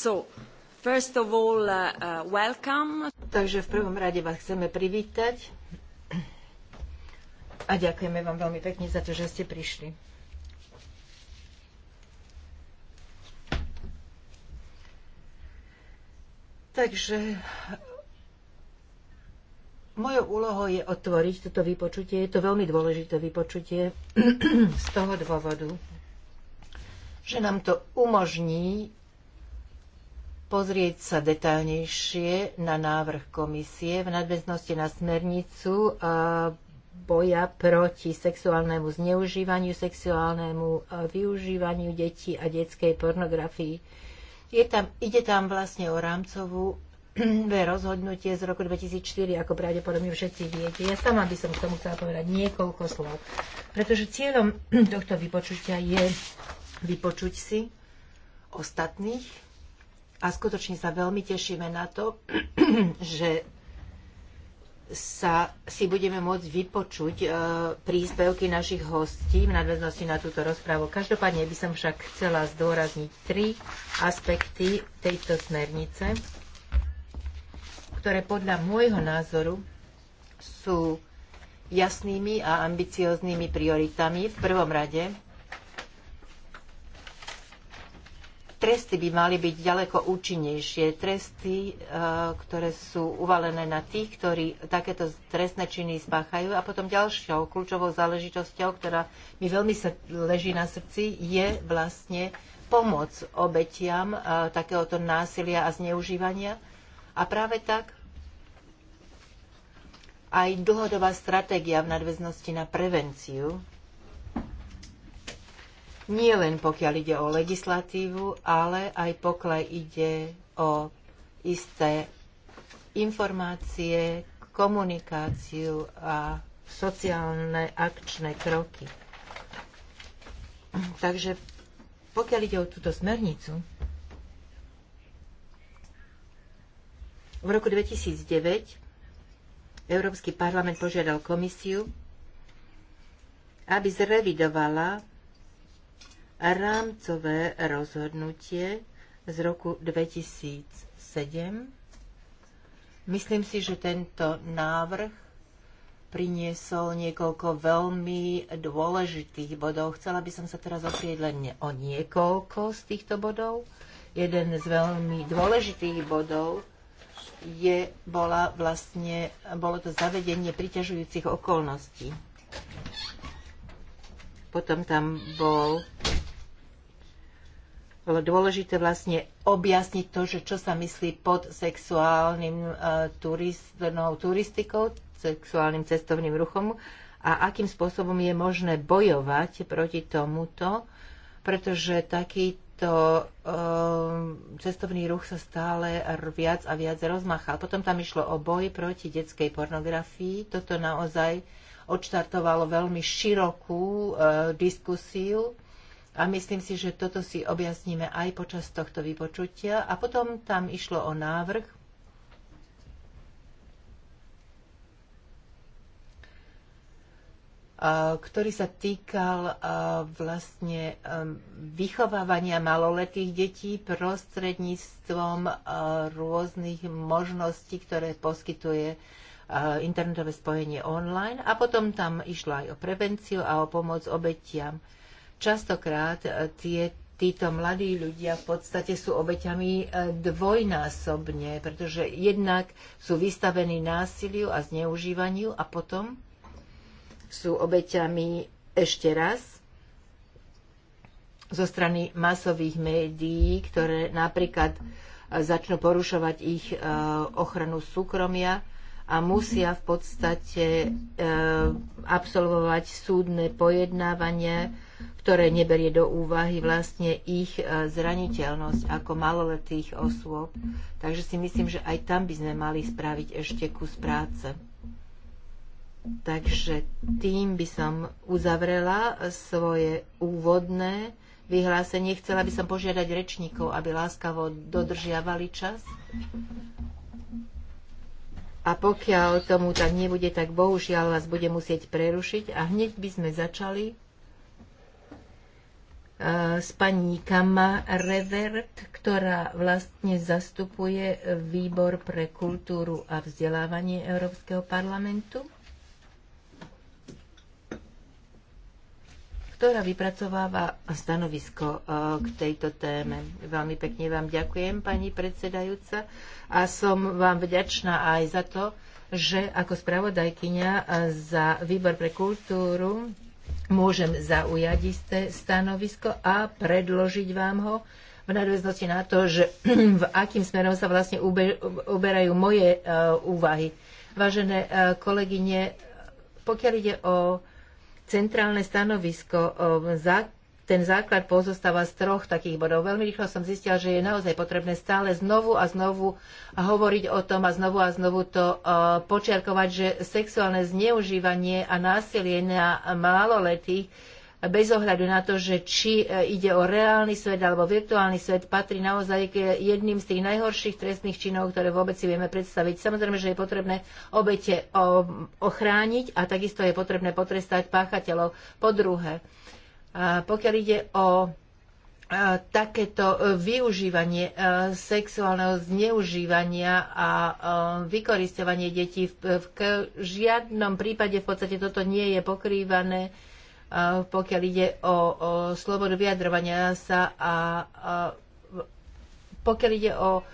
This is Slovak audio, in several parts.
So, first of all, uh, uh, welcome. Takže v prvom rade vás chceme privítať a ďakujeme vám veľmi pekne za to, že ste prišli. Takže Mojou úlohou je otvoriť toto vypočutie. Je to veľmi dôležité vypočutie z toho dôvodu, že nám to umožní pozrieť sa detaľnejšie na návrh komisie v nadväznosti na smernicu e, boja proti sexuálnemu zneužívaniu, sexuálnemu e, využívaniu detí a detskej pornografii. Je tam, ide tam vlastne o rámcovú rozhodnutie z roku 2004, ako pravdepodobne všetci viete. Ja sama by som k tomu chcela povedať niekoľko slov, pretože cieľom tohto vypočutia je vypočuť si ostatných a skutočne sa veľmi tešíme na to, že sa si budeme môcť vypočuť e, príspevky našich hostí v nadväznosti na túto rozprávu. Každopádne by som však chcela zdôrazniť tri aspekty tejto smernice, ktoré podľa môjho názoru sú jasnými a ambicioznými prioritami. V prvom rade tresty by mali byť ďaleko účinnejšie. Tresty, e, ktoré sú uvalené na tých, ktorí takéto trestné činy spáchajú. A potom ďalšou kľúčovou záležitosťou, ktorá mi veľmi leží na srdci, je vlastne pomoc obetiam e, takéhoto násilia a zneužívania. A práve tak aj dlhodobá stratégia v nadväznosti na prevenciu nie len pokiaľ ide o legislatívu, ale aj pokiaľ ide o isté informácie, komunikáciu a sociálne akčné kroky. Takže pokiaľ ide o túto smernicu, v roku 2009 Európsky parlament požiadal komisiu, aby zrevidovala rámcové rozhodnutie z roku 2007. Myslím si, že tento návrh priniesol niekoľko veľmi dôležitých bodov. Chcela by som sa teraz oprieť len o niekoľko z týchto bodov. Jeden z veľmi dôležitých bodov je, bola vlastne, bolo to zavedenie priťažujúcich okolností. Potom tam bol bolo dôležité vlastne objasniť to, že čo sa myslí pod sexuálnym e, turistnou turistikou, sexuálnym cestovným ruchom a akým spôsobom je možné bojovať proti tomuto, pretože takýto um, cestovný ruch sa stále viac a viac rozmachal. Potom tam išlo o boj proti detskej pornografii. Toto naozaj odštartovalo veľmi širokú uh, diskusiu a myslím si, že toto si objasníme aj počas tohto vypočutia. A potom tam išlo o návrh, ktorý sa týkal vlastne vychovávania maloletých detí prostredníctvom rôznych možností, ktoré poskytuje internetové spojenie online. A potom tam išlo aj o prevenciu a o pomoc obetiam. Častokrát e, tie, títo mladí ľudia v podstate sú obeťami e, dvojnásobne, pretože jednak sú vystavení násiliu a zneužívaniu a potom sú obeťami ešte raz zo strany masových médií, ktoré napríklad e, začnú porušovať ich ochranu súkromia a musia v podstate absolvovať súdne pojednávanie ktoré neberie do úvahy vlastne ich e, zraniteľnosť ako maloletých osôb. Takže si myslím, že aj tam by sme mali spraviť ešte kus práce. Takže tým by som uzavrela svoje úvodné vyhlásenie. Chcela by som požiadať rečníkov, aby láskavo dodržiavali čas. A pokiaľ tomu tak nebude, tak bohužiaľ vás bude musieť prerušiť. A hneď by sme začali s pani Kama Revert, ktorá vlastne zastupuje Výbor pre kultúru a vzdelávanie Európskeho parlamentu, ktorá vypracováva stanovisko eh, k tejto téme. Veľmi pekne vám ďakujem, pani predsedajúca, a som vám vďačná aj za to, že ako spravodajkyňa eh, za Výbor pre kultúru môžem zaujať isté stanovisko a predložiť vám ho v nadväznosti na to, že v akým smerom sa vlastne uberajú moje e, úvahy. Vážené e, kolegyne, pokiaľ ide o centrálne stanovisko, e, za ten základ pozostáva z troch takých bodov. Veľmi rýchlo som zistila, že je naozaj potrebné stále znovu a znovu hovoriť o tom a znovu a znovu to uh, počiarkovať, že sexuálne zneužívanie a násilie na maloletých bez ohľadu na to, že či e, ide o reálny svet alebo virtuálny svet, patrí naozaj k jedným z tých najhorších trestných činov, ktoré vôbec si vieme predstaviť. Samozrejme, že je potrebné obete ochrániť a takisto je potrebné potrestať páchateľov. Po druhé, pokiaľ ide o takéto e, využívanie e, sexuálneho zneužívania a e, vykoristovanie detí v žiadnom prípade v podstate toto nie je pokrývané, pokiaľ ide o, slobodu vyjadrovania sa a pokiaľ ide o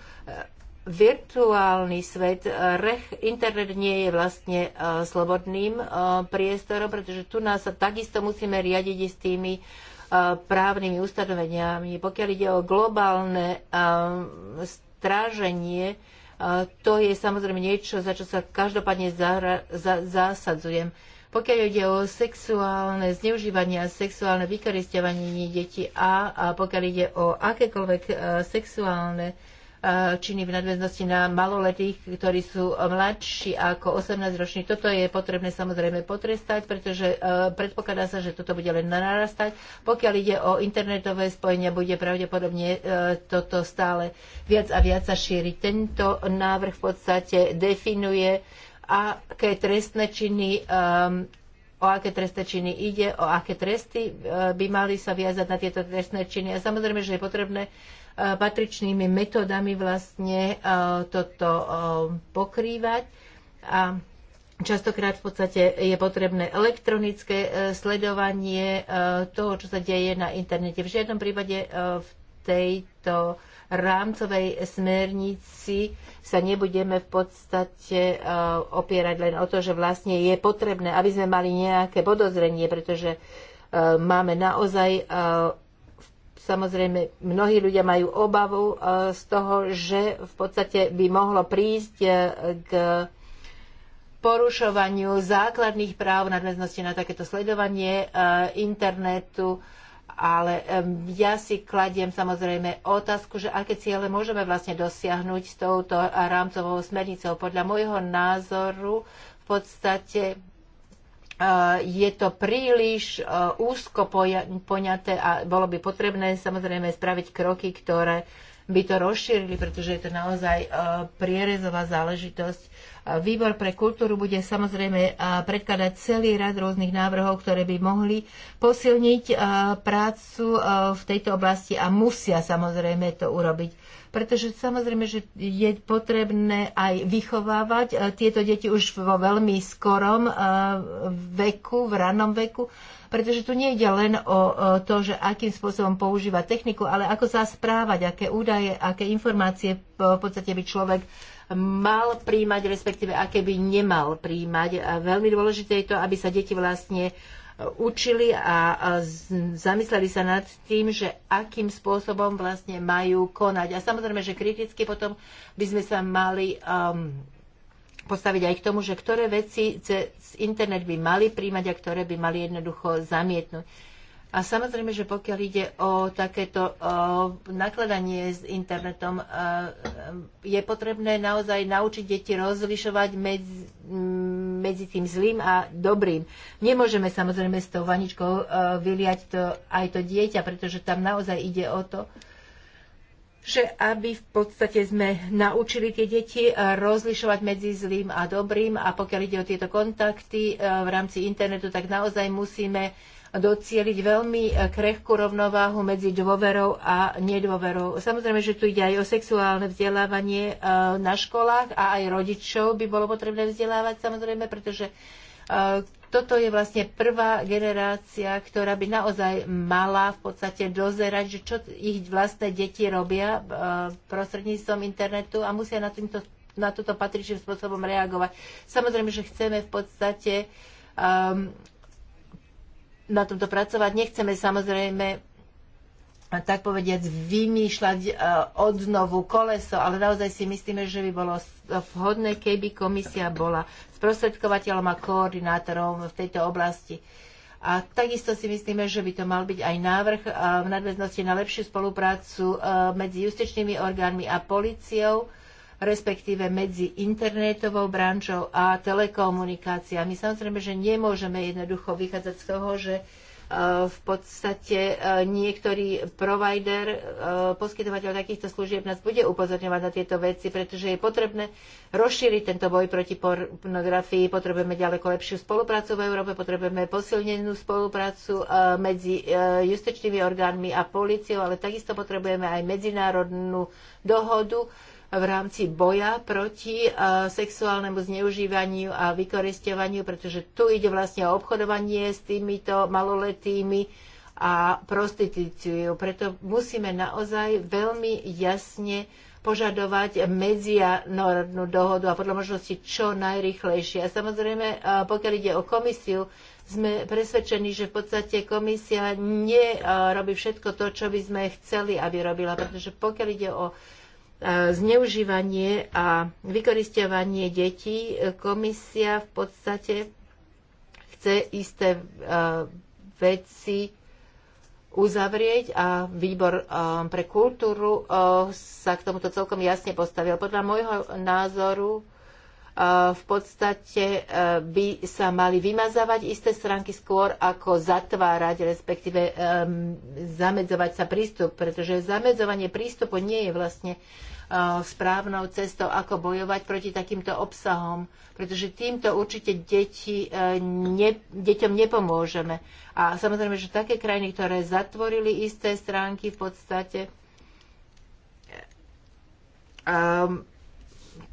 virtuálny svet, eh, rech, internet nie je vlastne uh, slobodným uh, priestorom, pretože tu nás takisto musíme riadiť s tými uh, právnymi ustanoveniami. Pokiaľ ide o globálne uh, stráženie, uh, to je samozrejme niečo, za čo sa každopádne zahra, za, zásadzujem. Pokiaľ ide o sexuálne zneužívanie a sexuálne vykoristovanie detí a, a pokiaľ ide o akékoľvek uh, sexuálne uh, E, činy v nadväznosti na maloletých, ktorí sú mladší ako 18 roční. Toto je potrebné samozrejme potrestať, pretože e, predpokladá sa, že toto bude len narastať. Pokiaľ ide o internetové spojenia, bude pravdepodobne e, toto stále viac a viac sa šíriť. Tento návrh v podstate definuje, aké trestné činy o aké trestné činy ide, o aké tresty by mali sa viazať na tieto trestné činy. A samozrejme, že je potrebné patričnými metódami vlastne e, toto e, pokrývať. A Častokrát v podstate je potrebné elektronické e, sledovanie toho, čo sa deje na internete. V žiadnom prípade v tejto rámcovej smernici sa nebudeme v podstate opierať len o to, že vlastne je potrebné, aby sme mali nejaké podozrenie, pretože máme naozaj Samozrejme, mnohí ľudia majú obavu e, z toho, že v podstate by mohlo prísť e, k porušovaniu základných práv nadväznosti na takéto sledovanie e, internetu, ale ja si kladiem samozrejme otázku, že aké ciele môžeme vlastne dosiahnuť s touto rámcovou smernicou. Podľa môjho názoru v podstate Eh, je to príliš eh, úzko poňaté a bolo by potrebné samozrejme spraviť kroky, ktoré by to rozšírili, pretože je to naozaj eh, prierezová záležitosť. Výbor pre kultúru bude samozrejme predkladať celý rad rôznych návrhov, ktoré by mohli posilniť prácu v tejto oblasti a musia samozrejme to urobiť pretože samozrejme, že je potrebné aj vychovávať e, tieto deti už vo veľmi skorom e, veku, v ranom veku, pretože tu nie ide len o e, to, že akým spôsobom používať techniku, ale ako sa správať, aké údaje, aké informácie v podstate by človek mal príjmať, respektíve aké by nemal príjmať. A veľmi dôležité je to, aby sa deti vlastne učili a zamysleli sa nad tým, že akým spôsobom vlastne majú konať. A samozrejme, že kriticky potom by sme sa mali um, postaviť aj k tomu, že ktoré veci cez internet by mali príjmať a ktoré by mali jednoducho zamietnúť a samozrejme, že pokiaľ ide o takéto o, nakladanie s internetom, e, e, je potrebné naozaj naučiť deti rozlišovať medzi, medzi tým zlým a dobrým. Nemôžeme samozrejme s tou vaničkou e, vyliať to, aj to dieťa, pretože tam naozaj ide o to, že aby v podstate sme naučili tie deti rozlišovať medzi zlým a dobrým a pokiaľ ide o tieto kontakty v rámci internetu, tak naozaj musíme docieliť veľmi e, krehkú rovnováhu medzi dôverou a nedôverou. Samozrejme, že tu ide aj o sexuálne vzdelávanie e, na školách a aj rodičov by bolo potrebné vzdelávať, samozrejme, pretože e, toto je vlastne prvá generácia, ktorá by naozaj mala v podstate dozerať, že čo ich vlastné deti robia prostredníctvom internetu a musia na, týmto, na toto patričným spôsobom reagovať. Samozrejme, že chceme v podstate um, na tomto pracovať. Nechceme samozrejme tak povediať, vymýšľať e, odnovu koleso, ale naozaj si myslíme, že by bolo vhodné, keby komisia bola sprostredkovateľom a koordinátorom v tejto oblasti. A takisto si myslíme, že by to mal byť aj návrh e, v nadväznosti na lepšiu spoluprácu e, medzi justičnými orgánmi a policiou respektíve medzi internetovou branžou a telekomunikáciami. Samozrejme, že nemôžeme jednoducho vychádzať z toho, že e, v podstate e, niektorý provider, e, poskytovateľ takýchto služieb nás bude upozorňovať na tieto veci, pretože je potrebné rozšíriť tento boj proti pornografii, potrebujeme ďaleko lepšiu spoluprácu v Európe, potrebujeme posilnenú spoluprácu medzi justičnými orgánmi a políciou, ale takisto potrebujeme aj medzinárodnú dohodu, v rámci boja proti e, sexuálnemu zneužívaniu a vykoristovaniu, pretože tu ide vlastne o obchodovanie s týmito maloletými a prostitúciu. Preto musíme naozaj veľmi jasne požadovať medzinárodnú dohodu a podľa možnosti čo najrychlejšie. A samozrejme, e, pokiaľ ide o komisiu, sme presvedčení, že v podstate komisia nerobí všetko to, čo by sme chceli, aby robila, pretože pokiaľ ide o zneužívanie a vykoristovanie detí, komisia v podstate chce isté e, veci uzavrieť a výbor e, pre kultúru e, sa k tomuto celkom jasne postavil. Podľa môjho názoru Eh, v podstate eh, by sa mali vymazávať isté stránky skôr ako zatvárať, respektíve zamedzovať sa prístup, pretože zamedzovanie prístupu nie je vlastne eh, správnou cestou, ako bojovať proti takýmto obsahom, pretože týmto určite deti, ne, deťom nepomôžeme. A samozrejme, že také krajiny, ktoré zatvorili isté stránky v podstate, um,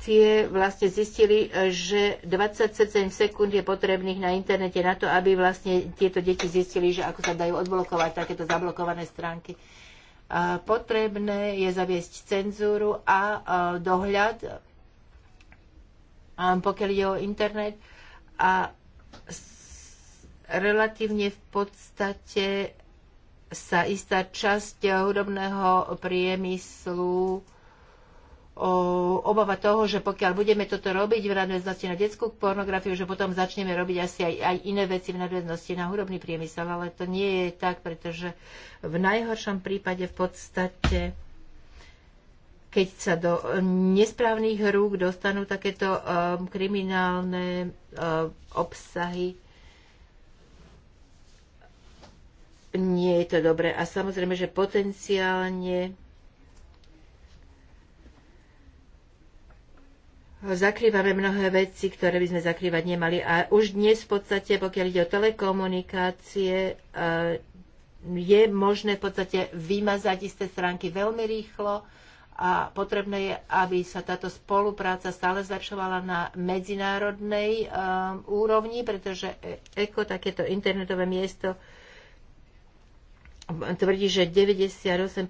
tie vlastne zistili, že 27 sekúnd je potrebných na internete na to, aby vlastne tieto deti zistili, že ako sa dajú odblokovať takéto zablokované stránky. Potrebné je zaviesť cenzúru a dohľad, pokiaľ ide o internet. A relatívne v podstate sa istá časť hudobného priemyslu obava toho, že pokiaľ budeme toto robiť v nadväznosti na detskú pornografiu, že potom začneme robiť asi aj, aj iné veci v nadväznosti na hudobný priemysel, ale to nie je tak, pretože v najhoršom prípade v podstate keď sa do e, nesprávnych rúk dostanú takéto um, kriminálne um, obsahy, nie je to dobré. A samozrejme, že potenciálne zakrývame mnohé veci, ktoré by sme zakrývať nemali. A už dnes v podstate, pokiaľ ide o telekomunikácie, eh, je možné v podstate vymazať isté stránky veľmi rýchlo a potrebné je, aby sa táto spolupráca stále zlepšovala na medzinárodnej eh, úrovni, pretože ECO, takéto internetové miesto, tvrdí, že 98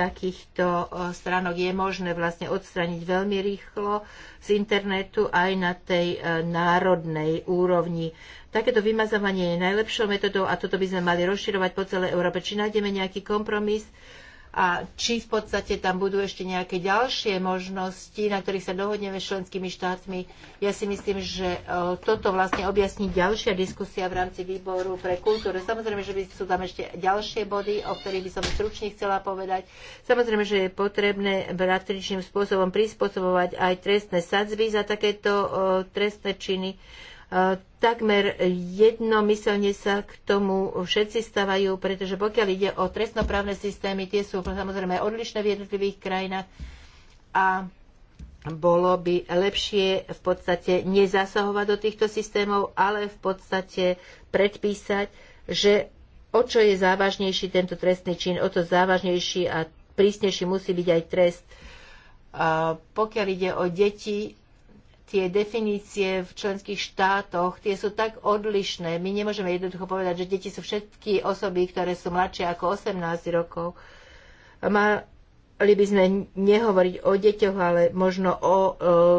takýchto e, stránok je možné vlastne odstraniť veľmi rýchlo z internetu aj na tej e, národnej úrovni. Takéto vymazávanie je najlepšou metodou a toto by sme mali rozširovať po celej Európe. Či nájdeme nejaký kompromis, a či v podstate tam budú ešte nejaké ďalšie možnosti, na ktorých sa dohodneme s členskými štátmi. Ja si myslím, že e, toto vlastne objasní ďalšia diskusia v rámci výboru pre kultúru. Samozrejme, že sú tam ešte ďalšie body, o ktorých by som stručne chcela povedať. Samozrejme, že je potrebné patričným spôsobom prispôsobovať aj trestné sadzby za takéto e, trestné činy e, takmer jednomyselne sa k tomu všetci stavajú, pretože pokiaľ ide o trestnoprávne systémy, tie sú samozrejme odlišné v jednotlivých krajinách a bolo by lepšie v podstate nezasahovať do týchto systémov, ale v podstate predpísať, že o čo je závažnejší tento trestný čin, o to závažnejší a prísnejší musí byť aj trest. pokiaľ ide o deti, tie definície v členských štátoch, tie sú tak odlišné. My nemôžeme jednoducho povedať, že deti sú všetky osoby, ktoré sú mladšie ako 18 rokov. Mali by sme nehovoriť o deťoch, ale možno o, o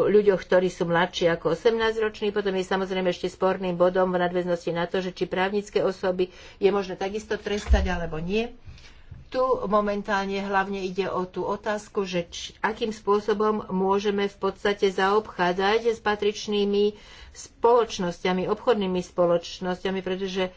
ľuďoch, ktorí sú mladšie ako 18 roční. Potom je samozrejme ešte sporným bodom v nadväznosti na to, že či právnické osoby je možné takisto trestať alebo nie. Tu momentálne hlavne ide o tú otázku, že č, akým spôsobom môžeme v podstate zaobchádzať s patričnými spoločnosťami, obchodnými spoločnosťami, pretože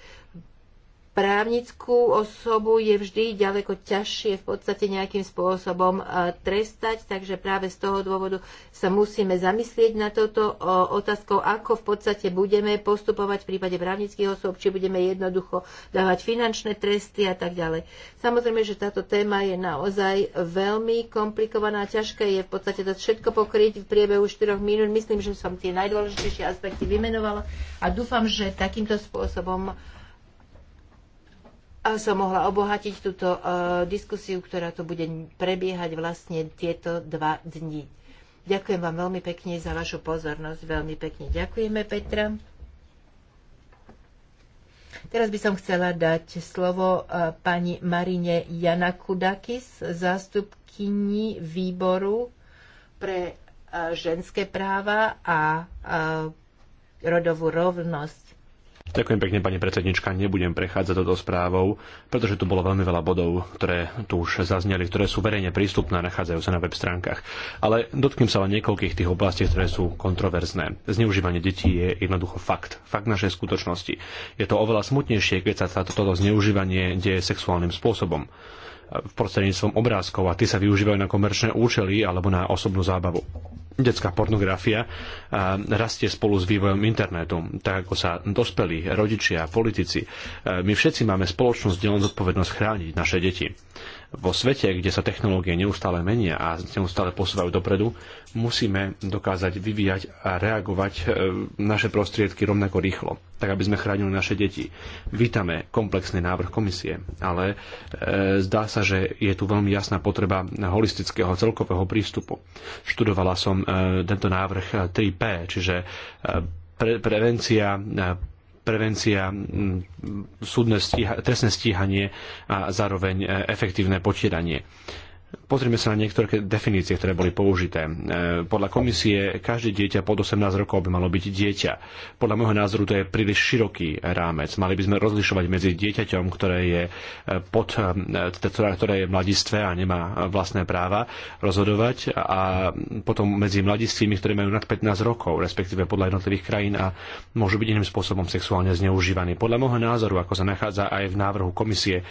právnickú osobu je vždy ďaleko ťažšie v podstate nejakým spôsobom e, trestať, takže práve z toho dôvodu sa musíme zamyslieť na toto otázkou, ako v podstate budeme postupovať v prípade právnických osôb, či budeme jednoducho dávať finančné tresty a tak ďalej. Samozrejme, že táto téma je naozaj veľmi komplikovaná, ťažké je v podstate to všetko pokryť v priebehu 4 minút. Myslím, že som tie najdôležitejšie aspekty vymenovala a dúfam, že takýmto spôsobom som mohla obohatiť túto e, diskusiu, ktorá tu bude prebiehať vlastne tieto dva dni. Ďakujem vám veľmi pekne za vašu pozornosť. Veľmi pekne ďakujeme, Petra. Teraz by som chcela dať slovo e, pani Marine Janakudakis, zástupkyni výboru pre e, ženské práva a rodovú rovnosť. Ďakujem pekne, pani predsednička. Nebudem prechádzať toto správou, pretože tu bolo veľmi veľa bodov, ktoré tu už zazneli, ktoré sú verejne prístupné a nachádzajú sa na web stránkach. Ale dotknem sa len niekoľkých tých oblastí, ktoré sú kontroverzné. Zneužívanie detí je jednoducho fakt. Fakt našej skutočnosti. Je to oveľa smutnejšie, keď sa toto zneužívanie deje sexuálnym spôsobom prostredníctvom obrázkov a tie sa využívajú na komerčné účely alebo na osobnú zábavu. Detská pornografia rastie spolu s vývojom internetu, tak ako sa dospelí, rodičia, politici. My všetci máme spoločnú zdieľanú zodpovednosť chrániť naše deti vo svete, kde sa technológie neustále menia a neustále posúvajú dopredu, musíme dokázať vyvíjať a reagovať e, naše prostriedky rovnako rýchlo, tak aby sme chránili naše deti. Vítame komplexný návrh komisie, ale e, zdá sa, že je tu veľmi jasná potreba holistického celkového prístupu. Študovala som e, tento návrh 3P, čiže pre, prevencia, prevencia, súdne stíha, trestné stíhanie a zároveň e, efektívne potieranie. Pozrime sa na niektoré definície, ktoré boli použité. E, podľa komisie každé dieťa pod 18 rokov by malo byť dieťa. Podľa môjho názoru to je príliš široký rámec. Mali by sme rozlišovať medzi dieťaťom, ktoré je, e, pod, e, teda, ktoré je mladistve a nemá vlastné práva rozhodovať a potom medzi mladistvými, ktoré majú nad 15 rokov, respektíve podľa jednotlivých krajín a môžu byť iným spôsobom sexuálne zneužívaní. Podľa môjho názoru, ako sa nachádza aj v návrhu komisie,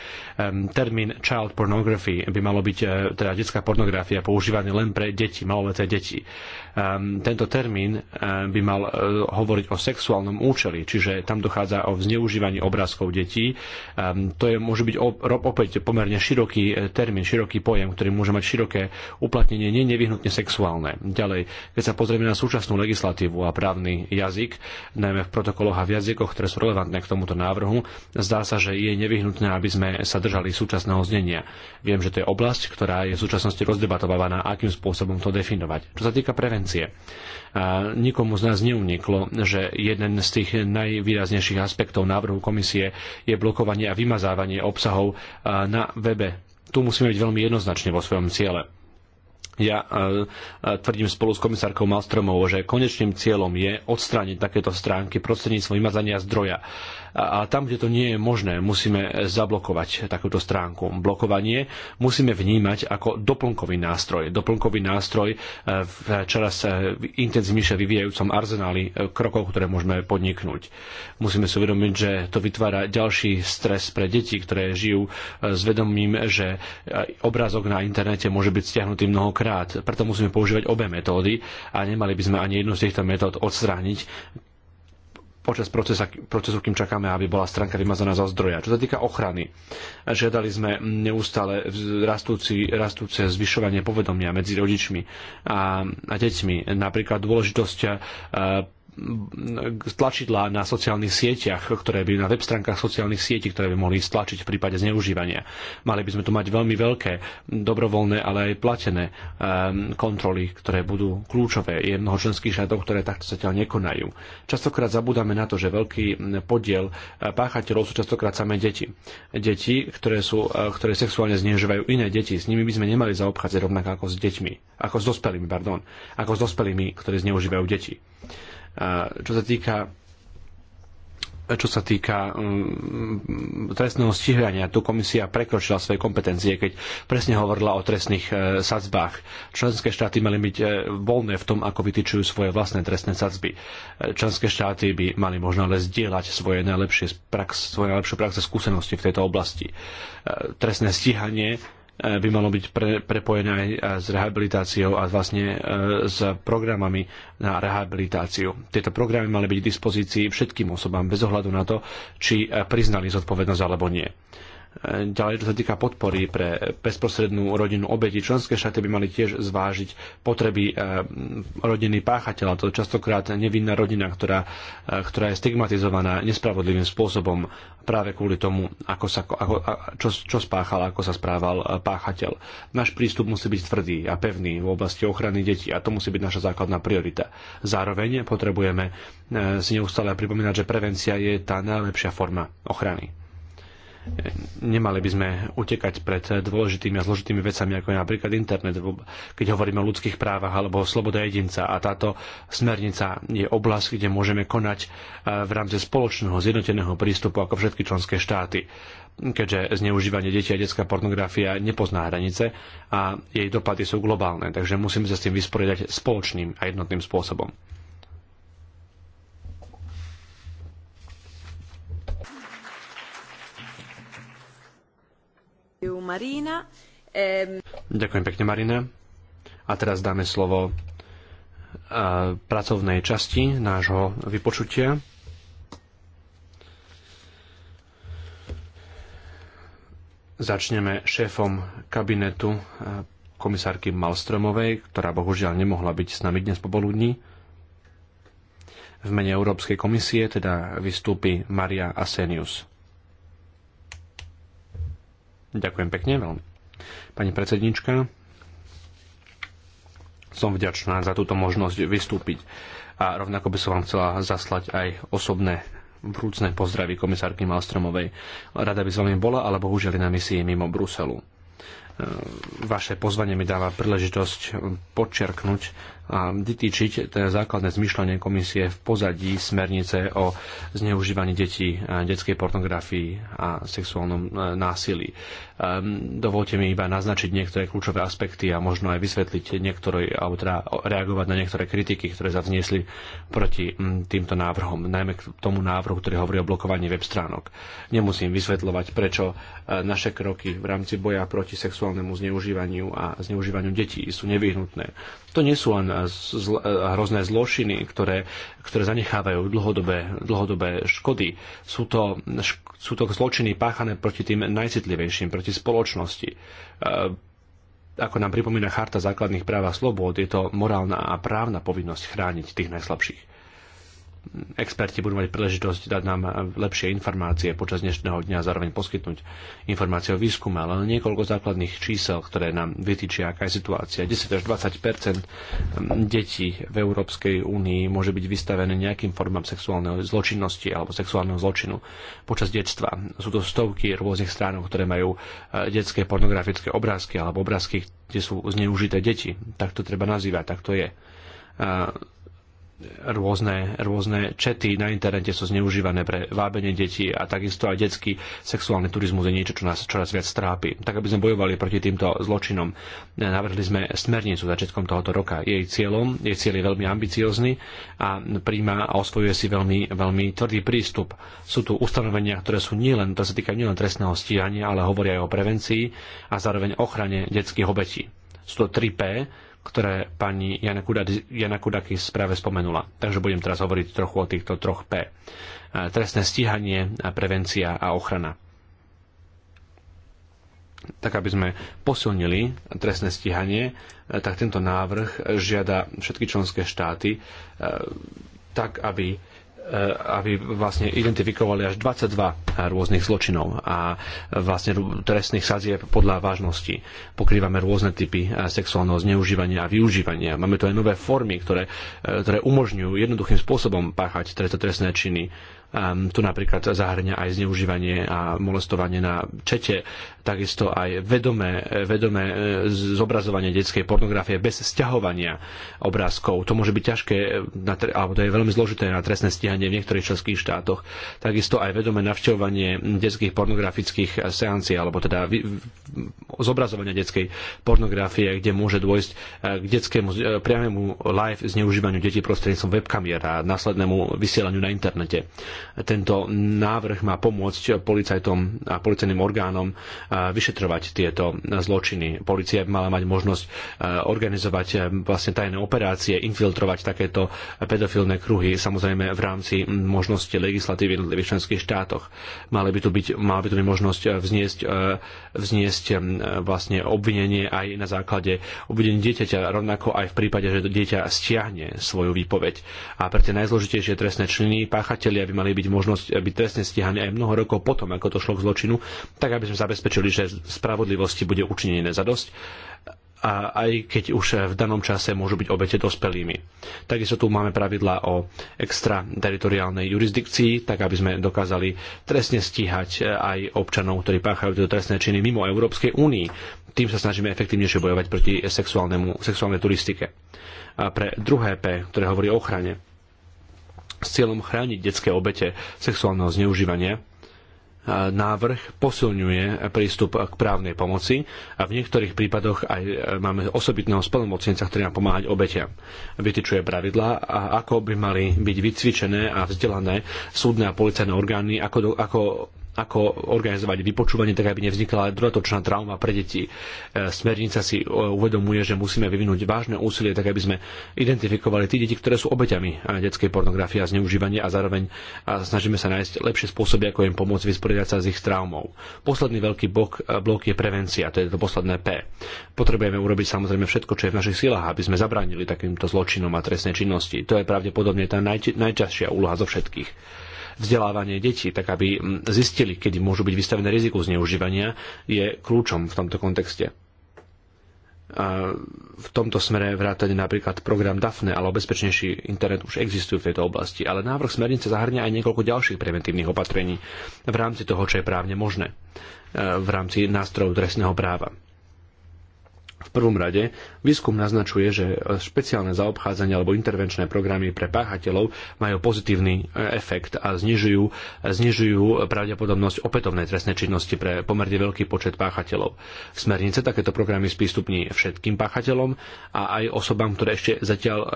termín child pornography by malo byť teda detská pornografia používané len pre deti, maloleté deti. Um, tento termín ehm, by mal uh, hovoriť o sexuálnom účeli, čiže tam dochádza o zneužívaní obrázkov detí. Um, to je, môže byť op- opäť pomerne široký e, termín, široký pojem, ktorý môže mať široké uplatnenie, nie nevyhnutne sexuálne. Ďalej, keď sa pozrieme na súčasnú legislatívu a právny jazyk, najmä v protokoloch a v jazykoch, ktoré sú relevantné k tomuto návrhu, zdá sa, že je nevyhnutné, aby sme sa držali súčasného znenia. Viem, že to je oblasť, ktorá je je v súčasnosti rozdebatovaná, akým spôsobom to definovať. Čo sa týka prevencie, nikomu z nás neuniklo, že jeden z tých najvýraznejších aspektov návrhu komisie je blokovanie a vymazávanie obsahov na webe. Tu musíme byť veľmi jednoznačne vo svojom ciele. Ja tvrdím spolu s komisárkou Malstromovou, že konečným cieľom je odstrániť takéto stránky prostredníctvom vymazania zdroja. A tam, kde to nie je možné, musíme zablokovať takúto stránku. Blokovanie musíme vnímať ako doplnkový nástroj. Doplnkový nástroj e, v čoraz e, intenzívnejšie vyvíjajúcom arzenáli e, krokov, ktoré môžeme podniknúť. Musíme si uvedomiť, že to vytvára ďalší stres pre deti, ktoré žijú s vedomím, že obrázok na internete môže byť stiahnutý mnohokrát. Preto musíme používať obe metódy a nemali by sme ani jednu z týchto metód odstrániť, počas procesa, procesu, kým čakáme, aby bola stránka vymazaná zo zdroja. Čo sa týka ochrany, žiadali sme neustále rastúci, rastúce zvyšovanie povedomia medzi rodičmi a, a deťmi, napríklad dôležitosť tlačidlá na sociálnych sieťach, ktoré by na web stránkach sociálnych sietí, ktoré by mohli stlačiť v prípade zneužívania. Mali by sme tu mať veľmi veľké dobrovoľné, ale aj platené um, kontroly, ktoré budú kľúčové. Je mnoho členských štátov, ktoré takto zatiaľ nekonajú. Častokrát zabúdame na to, že veľký podiel e, páchateľov sú častokrát samé deti. Deti, ktoré, sú, e, ktoré sexuálne zneužívajú iné deti. S nimi by sme nemali zaobchádzať rovnako ako s deťmi, ako s dospelými, pardon, ako s dospelými, ktorí zneužívajú deti. Čo sa týka čo sa týka mm, trestného stíhania, tu komisia prekročila svoje kompetencie, keď presne hovorila o trestných e, sadzbách. Členské štáty mali byť e, voľné v tom, ako vytýčujú svoje vlastné trestné sadzby. E, členské štáty by mali možno ale zdieľať svoje najlepšie prax, svoje najlepšie praxe skúsenosti v tejto oblasti. Trestné stíhanie Eh, by malo byť pre, prepojené aj eh, s rehabilitáciou a vlastne eh, s programami na rehabilitáciu. Tieto programy mali byť k dispozícii všetkým osobám bez ohľadu na to, či priznali zodpovednosť alebo nie. Ďalej, čo sa týka podpory pre bezprostrednú rodinu obeti, členské štáty by mali tiež zvážiť potreby eh, rodiny páchateľa. To je častokrát nevinná rodina, ktorá, eh, ktorá je stigmatizovaná nespravodlivým spôsobom práve kvôli tomu, ako sa, ako, čo, čo spáchal, ako sa správal eh, páchateľ. Náš prístup musí byť tvrdý a pevný v oblasti ochrany detí a to musí byť naša základná priorita. Zároveň potrebujeme si neustále pripomínať, že prevencia je tá najlepšia forma ochrany nemali by sme utekať pred dôležitými a zložitými vecami, ako je napríklad internet, keď hovoríme o ľudských právach alebo o slobode jedinca. A táto smernica je oblasť, kde môžeme konať e, v rámci spoločného zjednoteného prístupu ako všetky členské štáty keďže zneužívanie detí a detská pornografia nepozná hranice a jej dopady sú globálne, takže musíme sa s tým vysporiadať spoločným a jednotným spôsobom. Marina. Ehm... Ďakujem pekne, Marina. A teraz dáme slovo e, pracovnej časti nášho vypočutia. Začneme šéfom kabinetu e, komisárky Malstromovej, ktorá bohužiaľ nemohla byť s nami dnes popoludní. V mene Európskej komisie teda vystúpi Maria Asenius. Ďakujem pekne veľmi. Pani predsednička, som vďačná za túto možnosť vystúpiť a rovnako by som vám chcela zaslať aj osobné vrúcne pozdravy komisárky Malstromovej. Rada by s vami bola, ale bohužiaľ na misii mimo Bruselu. E, vaše pozvanie mi dáva príležitosť podčerknúť vytýčiť teda základné zmyšľanie komisie v pozadí smernice o zneužívaní detí, detskej pornografii a sexuálnom e, násilí. Ehm, dovolte mi iba naznačiť niektoré kľúčové aspekty a možno aj vysvetliť niektoré, alebo teda reagovať na niektoré kritiky, ktoré sa vzniesli proti týmto návrhom, najmä k tomu návrhu, ktorý hovorí o blokovaní web stránok. Nemusím vysvetľovať, prečo e, naše kroky v rámci boja proti sexuálnemu zneužívaniu a zneužívaniu detí sú nevyhnutné. To nie sú len zl- hrozné zlošiny, ktoré, ktoré zanechávajú dlhodobé, dlhodobé škody. Sú to, šk- sú to zločiny páchané proti tým najcitlivejším, proti spoločnosti. Ako nám pripomína Charta základných práv a slobôd, je to morálna a právna povinnosť chrániť tých najslabších experti budú mať príležitosť dať nám eh, lepšie informácie počas dnešného dňa a zároveň poskytnúť informácie o výskume, ale niekoľko základných čísel, ktoré nám vytýčia, aká je situácia. 10 až 20 hm, detí v Európskej únii môže byť vystavené nejakým formám sexuálneho zločinnosti alebo sexuálneho zločinu počas detstva. Sú to stovky rôznych strán, ktoré majú eh, detské pornografické obrázky alebo obrázky, kde sú zneužité deti. Tak to treba nazývať, tak to je eh, rôzne, rôzne čety na internete sú zneužívané pre vábenie detí a takisto aj detský sexuálny turizmus je niečo, čo nás čoraz viac trápi. Tak, aby sme bojovali proti týmto zločinom, eh, navrhli sme smernicu začiatkom tohoto roka. Jej cieľom, jej cieľ je veľmi ambiciózny a príjma a osvojuje si veľmi, veľmi tvrdý prístup. Sú tu ustanovenia, ktoré sú nielen, to sa týka nielen trestného stíhania, ale hovoria aj o prevencii a zároveň ochrane detských obetí. Sú to 3P, ktoré pani Jana Kudakis práve spomenula. Takže budem teraz hovoriť trochu o týchto troch P. E, trestné stíhanie, prevencia a ochrana. Tak aby sme posilnili trestné stíhanie, e, tak tento návrh žiada všetky členské štáty e, tak, aby E, aby vlastne identifikovali až 22 rôznych zločinov a vlastne trestných sadzieb podľa vážnosti. Pokrývame rôzne typy e, sexuálneho zneužívania a využívania. Máme tu aj nové formy, ktoré, e, ktoré umožňujú jednoduchým spôsobom páchať trestné činy Um, tu napríklad zahrňa aj zneužívanie a molestovanie na čete, takisto aj vedomé, vedomé e, zobrazovanie detskej pornografie bez sťahovania obrázkov. To môže byť ťažké, alebo to je veľmi zložité na trestné stíhanie v niektorých členských štátoch. Takisto aj vedomé navštevovanie detských pornografických seancií, alebo teda zobrazovania detskej pornografie, kde môže dôjsť e, k detskému e, priamému live zneužívaniu detí prostredníctvom webkamier a následnému vysielaniu na internete. Tento návrh má pomôcť policajtom a policajným orgánom vyšetrovať tieto zločiny. Polícia by mala mať možnosť organizovať vlastne tajné operácie, infiltrovať takéto pedofilné kruhy, samozrejme v rámci možnosti legislatívy v jednotlivých členských štátoch. Mala by tu byť, mala by tu byť možnosť vzniesť, vzniesť vlastne obvinenie aj na základe obvinenia dieťaťa, rovnako aj v prípade, že dieťa stiahne svoju výpoveď. A pre tie najzložitejšie trestné činy páchatelia by mali mali byť možnosť byť trestne stíhaní aj mnoho rokov potom, ako to šlo k zločinu, tak aby sme zabezpečili, že spravodlivosti bude učinené za dosť a aj keď už v danom čase môžu byť obete dospelými. Takisto tu máme pravidla o extrateritoriálnej jurisdikcii, tak aby sme dokázali trestne stíhať aj občanov, ktorí páchajú tieto trestné činy mimo Európskej únii. Tým sa snažíme efektívnejšie bojovať proti sexuálnemu, sexuálnej turistike. A pre druhé P, ktoré hovorí o ochrane, s cieľom chrániť detské obete sexuálneho zneužívania, návrh posilňuje prístup k právnej pomoci a v niektorých prípadoch aj e, máme osobitného spolomocnenca, ktorý má pomáhať obete. Vytyčuje pravidlá, a ako by mali byť vycvičené a vzdelané súdne a policajné orgány, ako, do, ako ako organizovať vypočúvanie, tak aby nevznikala dodatočná trauma pre deti. E, smernica si e, uvedomuje, že musíme vyvinúť vážne úsilie, tak aby sme identifikovali tí deti, ktoré sú obeťami e, detskej pornografie a zneužívania a zároveň snažíme sa nájsť lepšie spôsoby, ako im pomôcť vysporiadať sa s ich traumou. Posledný veľký blok, blok je prevencia, to je to posledné P. Potrebujeme urobiť samozrejme všetko, čo je v našich silách, aby sme zabránili takýmto zločinom a trestnej činnosti. To je pravdepodobne tá naj, najťažšia úloha zo všetkých vzdelávanie detí, tak aby mm, zistili, kedy môžu byť vystavené riziku zneužívania, je kľúčom v tomto kontexte. A v tomto smere vrátane napríklad program DAFNE alebo bezpečnejší internet už existujú v tejto oblasti, ale návrh smernice zahrňa aj niekoľko ďalších preventívnych opatrení v rámci toho, čo je právne možné e, v rámci nástrojov trestného práva prvom rade výskum naznačuje, že e, špeciálne zaobchádzanie alebo intervenčné programy pre páchateľov majú pozitívny e, efekt a znižujú, e, znižujú pravdepodobnosť opätovnej trestnej činnosti pre pomerne veľký počet páchateľov. Smernice takéto programy spístupní všetkým páchateľom a aj osobám, ktoré ešte zatiaľ e,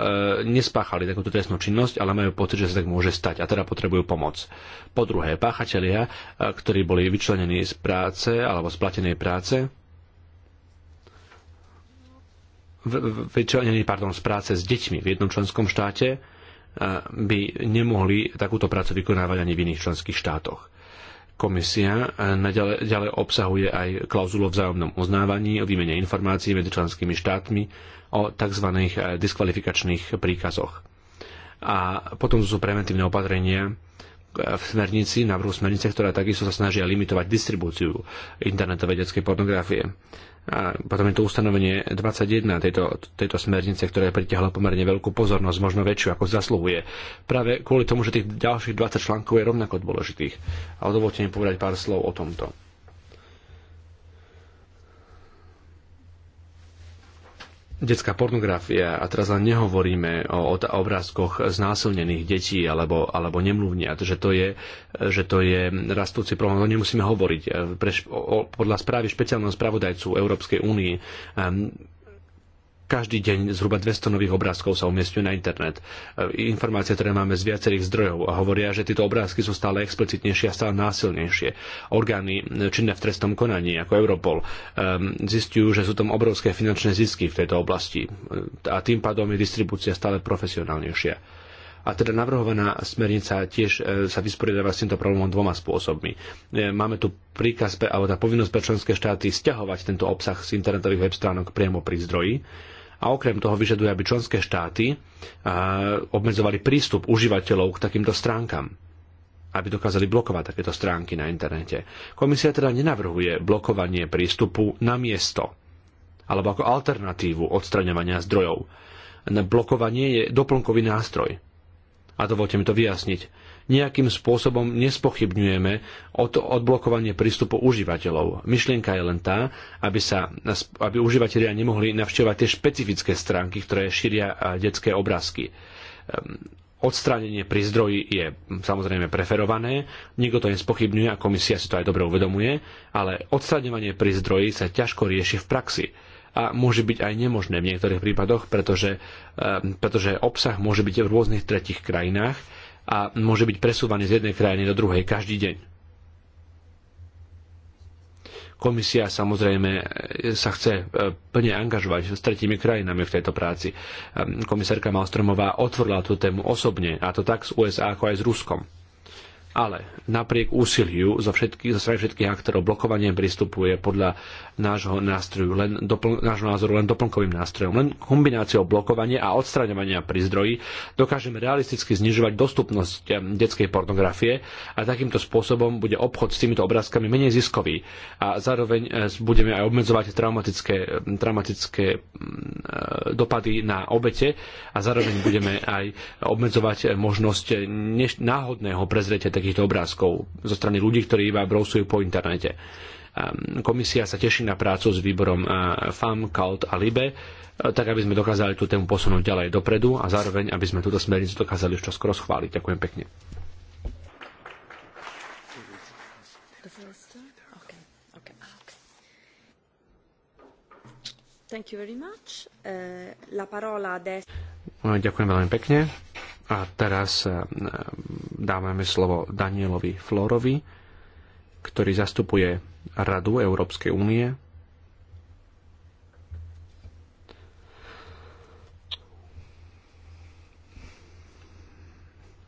nespáchali takúto trestnú činnosť, ale majú pocit, že sa tak môže stať a teda potrebujú pomoc. Po druhé, páchatelia, ktorí boli vyčlenení z práce alebo z platenej práce, vyčlenení pardon, z práce s deťmi v jednom členskom štáte, eh, by nemohli takúto prácu vykonávať ani v iných členských štátoch. Komisia eh, naďalej ďalej obsahuje aj klauzulu o vzájomnom uznávaní, o výmene informácií medzi členskými štátmi, o tzv. Eh, diskvalifikačných príkazoch. A potom sú preventívne opatrenia, v smernici, návrhu smernice, ktorá takisto sa snažia limitovať distribúciu internetovej detskej pornografie. A potom je to ustanovenie 21 tejto, tejto smernice, ktoré pritiahlo pomerne veľkú pozornosť, možno väčšiu ako zasluhuje. Práve kvôli tomu, že tých ďalších 20 článkov je rovnako dôležitých. A dovolte mi povedať pár slov o tomto. detská pornografia, a teraz len nehovoríme o, o obrázkoch znásilnených detí alebo, alebo nemluvniat, že to, je, že to je rastúci problém, to nemusíme hovoriť. Pre, o, podľa správy špeciálneho spravodajcu Európskej únie ehm, každý deň zhruba 200 nových obrázkov sa umiestňuje na internet. E, informácie, ktoré máme z viacerých zdrojov, hovoria, že tieto obrázky sú stále explicitnejšie a stále násilnejšie. Orgány e, činné v trestnom konaní, ako Europol, e, zistujú, že sú tam obrovské finančné zisky v tejto oblasti a tým pádom je distribúcia stále profesionálnejšia. A teda navrhovaná smernica tiež sa vysporiadáva s týmto problémom dvoma spôsobmi. Máme tu príkaz, alebo tá povinnosť pre členské štáty stiahovať tento obsah z internetových web stránok priamo pri zdroji a okrem toho vyžaduje, aby členské štáty obmedzovali prístup užívateľov k takýmto stránkam aby dokázali blokovať takéto stránky na internete. Komisia teda nenavrhuje blokovanie prístupu na miesto alebo ako alternatívu odstraňovania zdrojov. Blokovanie je doplnkový nástroj. A dovolte mi to vyjasniť nejakým spôsobom nespochybňujeme od, odblokovanie prístupu užívateľov. Myšlienka je len tá, aby, sa, aby užívateľia nemohli navštevovať tie špecifické stránky, ktoré šíria detské obrázky ehm, odstránenie pri zdroji je hm, samozrejme preferované, nikto to nespochybňuje a komisia si to aj dobre uvedomuje, ale odstraňovanie pri zdroji sa ťažko rieši v praxi a môže byť aj nemožné v niektorých prípadoch, pretože, ehm, pretože obsah môže byť v rôznych tretich krajinách a môže byť presúvaný z jednej krajiny do druhej každý deň. Komisia samozrejme e, sa chce e, plne angažovať s tretími krajinami v tejto práci. Ehm, komisárka Malstromová otvorila tú tému osobne, a to tak s USA ako aj s Ruskom. Ale napriek úsiliu zo, všetky, zo strany všetkých aktorov blokovanie prístupu je podľa nášho, nástroju, len dopl- nášho názoru len doplnkovým nástrojom. Len kombináciou blokovania a odstraňovania pri zdroji dokážeme realisticky znižovať dostupnosť detskej pornografie a takýmto spôsobom bude obchod s týmito obrázkami menej ziskový a zároveň e, budeme aj obmedzovať traumatické, traumatické e, dopady na obete a zároveň budeme aj obmedzovať e, možnosť náhodného prezretia takýchto obrázkov zo strany ľudí, ktorí iba brousujú po internete. Ehm, komisia sa teší na prácu s výborom e, FAM, KAUT a LIBE, e, tak aby sme dokázali tú tému posunúť ďalej dopredu a zároveň, aby sme túto smernicu dokázali už čoskoro schváliť. Ďakujem pekne. E, no, ďakujem veľmi pekne. A teraz dávame slovo Danielovi Florovi ktorý zastupuje Radu Európskej únie.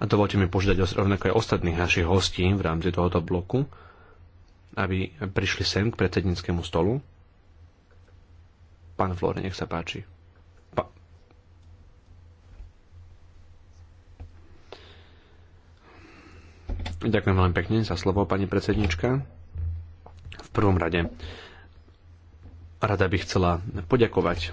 A dovolte mi požiadať rovnako aj ostatných našich hostí v rámci tohoto bloku, aby prišli sem k predsedníckému stolu. Pán Flore, nech sa páči. Ďakujem veľmi pekne za slovo, pani predsednička. V prvom rade rada by chcela poďakovať e,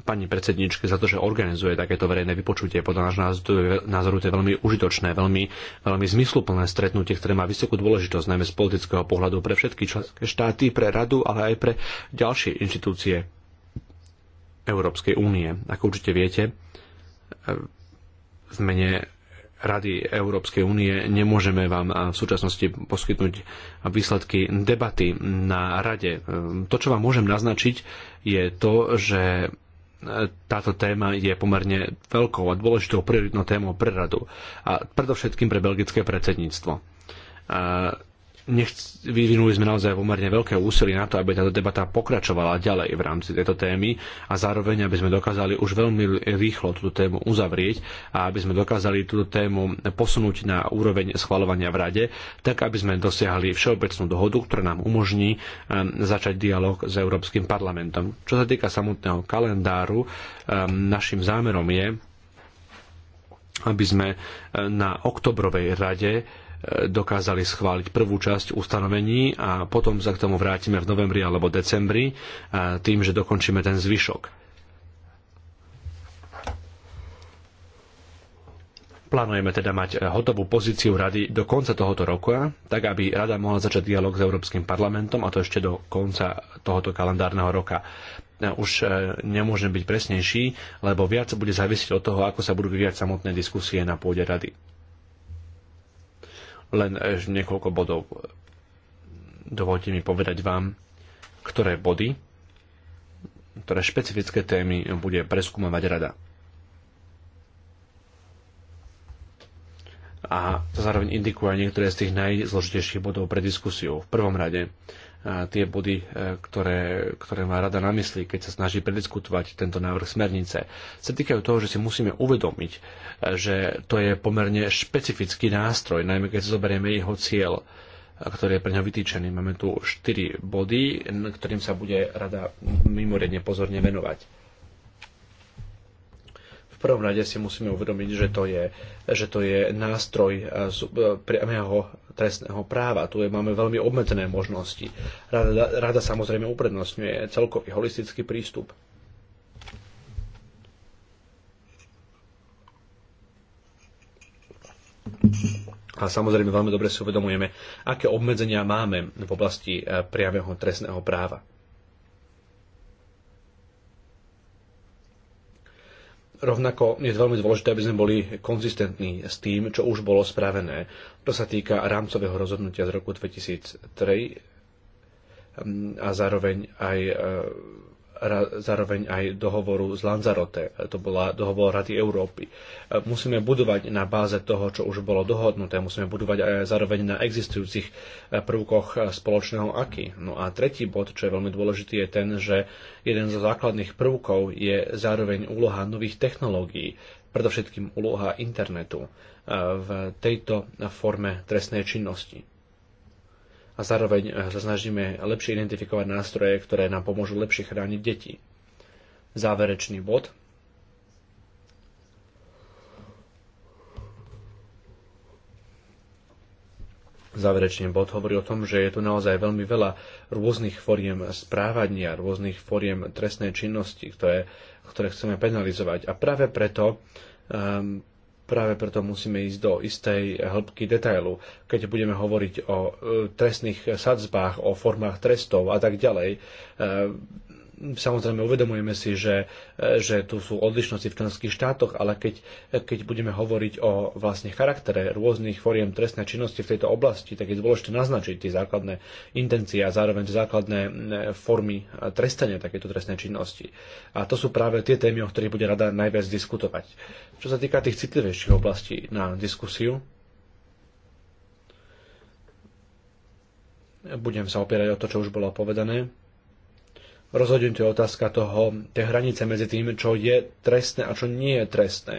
pani predsedničke za to, že organizuje takéto verejné vypočutie. Podľa nášho názoru to je veľmi užitočné, veľmi, veľmi zmysluplné stretnutie, ktoré má vysokú dôležitosť, najmä z politického pohľadu pre všetky členské štáty, pre radu, ale aj pre ďalšie inštitúcie Európskej únie. Ako určite viete, e, v mene Rady Európskej únie nemôžeme vám v súčasnosti poskytnúť výsledky debaty na Rade. To, čo vám môžem naznačiť, je to, že táto téma je pomerne veľkou a dôležitou prioritnou témou pre radu a predovšetkým pre belgické predsedníctvo nechc, vyvinuli sme naozaj pomerne veľké úsilie na to, aby táto debata pokračovala ďalej v rámci tejto témy a zároveň, aby sme dokázali už veľmi rýchlo túto tému uzavrieť a aby sme dokázali túto tému posunúť na úroveň schvalovania v Rade, tak aby sme dosiahli všeobecnú dohodu, ktorá nám umožní ehm, začať dialog s Európskym parlamentom. Čo sa týka samotného kalendáru, ehm, našim zámerom je, aby sme ehm, na oktobrovej rade dokázali schváliť prvú časť ustanovení a potom sa k tomu vrátime v novembri alebo decembri tým, že dokončíme ten zvyšok. Plánujeme teda mať hotovú pozíciu rady do konca tohoto roka, tak aby rada mohla začať dialog s Európskym parlamentom a to ešte do konca tohoto kalendárneho roka. Už e, nemôžem byť presnejší, lebo viac bude závisiť od toho, ako sa budú vyvíjať samotné diskusie na pôde rady len eh, niekoľko bodov. Dovolte mi povedať vám, ktoré body, ktoré špecifické témy bude preskúmavať rada. A to zároveň indikuje niektoré z tých najzložitejších bodov pre diskusiu. V prvom rade tie body, e, ktoré, ktoré má rada na mysli, keď sa snaží prediskutovať tento návrh smernice, sa týkajú toho, že si musíme uvedomiť, e, že to je pomerne špecifický nástroj, najmä keď zoberieme jeho cieľ e, ktorý je pre ňa vytýčený. Máme tu 4 body, ktorým sa bude rada mimoriadne pozorne venovať. V prvom rade si musíme uvedomiť, že to je, že to je nástroj priamého trestného práva. Tu je, máme veľmi obmedzené možnosti. Rada, rada samozrejme uprednostňuje celkový holistický prístup. A samozrejme veľmi dobre si uvedomujeme, aké obmedzenia máme v oblasti eh, priameho trestného práva. Rovnako je veľmi dôležité, aby sme boli konzistentní s tým, čo už bolo spravené. To sa týka rámcového rozhodnutia z roku 2003 mm, a zároveň aj e, zároveň aj dohovoru z Lanzarote, to bola dohovor Rady Európy. E, musíme budovať na báze toho, čo už bolo dohodnuté, musíme budovať aj zároveň na existujúcich e, prvkoch e, spoločného AKI. No a tretí bod, čo je veľmi dôležitý, je ten, že jeden zo základných prvkov je zároveň úloha nových technológií, predovšetkým úloha internetu v tejto forme trestnej činnosti a zároveň eh, sa snažíme lepšie identifikovať nástroje, ktoré nám pomôžu lepšie chrániť deti. Záverečný bod. Záverečný bod hovorí o tom, že je tu naozaj veľmi veľa rôznych foriem správania, rôznych foriem trestnej činnosti, ktoré, ktoré chceme penalizovať. A práve preto um, Práve preto musíme ísť do istej hĺbky detailu, keď budeme hovoriť o e, trestných sadzbách, o formách trestov a tak ďalej e, Samozrejme, uvedomujeme si, že, e, že tu sú odlišnosti v členských štátoch, ale keď, e, keď budeme hovoriť o vlastne charaktere rôznych foriem trestnej činnosti v tejto oblasti, tak je dôležité naznačiť tie základné intencie a zároveň základné formy e, trestania takéto trestnej činnosti. A to sú práve tie témy, o ktorých bude rada najviac diskutovať. Čo sa týka tých citlivejších oblastí na diskusiu, budem sa opierať o to, čo už bolo povedané rozhodne to je otázka toho, tej hranice medzi tým, čo je trestné a čo nie je trestné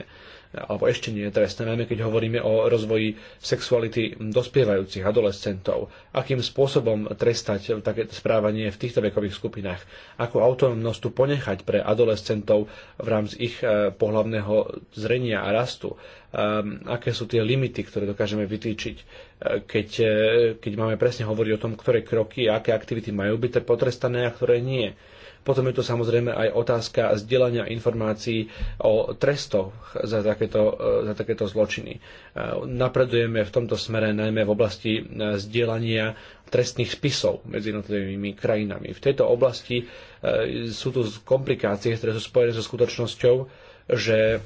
alebo ešte nie je trestné, najmä keď hovoríme o rozvoji sexuality dospievajúcich adolescentov. Akým spôsobom trestať také správanie v týchto vekových skupinách? Akú autonómnosť tu ponechať pre adolescentov v rámci ich e, pohlavného zrenia a rastu? E, aké sú tie limity, ktoré dokážeme vytýčiť, e, keď, keď máme presne hovoriť o tom, ktoré kroky a aké aktivity majú byť potrestané a ktoré nie? Potom je to samozrejme aj otázka zdieľania informácií o trestoch za takéto, e, za takéto zločiny. E, napredujeme v tomto smere najmä v oblasti e, zdieľania trestných spisov medzi jednotlivými krajinami. V tejto oblasti sú tu komplikácie, ktoré sú spojené so skutočnosťou, že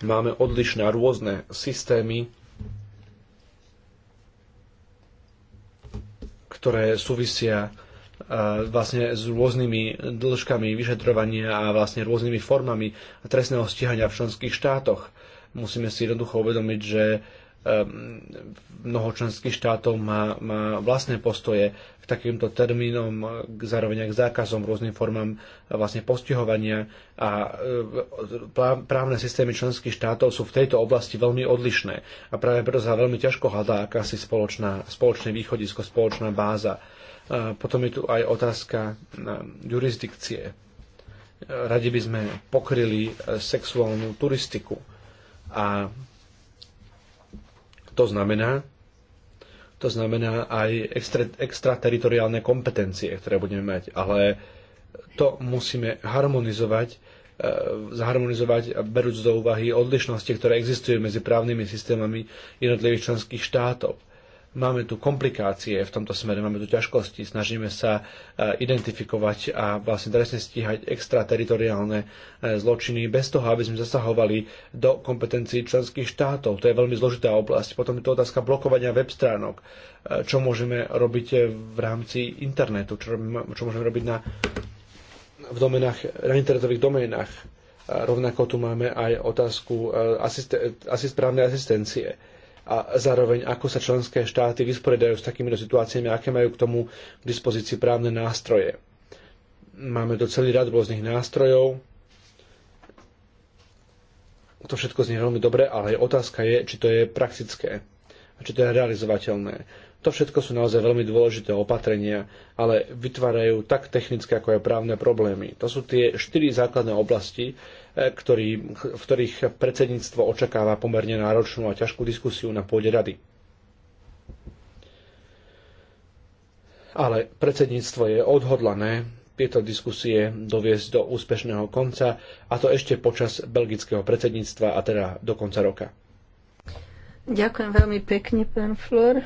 máme odlišné a rôzne systémy ktoré súvisia vlastne s rôznymi dĺžkami vyšetrovania a vlastne rôznymi formami trestného stíhania v členských štátoch. Musíme si jednoducho uvedomiť, že mnoho členských štátov má, má vlastné postoje k takýmto termínom, k zároveň aj k zákazom, rôznym formám e, vlastne postihovania a e, právne systémy členských štátov sú v tejto oblasti veľmi odlišné a práve preto sa veľmi ťažko hľadá akási spoločná, spoločné východisko, spoločná báza potom je tu aj otázka e, jurisdikcie. E, radi by sme pokryli e, sexuálnu turistiku. A to znamená, to znamená aj extra, extrateritoriálne kompetencie, ktoré budeme mať, ale to musíme harmonizovať, zharmonizovať berúc do úvahy odlišnosti, ktoré existujú medzi právnymi systémami jednotlivých členských štátov Máme tu komplikácie v tomto smere, máme tu ťažkosti, snažíme sa e, identifikovať a vlastne trestne stíhať extrateritoriálne e, zločiny bez toho, aby sme zasahovali do kompetencií členských štátov. To je veľmi zložitá oblasť. Potom je to otázka blokovania web stránok, e, čo môžeme robiť v rámci internetu, čo, čo môžeme robiť na, v domenách, na internetových doménach. Rovnako tu máme aj otázku asist, asist, právnej asistencie a zároveň ako sa členské štáty vysporiadajú s takýmito situáciami, aké majú k tomu k dispozícii právne nástroje. Máme to celý rad rôznych nástrojov, to všetko znie veľmi dobre, ale otázka je, či to je praktické a či to je realizovateľné. To všetko sú naozaj veľmi dôležité opatrenia, ale vytvárajú tak technické, ako aj právne problémy. To sú tie štyri základné oblasti, ktorý, v ktorých predsedníctvo očakáva pomerne náročnú a ťažkú diskusiu na pôde rady. Ale predsedníctvo je odhodlané tieto diskusie doviesť do úspešného konca, a to ešte počas belgického predsedníctva, a teda do konca roka. Ďakujem veľmi pekne, pán Flor.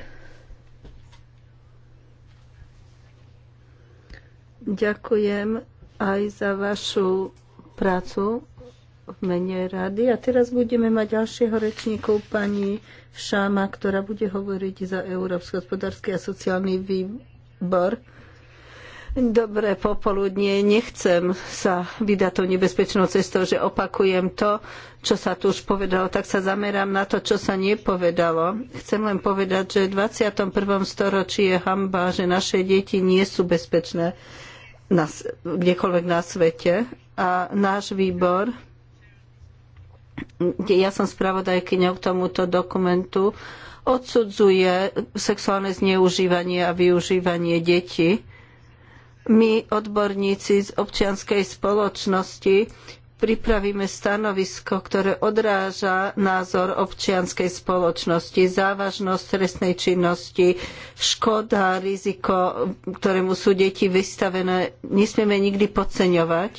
Ďakujem aj za vašu prácu v mene rady. A teraz budeme mať ďalšieho rečníkov pani Šáma, ktorá bude hovoriť za Európsky hospodársky a sociálny výbor. Dobré popoludnie. Nechcem sa vydať tou nebezpečnou cestou, že opakujem to, čo sa tu už povedalo, tak sa zamerám na to, čo sa nepovedalo. Chcem len povedať, že v 21. storočí je hamba, že naše deti nie sú bezpečné na, kdekoľvek na svete a náš výbor ja som spravodajkyňou k tomuto dokumentu, odsudzuje sexuálne zneužívanie a využívanie detí. My, odborníci z občianskej spoločnosti, pripravíme stanovisko, ktoré odráža názor občianskej spoločnosti, závažnosť trestnej činnosti, škoda, riziko, ktorému sú deti vystavené. Nesmieme nikdy podceňovať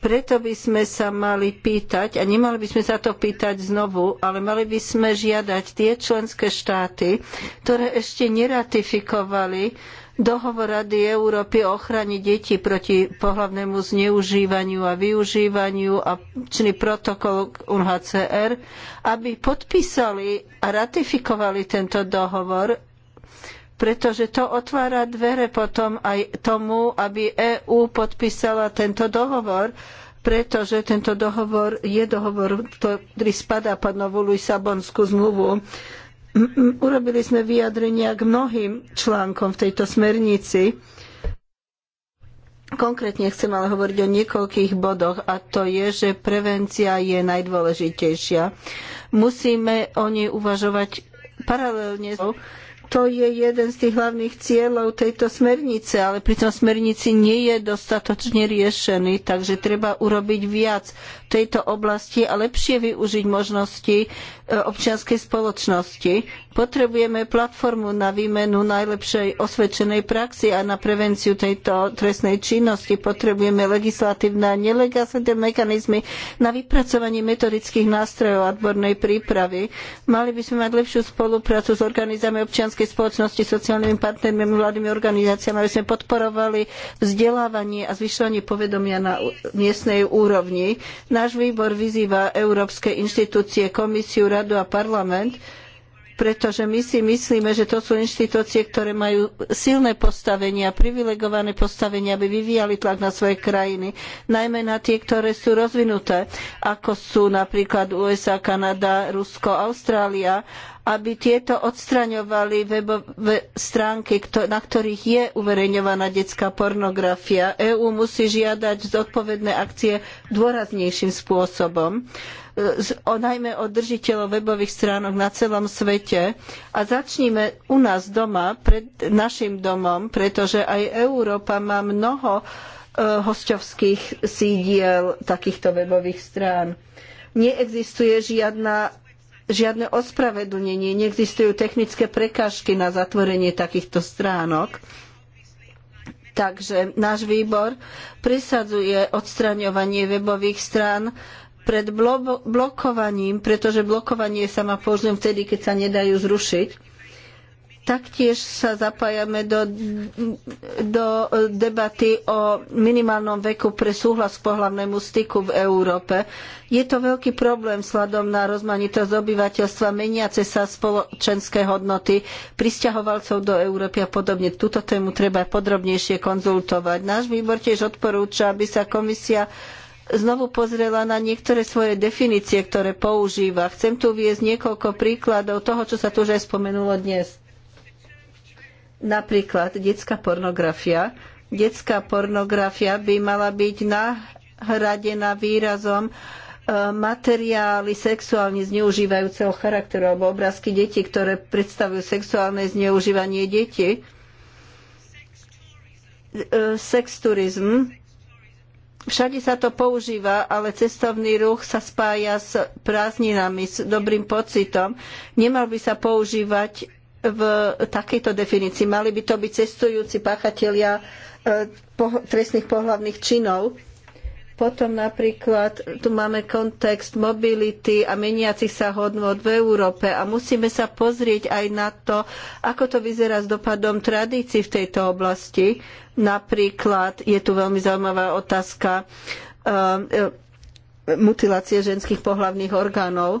preto by sme sa mali pýtať, a nemali by sme sa to pýtať znovu, ale mali by sme žiadať tie členské štáty, ktoré ešte neratifikovali dohovor Rady Európy o ochrane detí proti pohlavnému zneužívaniu a využívaniu a činy protokol UNHCR, aby podpísali a ratifikovali tento dohovor pretože to otvára dvere potom aj tomu, aby EÚ podpísala tento dohovor, pretože tento dohovor je dohovor, ktorý spadá pod novú Lisabonskú zmluvu. Urobili sme vyjadrenia k mnohým článkom v tejto smernici. Konkrétne chcem ale hovoriť o niekoľkých bodoch a to je, že prevencia je najdôležitejšia. Musíme o nej uvažovať paralelne s to je jeden z tých hlavných cieľov tejto smernice, ale pri tom smernici nie je dostatočne riešený, takže treba urobiť viac tejto oblasti a lepšie využiť možnosti e, občianskej spoločnosti. Potrebujeme platformu na výmenu najlepšej osvedčenej praxi a na prevenciu tejto trestnej činnosti. Potrebujeme legislatívne a nelegislatívne mechanizmy na vypracovanie metodických nástrojov odbornej prípravy. Mali by sme mať lepšiu spoluprácu s organizami občianskej spoločnosti, sociálnymi partnermi, mladými organizáciami, aby sme podporovali vzdelávanie a zvyšovanie povedomia na miestnej úrovni. Na Náš výbor vyzýva európske inštitúcie, komisiu, radu a parlament, pretože my si myslíme, že to sú inštitúcie, ktoré majú silné postavenia, privilegované postavenie, aby vyvíjali tlak na svoje krajiny, najmä na tie, ktoré sú rozvinuté, ako sú napríklad USA, Kanada, Rusko, Austrália, aby tieto odstraňovali webové stránky, na ktorých je uverejňovaná detská pornografia. EÚ musí žiadať zodpovedné akcie dôraznejším spôsobom o, najmä od držiteľov webových stránok na celom svete. A začnime u nás doma, pred našim domom, pretože aj Európa má mnoho e, hostovských sídiel takýchto webových strán. Neexistuje žiadna, žiadne ospravedlnenie, neexistujú technické prekážky na zatvorenie takýchto stránok. Takže náš výbor presadzuje odstraňovanie webových strán pred blo blokovaním, pretože blokovanie sa má použiť vtedy, keď sa nedajú zrušiť. Taktiež sa zapájame do, do debaty o minimálnom veku pre súhlas k pohľavnému styku v Európe. Je to veľký problém sladom na rozmanitosť obyvateľstva, meniace sa spoločenské hodnoty, prisťahovalcov do Európy a podobne. Túto tému treba podrobnejšie konzultovať. Náš výbor tiež odporúča, aby sa komisia znovu pozrela na niektoré svoje definície, ktoré používa. Chcem tu viesť niekoľko príkladov toho, čo sa tu už aj spomenulo dnes. Napríklad detská pornografia. Detská pornografia by mala byť nahradená výrazom e, materiály sexuálne zneužívajúceho charakteru alebo obrázky detí, ktoré predstavujú sexuálne zneužívanie detí. E, Sexturizm Všade sa to používa, ale cestovný ruch sa spája s prázdninami, s dobrým pocitom. Nemal by sa používať v takejto definícii. Mali by to byť cestujúci páchatelia eh, trestných pohlavných činov. Potom napríklad tu máme kontext mobility a meniacich sa hodnot v Európe a musíme sa pozrieť aj na to, ako to vyzerá s dopadom tradícií v tejto oblasti. Napríklad je tu veľmi zaujímavá otázka eh, eh, mutilácie ženských pohlavných orgánov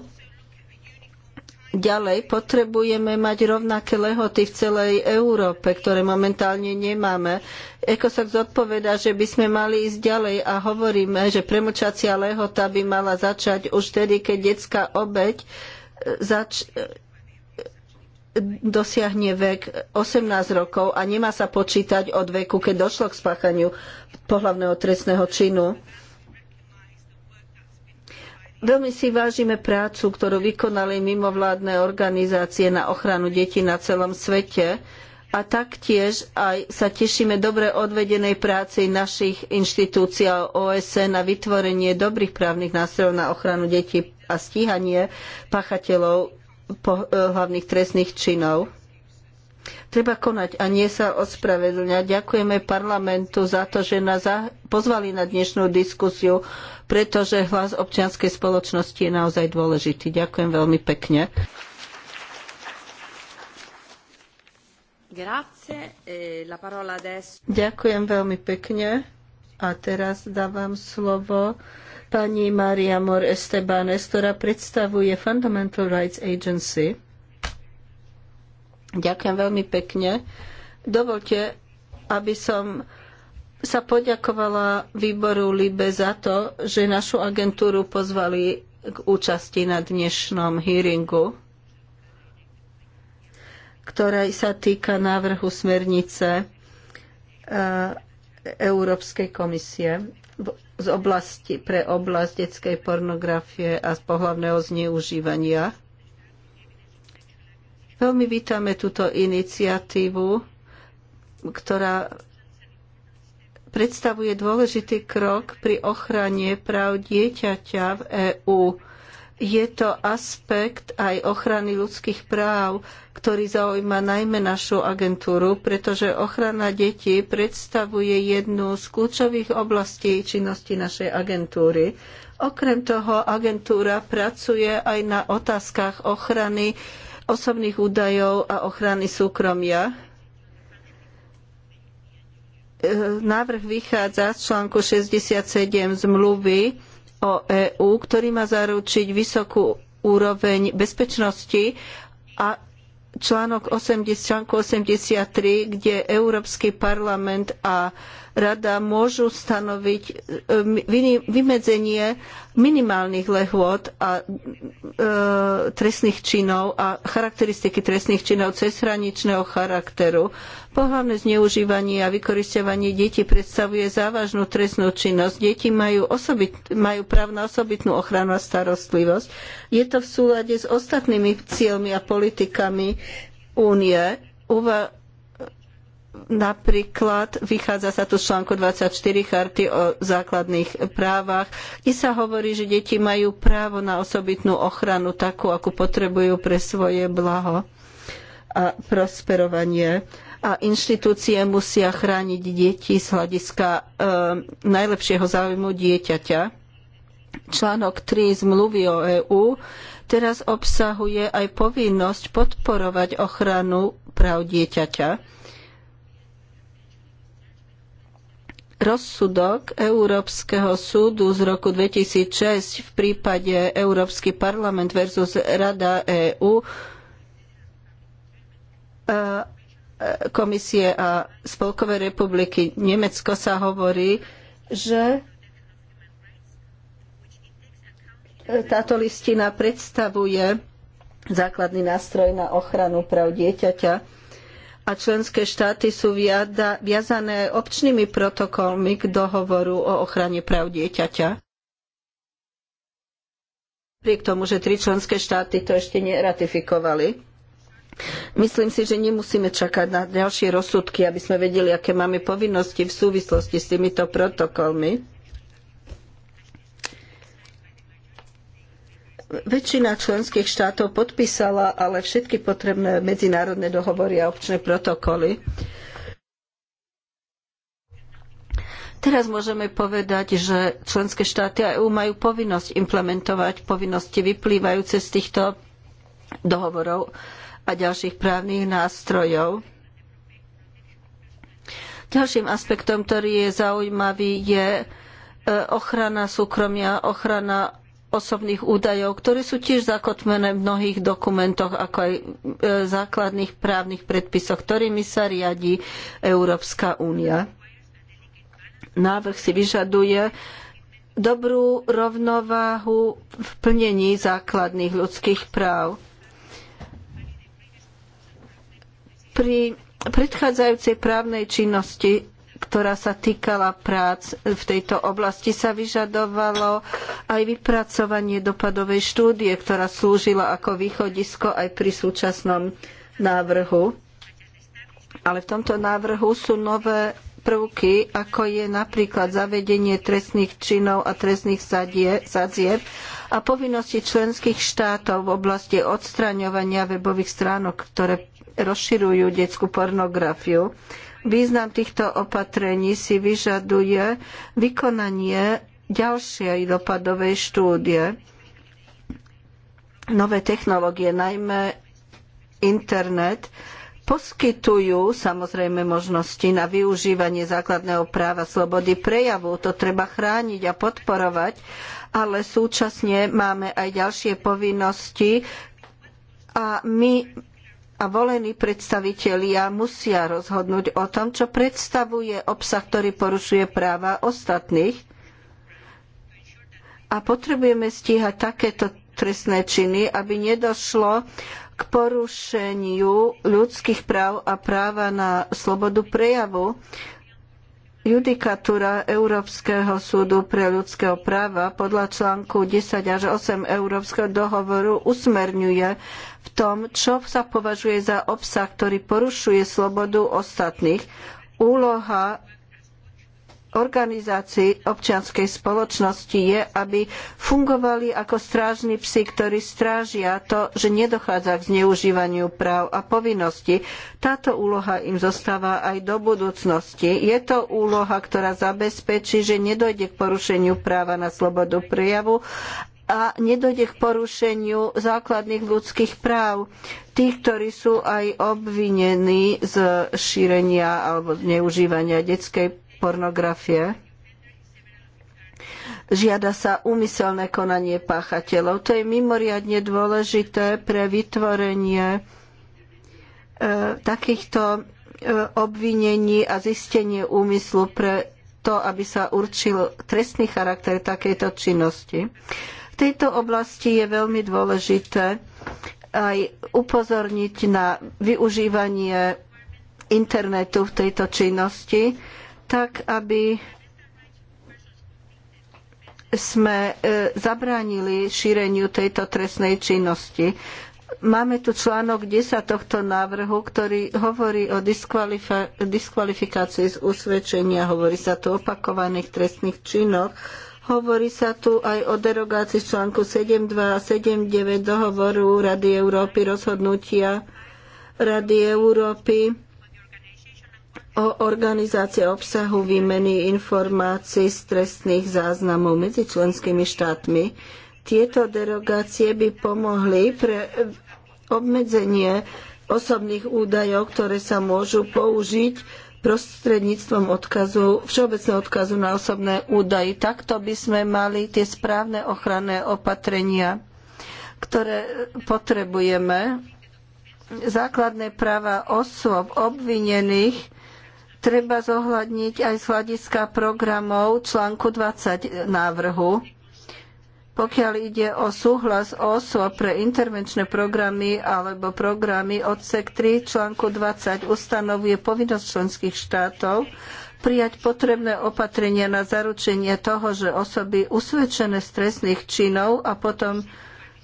Ďalej potrebujeme mať rovnaké lehoty v celej Európe, ktoré momentálne nemáme. Ekosak zodpovedá, že by sme mali ísť ďalej a hovoríme, že premočacia lehota by mala začať už tedy, keď detská obeť e, zač- e, dosiahne vek 18 rokov a nemá sa počítať od veku, keď došlo k spáchaniu pohlavného trestného činu Veľmi si vážime prácu, ktorú vykonali mimovládne organizácie na ochranu detí na celom svete a taktiež aj sa tešíme dobre odvedenej práci našich inštitúcií a OSN na vytvorenie dobrých právnych nástrojov na ochranu detí a stíhanie pachateľov e, hlavných trestných činov. Treba konať a nie sa ospravedlňať. Ďakujeme parlamentu za to, že nás pozvali na dnešnú diskusiu, pretože hlas občianskej spoločnosti je naozaj dôležitý. Ďakujem veľmi pekne. E, Ďakujem veľmi pekne. A teraz dávam slovo pani Maria Mor Estebanes, ktorá predstavuje Fundamental Rights Agency. Ďakujem veľmi pekne. Dovolte, aby som sa poďakovala výboru LIBE za to, že našu agentúru pozvali k účasti na dnešnom hearingu, ktorý sa týka návrhu smernice eh, Európskej komisie z oblasti pre oblasť detskej pornografie a pohlavného pohľavného zneužívania Veľmi vítame túto iniciatívu, ktorá predstavuje dôležitý krok pri ochrane práv dieťaťa v EÚ. Je to aspekt aj ochrany ľudských práv, ktorý zaujíma najmä našu agentúru, pretože ochrana detí predstavuje jednu z kľúčových oblastí činnosti našej agentúry. Okrem toho agentúra pracuje aj na otázkach ochrany osobných údajov a ochrany súkromia. E, návrh vychádza z článku 67 zmluvy o EÚ, ktorý má zaručiť vysokú úroveň bezpečnosti a článok 80, článku 83, kde Európsky parlament a rada môžu stanoviť um, vymedzenie minimálnych lehôd a uh, trestných činov a charakteristiky trestných činov cezhraničného charakteru. Pohlavné zneužívanie a vykorisťovanie detí predstavuje závažnú trestnú činnosť. Deti majú, osobit, majú práv na osobitnú ochranu a starostlivosť. Je to v súlade s ostatnými cieľmi a politikami únie. Uva- Napríklad vychádza sa tu z článku 24 charty o základných právach, kde sa hovorí, že deti majú právo na osobitnú ochranu takú, akú potrebujú pre svoje blaho a prosperovanie a inštitúcie musia chrániť deti z hľadiska e, najlepšieho záujmu dieťaťa. Článok 3 zmluvy o EÚ teraz obsahuje aj povinnosť podporovať ochranu práv dieťaťa Rozsudok Európskeho súdu z roku 2006 v prípade Európsky parlament versus Rada EÚ e, e, komisie a Spolkovej republiky Nemecko sa hovorí, že e, táto listina predstavuje základný nástroj na ochranu práv dieťaťa a členské štáty sú viada, viazané občnými protokolmi k dohovoru o ochrane práv dieťaťa. Priek tomu, že tri členské štáty to ešte neratifikovali. Myslím si, že nemusíme čakať na ďalšie rozsudky, aby sme vedeli, aké máme povinnosti v súvislosti s týmito protokolmi Väčšina členských štátov podpísala ale všetky potrebné medzinárodné dohovory a občné protokoly. Teraz môžeme povedať, že členské štáty a EU majú povinnosť implementovať povinnosti vyplývajúce z týchto dohovorov a ďalších právnych nástrojov. Ďalším aspektom, ktorý je zaujímavý, je e, ochrana súkromia, ochrana osobných údajov, ktoré sú tiež zakotvené v mnohých dokumentoch, ako aj e, základných právnych predpisoch, ktorými sa riadi Európska únia. Návrh si vyžaduje dobrú rovnováhu v plnení základných ľudských práv. Pri predchádzajúcej právnej činnosti ktorá sa týkala prác v tejto oblasti, sa vyžadovalo aj vypracovanie dopadovej štúdie, ktorá slúžila ako východisko aj pri súčasnom návrhu. Ale v tomto návrhu sú nové prvky, ako je napríklad zavedenie trestných činov a trestných sadzieb a povinnosti členských štátov v oblasti odstraňovania webových stránok, ktoré rozširujú detskú pornografiu. Význam týchto opatrení si vyžaduje vykonanie ďalšej dopadovej štúdie. Nové technológie, najmä internet, poskytujú samozrejme možnosti na využívanie základného práva slobody prejavu. To treba chrániť a podporovať, ale súčasne máme aj ďalšie povinnosti a my a volení predstavitelia musia rozhodnúť o tom, čo predstavuje obsah, ktorý porušuje práva ostatných. A potrebujeme stíhať takéto trestné činy, aby nedošlo k porušeniu ľudských práv a práva na slobodu prejavu. Judikatúra Európskeho súdu pre ľudské práva podľa článku 10 až 8 Európskeho dohovoru usmerňuje v tom, čo sa považuje za obsah, ktorý porušuje slobodu ostatných. Úloha organizácií občianskej spoločnosti je, aby fungovali ako strážni psi, ktorí strážia to, že nedochádza k zneužívaniu práv a povinností. Táto úloha im zostáva aj do budúcnosti. Je to úloha, ktorá zabezpečí, že nedojde k porušeniu práva na slobodu prejavu a nedojde k porušeniu základných ľudských práv tých, ktorí sú aj obvinení z šírenia alebo neužívania detskej pornografie. Žiada sa úmyselné konanie páchateľov. To je mimoriadne dôležité pre vytvorenie e, takýchto e, obvinení a zistenie úmyslu pre to, aby sa určil trestný charakter takejto činnosti tejto oblasti je veľmi dôležité aj upozorniť na využívanie internetu v tejto činnosti, tak aby sme e, zabránili šíreniu tejto trestnej činnosti. Máme tu článok 10 tohto návrhu, ktorý hovorí o diskvalifikácii z usvedčenia, hovorí sa tu o opakovaných trestných činoch Hovorí sa tu aj o derogácii z článku 7.2 a 7.9 dohovoru Rady Európy, rozhodnutia Rady Európy o organizácii obsahu výmeny informácií z trestných záznamov medzi členskými štátmi. Tieto derogácie by pomohli pre obmedzenie osobných údajov, ktoré sa môžu použiť prostredníctvom odkazu, všeobecného odkazu na osobné údaje. Takto by sme mali tie správne ochranné opatrenia, ktoré potrebujeme. Základné práva osôb obvinených treba zohľadniť aj z hľadiska programov článku 20 návrhu pokiaľ ide o súhlas osôb pre intervenčné programy alebo programy odsek 3 článku 20 ustanovuje povinnosť členských štátov prijať potrebné opatrenia na zaručenie toho, že osoby usvedčené z trestných činov a potom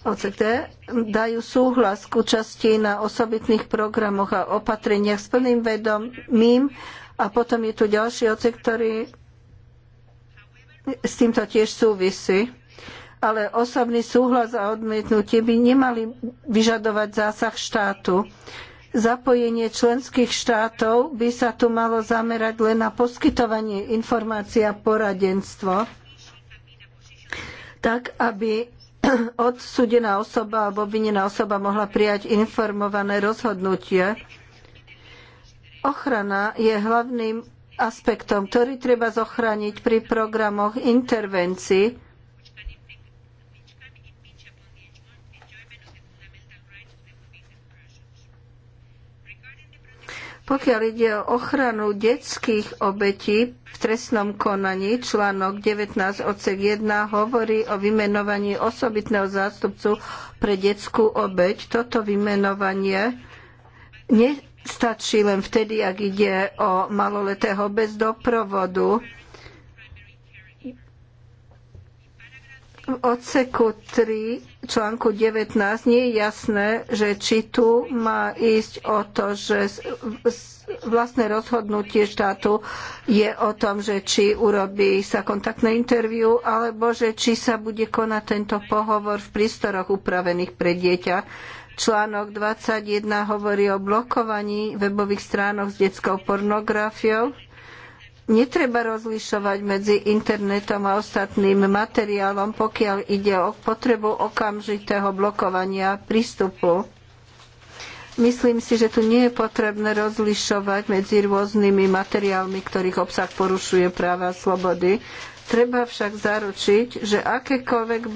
OCT dajú súhlas k účasti na osobitných programoch a opatreniach s plným vedomím a potom je tu ďalší odsek, ktorý s týmto tiež súvisí ale osobný súhlas a odmietnutie by nemali vyžadovať zásah štátu. Zapojenie členských štátov by sa tu malo zamerať len na poskytovanie informácií a poradenstvo, tak aby odsúdená osoba alebo obvinená osoba mohla prijať informované rozhodnutie. Ochrana je hlavným aspektom, ktorý treba zochrániť pri programoch intervencií Pokiaľ ide o ochranu detských obetí v trestnom konaní, článok 19 odsek 1 hovorí o vymenovaní osobitného zástupcu pre detskú obeť. Toto vymenovanie nestačí len vtedy, ak ide o maloletého bez doprovodu v odseku 3 článku 19 nie je jasné, že či tu má ísť o to, že vlastné rozhodnutie štátu je o tom, že či urobí sa kontaktné interviu, alebo že či sa bude konať tento pohovor v prístoroch upravených pre dieťa. Článok 21 hovorí o blokovaní webových stránok s detskou pornografiou Netreba rozlišovať medzi internetom a ostatným materiálom, pokiaľ ide o potrebu okamžitého blokovania prístupu. Myslím si, že tu nie je potrebné rozlišovať medzi rôznymi materiálmi, ktorých obsah porušuje práva a slobody. Treba však zaručiť, že akékoľvek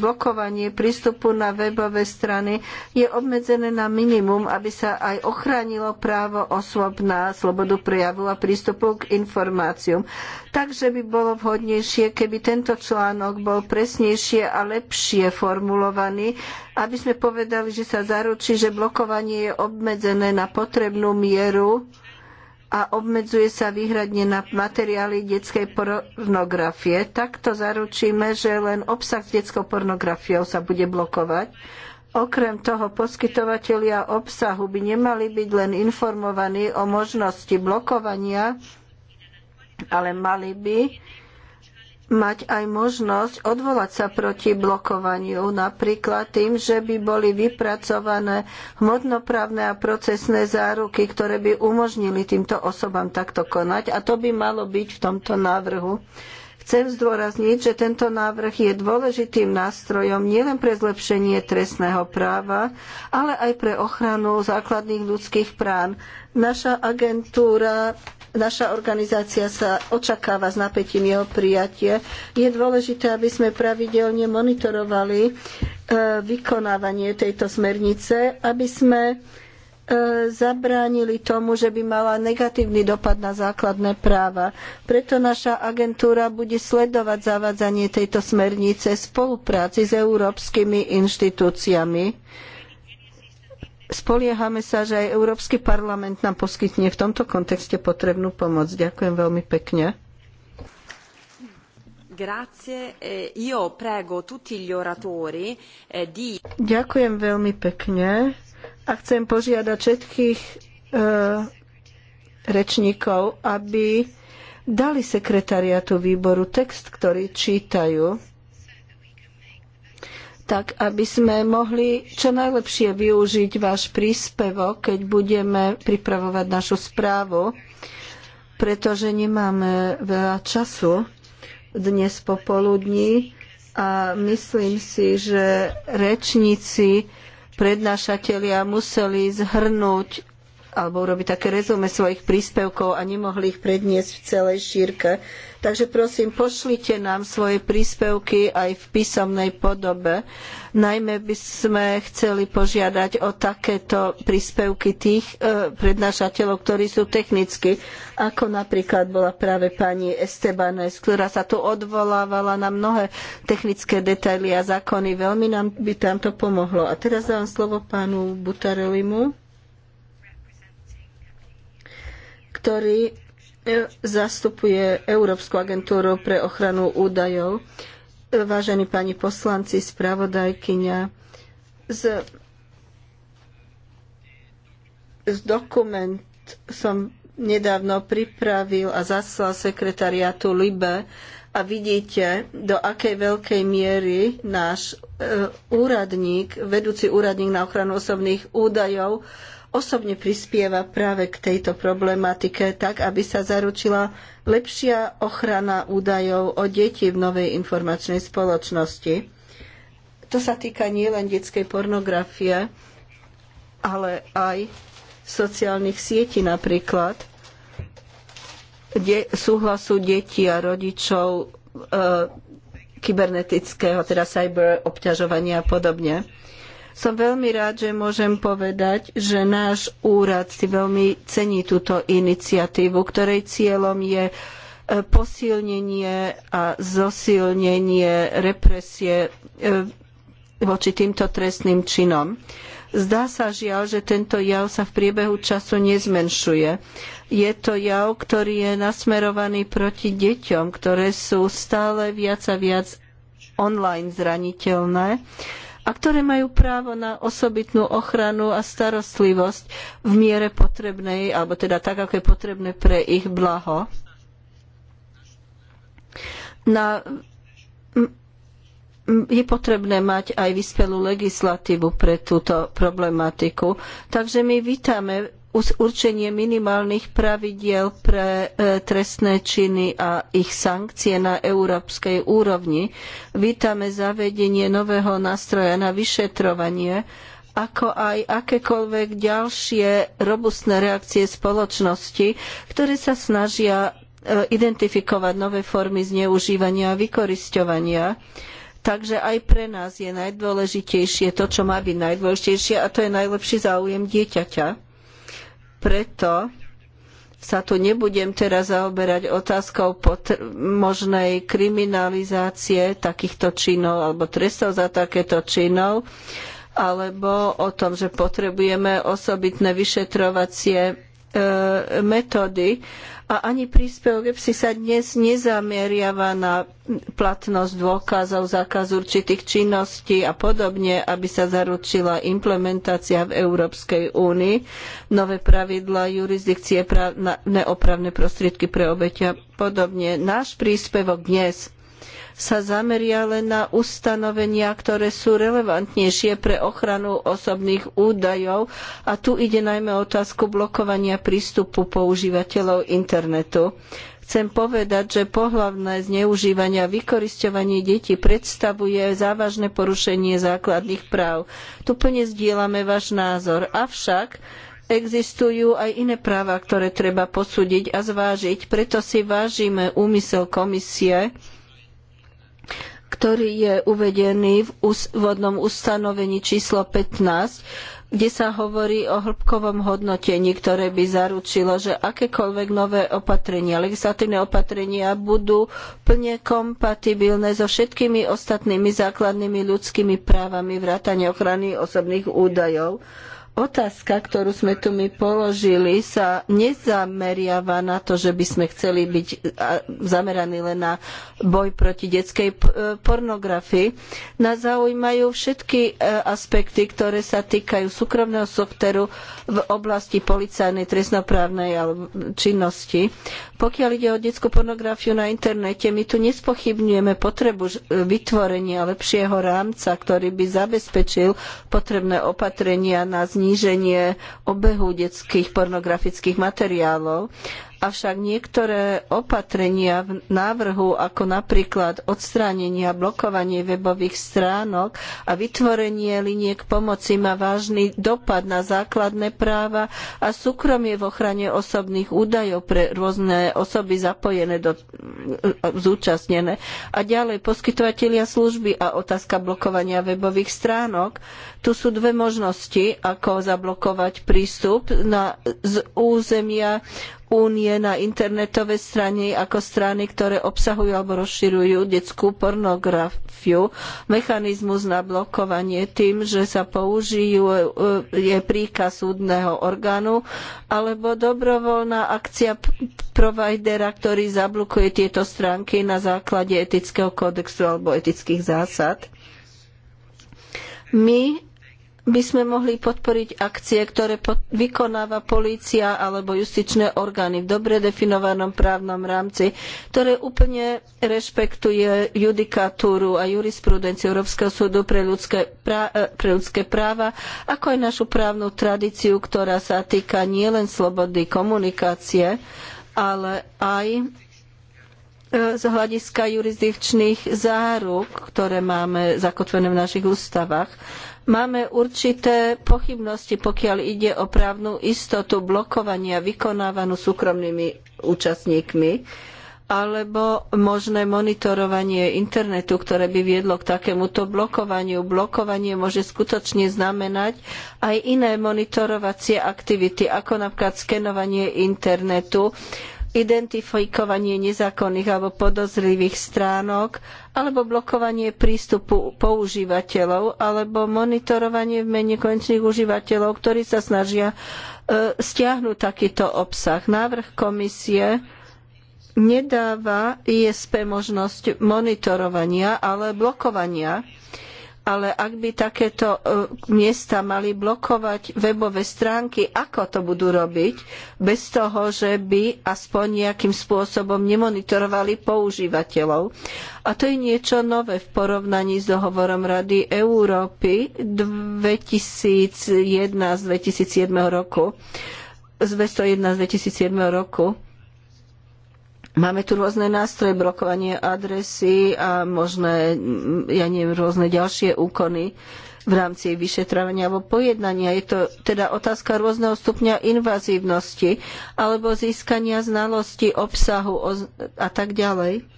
blokovanie prístupu na webové strany je obmedzené na minimum, aby sa aj ochránilo právo osôb na slobodu prejavu a prístupu k informáciám. Takže by bolo vhodnejšie, keby tento článok bol presnejšie a lepšie formulovaný, aby sme povedali, že sa zaručí, že blokovanie je obmedzené na potrebnú mieru a obmedzuje sa výhradne na materiály detskej pornografie. Takto zaručíme, že len obsah s detskou pornografiou sa bude blokovať. Okrem toho, poskytovatelia obsahu by nemali byť len informovaní o možnosti blokovania, ale mali by mať aj možnosť odvolať sa proti blokovaniu, napríklad tým, že by boli vypracované hmotnoprávne a procesné záruky, ktoré by umožnili týmto osobám takto konať a to by malo byť v tomto návrhu. Chcem zdôrazniť, že tento návrh je dôležitým nástrojom nielen pre zlepšenie trestného práva, ale aj pre ochranu základných ľudských práv. Naša agentúra naša organizácia sa očakáva s napätím jeho prijatie. Je dôležité, aby sme pravidelne monitorovali e, vykonávanie tejto smernice, aby sme e, zabránili tomu, že by mala negatívny dopad na základné práva. Preto naša agentúra bude sledovať zavádzanie tejto smernice v spolupráci s európskymi inštitúciami spoliehame sa, že aj Európsky parlament nám poskytne v tomto kontexte potrebnú pomoc. Ďakujem veľmi pekne. E, e, Ďakujem veľmi pekne a chcem požiadať všetkých e, rečníkov, aby dali sekretariatu výboru text, ktorý čítajú tak aby sme mohli čo najlepšie využiť váš príspevok, keď budeme pripravovať našu správu, pretože nemáme veľa času dnes popoludní a myslím si, že rečníci, prednášatelia museli zhrnúť alebo urobiť také rezume svojich príspevkov a nemohli ich predniesť v celej šírke. Takže prosím, pošlite nám svoje príspevky aj v písomnej podobe. Najmä by sme chceli požiadať o takéto príspevky tých e, prednášateľov, ktorí sú technicky, ako napríklad bola práve pani Estebanes, ktorá sa tu odvolávala na mnohé technické detaily a zákony. Veľmi nám by tam to pomohlo. A teraz dám slovo pánu Butarelimu, ktorý zastupuje Európsku agentúru pre ochranu údajov. Vážení pani poslanci, spravodajkyňa, z, z dokument som nedávno pripravil a zaslal sekretariátu LIBE a vidíte, do akej veľkej miery náš e, úradník, vedúci úradník na ochranu osobných údajov, osobne prispieva práve k tejto problematike, tak aby sa zaručila lepšia ochrana údajov o deti v novej informačnej spoločnosti. To sa týka nielen detskej pornografie, ale aj sociálnych sietí napríklad, kde súhlasu detí a rodičov e, kybernetického, teda cyber obťažovania a podobne. Som veľmi rád, že môžem povedať, že náš úrad si veľmi cení túto iniciatívu, ktorej cieľom je e, posilnenie a zosilnenie represie e, voči týmto trestným činom. Zdá sa žiaľ, že tento jav sa v priebehu času nezmenšuje. Je to jav, ktorý je nasmerovaný proti deťom, ktoré sú stále viac a viac online zraniteľné a ktoré majú právo na osobitnú ochranu a starostlivosť v miere potrebnej, alebo teda tak, ako je potrebné pre ich blaho. Na, je potrebné mať aj vyspelú legislatívu pre túto problematiku. Takže my vítame určenie minimálnych pravidiel pre e, trestné činy a ich sankcie na európskej úrovni. Vítame zavedenie nového nástroja na vyšetrovanie, ako aj akékoľvek ďalšie robustné reakcie spoločnosti, ktoré sa snažia e, identifikovať nové formy zneužívania a vykorisťovania. Takže aj pre nás je najdôležitejšie to, čo má byť najdôležitejšie, a to je najlepší záujem dieťaťa preto sa tu nebudem teraz zaoberať otázkou možnej kriminalizácie takýchto činov alebo trestov za takéto činov, alebo o tom, že potrebujeme osobitné vyšetrovacie e, metódy. E, a ani príspevok EPSI sa dnes nezameriava na platnosť dôkazov, zákaz určitých činností a podobne, aby sa zaručila implementácia v Európskej únii, nové pravidlá, jurisdikcie, právne, opravné prostriedky pre obete a podobne. Náš príspevok dnes sa zameria len na ustanovenia, ktoré sú relevantnejšie pre ochranu osobných údajov a tu ide najmä o otázku blokovania prístupu používateľov internetu. Chcem povedať, že pohlavné zneužívanie a vykorisťovanie detí predstavuje závažné porušenie základných práv. Tu plne zdieľame váš názor. Avšak Existujú aj iné práva, ktoré treba posúdiť a zvážiť, preto si vážime úmysel komisie ktorý je uvedený v úvodnom ustanovení číslo 15, kde sa hovorí o hĺbkovom hodnotení, ktoré by zaručilo, že akékoľvek nové opatrenia, legislatívne opatrenia budú plne kompatibilné so všetkými ostatnými základnými ľudskými právami vrátane ochrany osobných údajov otázka, ktorú sme tu my položili, sa nezameriava na to, že by sme chceli byť e, zameraní len na boj proti detskej e, pornografii. Nás zaujímajú všetky e, aspekty, ktoré sa týkajú súkromného softveru v oblasti policajnej, trestnoprávnej činnosti. Pokiaľ ide o detskú pornografiu na internete, my tu nespochybňujeme potrebu vytvorenia lepšieho rámca, ktorý by zabezpečil potrebné opatrenia na zniženie zníženie obehu detských pornografických materiálov. Avšak niektoré opatrenia v návrhu, ako napríklad odstránenie a blokovanie webových stránok a vytvorenie liniek pomoci má vážny dopad na základné práva a súkromie v ochrane osobných údajov pre rôzne osoby zapojené do zúčastnené. A ďalej poskytovatelia služby a otázka blokovania webových stránok. Tu sú dve možnosti, ako zablokovať prístup na, z územia únie na internetové strany ako strany, ktoré obsahujú alebo rozširujú detskú pornografiu. Mechanizmus na blokovanie tým, že sa použijú e, je príkaz súdneho orgánu alebo dobrovoľná akcia providera, ktorý zablokuje tieto stránky na základe etického kódexu alebo etických zásad. My by sme mohli podporiť akcie, ktoré vykonáva polícia alebo justičné orgány v dobre definovanom právnom rámci, ktoré úplne rešpektuje judikatúru a jurisprudenciu Európskeho súdu pre ľudské, eh, pre ľudské práva, ako aj našu právnu tradíciu, ktorá sa týka nielen slobody komunikácie, ale aj eh, z hľadiska jurisdikčných záruk, ktoré máme zakotvené v našich ústavách. Máme určité pochybnosti, pokiaľ ide o právnu istotu blokovania vykonávanú súkromnými účastníkmi alebo možné monitorovanie internetu, ktoré by viedlo k takémuto blokovaniu. Blokovanie môže skutočne znamenať aj iné monitorovacie aktivity, ako napríklad skenovanie internetu, identifikovanie nezákonných alebo podozrivých stránok, alebo blokovanie prístupu používateľov, alebo monitorovanie v mene konečných užívateľov, ktorí sa snažia e, stiahnuť takýto obsah. Návrh komisie nedáva ISP možnosť monitorovania, ale blokovania. E, ale ak by takéto e, miesta mali blokovať webové stránky, ako to budú robiť, bez toho, že by aspoň nejakým spôsobom nemonitorovali používateľov. A to je niečo nové v porovnaní s dohovorom Rady Európy 2001 z 2007 roku z 201 z 2007 roku, Máme tu rôzne nástroje, blokovanie adresy a možné, ja neviem, rôzne ďalšie úkony v rámci vyšetrovania alebo pojednania. Je to teda otázka rôzneho stupňa invazívnosti alebo získania znalosti, obsahu a tak ďalej.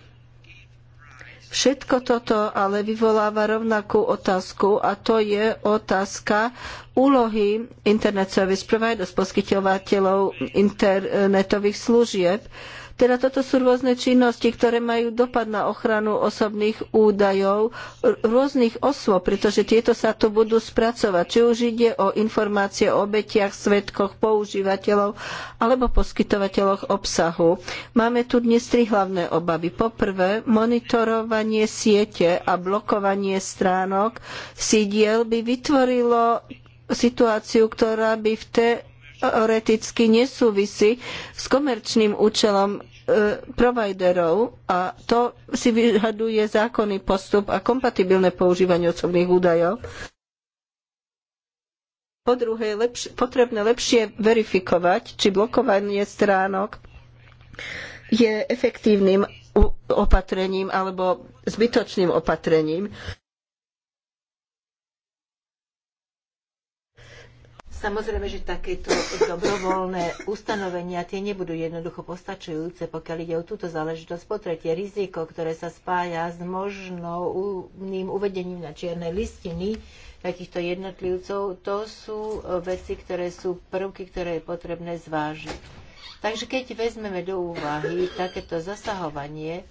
Všetko toto ale vyvoláva rovnakú otázku a to je otázka úlohy Internet Service Providers, poskytovateľov internetových služieb. Teda toto sú rôzne činnosti, ktoré majú dopad na ochranu osobných údajov rôznych osôb, pretože tieto sa tu budú spracovať. Či už ide o informácie o obetiach, svedkoch, používateľov alebo poskytovateľoch obsahu. Máme tu dnes tri hlavné obavy. Poprvé, monitorovanie siete a blokovanie stránok sídiel by vytvorilo situáciu, ktorá by v, té teoreticky nesúvisí s komerčným účelom e, providerov a to si vyžaduje zákonný postup a kompatibilné používanie osobných údajov. Po druhé, lepš- potrebné lepšie verifikovať, či blokovanie stránok je efektívnym opatrením alebo zbytočným opatrením. Samozrejme, že takéto dobrovoľné ustanovenia tie nebudú jednoducho postačujúce, pokiaľ ide o túto záležitosť. Po tretie, riziko, ktoré sa spája s možným uvedením na čierne listiny takýchto jednotlivcov, to sú e, veci, ktoré sú prvky, ktoré je potrebné zvážiť. Takže keď vezmeme do úvahy takéto zasahovanie,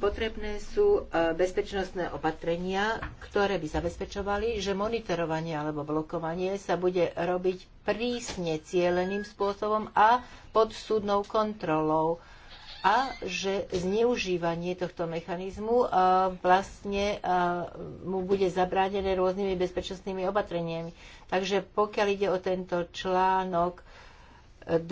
Potrebné sú e, bezpečnostné opatrenia, ktoré by zabezpečovali, že monitorovanie alebo blokovanie sa bude robiť prísne cieleným spôsobom a pod súdnou kontrolou a že zneužívanie tohto mechanizmu e, vlastne e, mu bude zabránené rôznymi bezpečnostnými opatreniami. Takže pokiaľ ide o tento článok 20,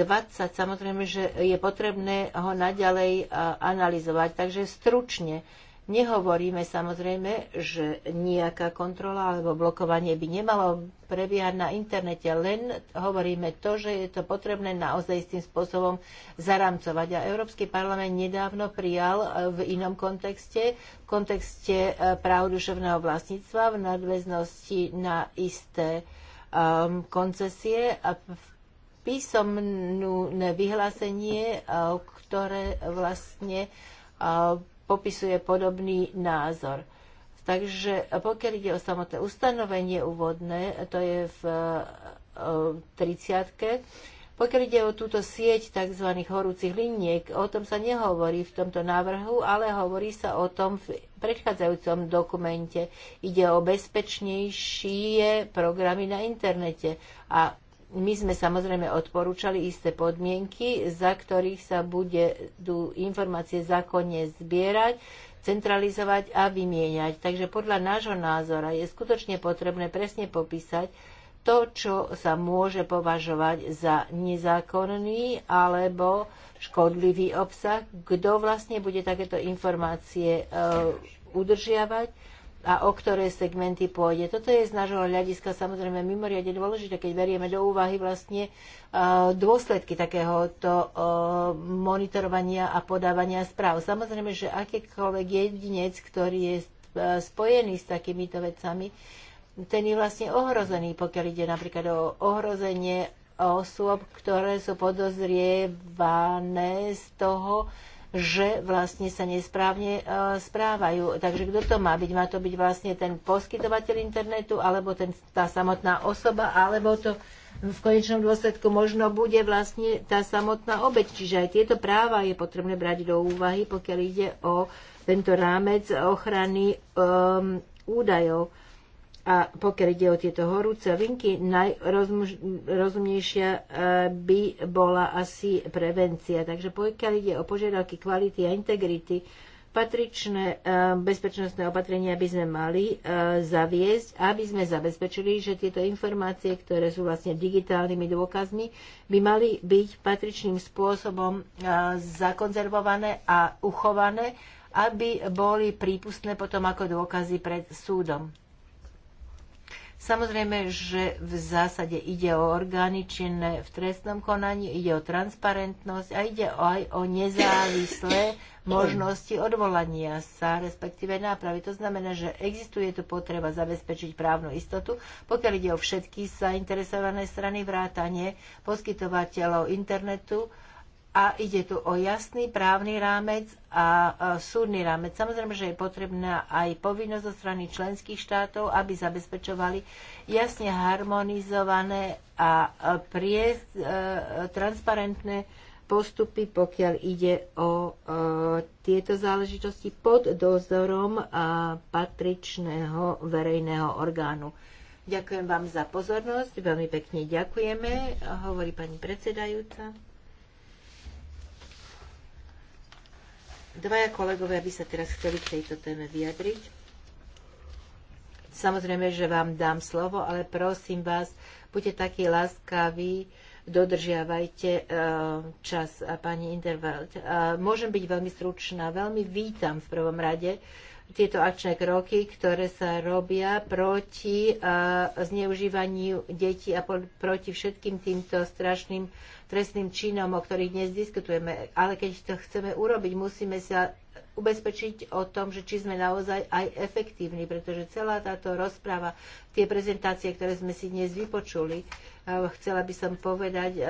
samozrejme, že je potrebné ho naďalej e, analyzovať. Takže stručne nehovoríme samozrejme, že nejaká kontrola alebo blokovanie by nemalo prebiehať na internete, len hovoríme to, že je to potrebné naozaj s tým spôsobom zaramcovať. A Európsky parlament nedávno prijal e, v inom kontexte, v kontexte e, práv duševného vlastníctva v nadväznosti na isté koncesie a v písomné vyhlásenie, e, ktoré vlastne e, popisuje podobný názor. Takže e, pokiaľ ide o samotné ustanovenie úvodné, to je v 30. Pokiaľ ide o túto sieť tzv. horúcich liniek, o tom sa nehovorí v tomto návrhu, ale hovorí sa o tom v predchádzajúcom dokumente. Ide o bezpečnejšie programy na internete. A my sme samozrejme odporúčali isté podmienky, za ktorých sa budú informácie zákonne zbierať, centralizovať a vymieňať. Takže podľa nášho názora je skutočne potrebné presne popísať to, čo sa môže považovať za nezákonný alebo škodlivý obsah, kto vlastne bude takéto informácie e, udržiavať a o ktoré segmenty pôjde. Toto je z nášho hľadiska samozrejme mimoriadne dôležité, keď berieme do úvahy vlastne e, dôsledky takéhoto e, monitorovania a podávania správ. Samozrejme, že akýkoľvek jedinec, ktorý je e, spojený s takýmito vecami, ten je vlastne ohrozený, pokiaľ ide napríklad o ohrozenie osôb, ktoré sú podozrievané z toho, že vlastne sa nesprávne e, správajú. Takže kto to má byť? Má to byť vlastne ten poskytovateľ internetu, alebo ten, tá samotná osoba, alebo to v konečnom dôsledku možno bude vlastne tá samotná obeď. Čiže aj tieto práva je potrebné brať do úvahy, pokiaľ ide o tento rámec ochrany um, údajov. A pokiaľ ide o tieto horúce linky, najrozumnejšia e, by bola asi prevencia. Takže pokiaľ ide o požiadavky kvality a integrity, patričné e, bezpečnostné opatrenia by sme mali e, zaviesť, aby sme zabezpečili, že tieto informácie, ktoré sú vlastne digitálnymi dôkazmi, by mali byť patričným spôsobom zakonzervované a uchované, aby boli prípustné potom ako dôkazy pred súdom. Samozrejme, že v zásade ide o orgány činné v trestnom konaní, ide o transparentnosť a ide aj o nezávislé možnosti odvolania sa, respektíve nápravy. To znamená, že existuje tu potreba zabezpečiť právnu istotu, pokiaľ ide o všetky zainteresované strany vrátanie poskytovateľov internetu, a ide tu o jasný právny rámec a súdny rámec. Samozrejme, že je potrebná aj povinnosť zo strany členských štátov, aby zabezpečovali jasne harmonizované a prie, e, transparentné postupy, pokiaľ ide o e, tieto záležitosti pod dozorom e, patričného verejného orgánu. Ďakujem vám za pozornosť, veľmi pekne ďakujeme, hovorí pani predsedajúca. Dvaja kolegovia by sa teraz chceli k tejto téme vyjadriť. Samozrejme, že vám dám slovo, ale prosím vás, buďte takí láskaví, dodržiavajte eh, čas, eh, pani Intervalt. Eh, môžem byť veľmi stručná. Veľmi vítam v prvom rade tieto akčné kroky, ktoré sa robia proti e, zneužívaniu detí a proti všetkým týmto strašným trestným činom, o ktorých dnes diskutujeme. Ale keď to chceme urobiť, musíme sa ubezpečiť o tom, že či sme naozaj aj efektívni, pretože celá táto rozpráva, tie prezentácie, ktoré sme si dnes vypočuli, e, chcela by som povedať, e,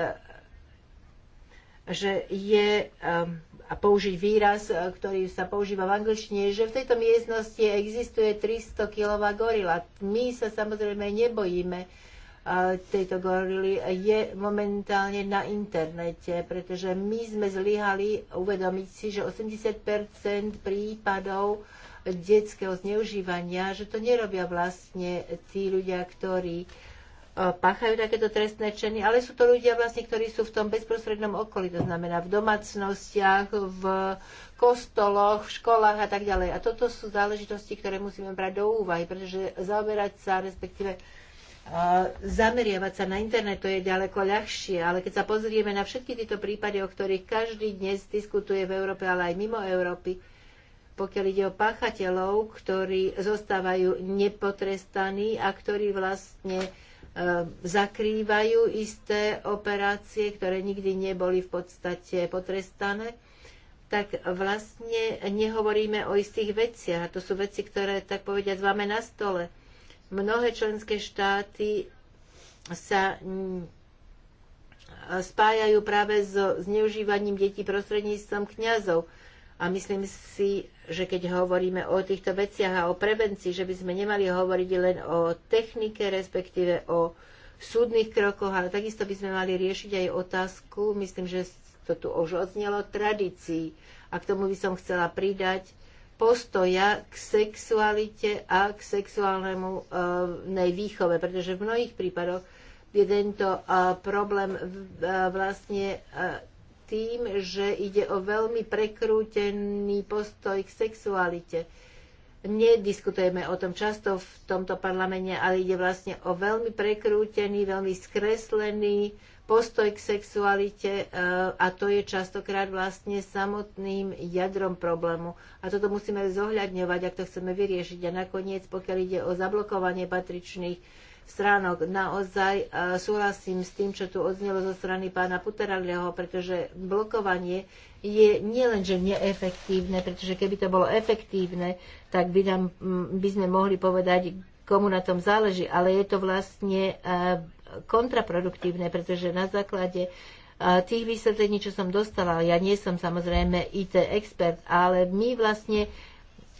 že je um, a použiť výraz, uh, ktorý sa používa v angličtine, že v tejto miestnosti existuje 300 kilová gorila. My sa samozrejme nebojíme uh, tejto gorily. Je momentálne na internete, pretože my sme zlyhali uvedomiť si, že 80 prípadov detského zneužívania, že to nerobia vlastne tí ľudia, ktorí E, páchajú takéto trestné činy, ale sú to ľudia vlastne, ktorí sú v tom bezprostrednom okolí, to znamená v domácnostiach, v kostoloch, v školách a tak ďalej. A toto sú záležitosti, ktoré musíme brať do úvahy, pretože zaoberať sa, respektíve e, zameriavať sa na internet, to je ďaleko ľahšie, ale keď sa pozrieme na všetky tieto prípady, o ktorých každý dnes diskutuje v Európe, ale aj mimo Európy, pokiaľ ide o páchateľov, ktorí zostávajú nepotrestaní a ktorí vlastne uh, E, zakrývajú isté operácie, ktoré nikdy neboli v podstate potrestané, tak vlastne nehovoríme o istých veciach. A to sú veci, ktoré, tak povediať, máme na stole. Mnohé členské štáty sa spájajú práve so zneužívaním detí prostredníctvom kňazov. A myslím si, že keď hovoríme o týchto veciach a o prevencii, že by sme nemali hovoriť len o technike, respektíve o súdnych krokoch, ale takisto by sme mali riešiť aj otázku, myslím, že to tu už odznelo, tradícií. A k tomu by som chcela pridať postoja k sexualite a k sexuálnemu uh, nej výchove, pretože v mnohých prípadoch je tento uh, problém uh, vlastne uh, tým, že ide o veľmi prekrútený postoj k sexualite. Nediskutujeme o tom často v tomto parlamente, ale ide vlastne o veľmi prekrútený, veľmi skreslený postoj k sexualite e, a to je častokrát vlastne samotným jadrom problému. A toto musíme zohľadňovať, ak to chceme vyriešiť. A nakoniec, pokiaľ ide o zablokovanie patričných stránok. Naozaj e, súhlasím s tým, čo tu odznelo zo strany pána Puteragleho, pretože blokovanie je nielenže neefektívne, pretože keby to bolo efektívne, tak by, nám, by sme mohli povedať, komu na tom záleží, ale je to vlastne e, kontraproduktívne, pretože na základe e, tých vysvetlení, čo som dostala, ja nie som samozrejme IT expert, ale my vlastne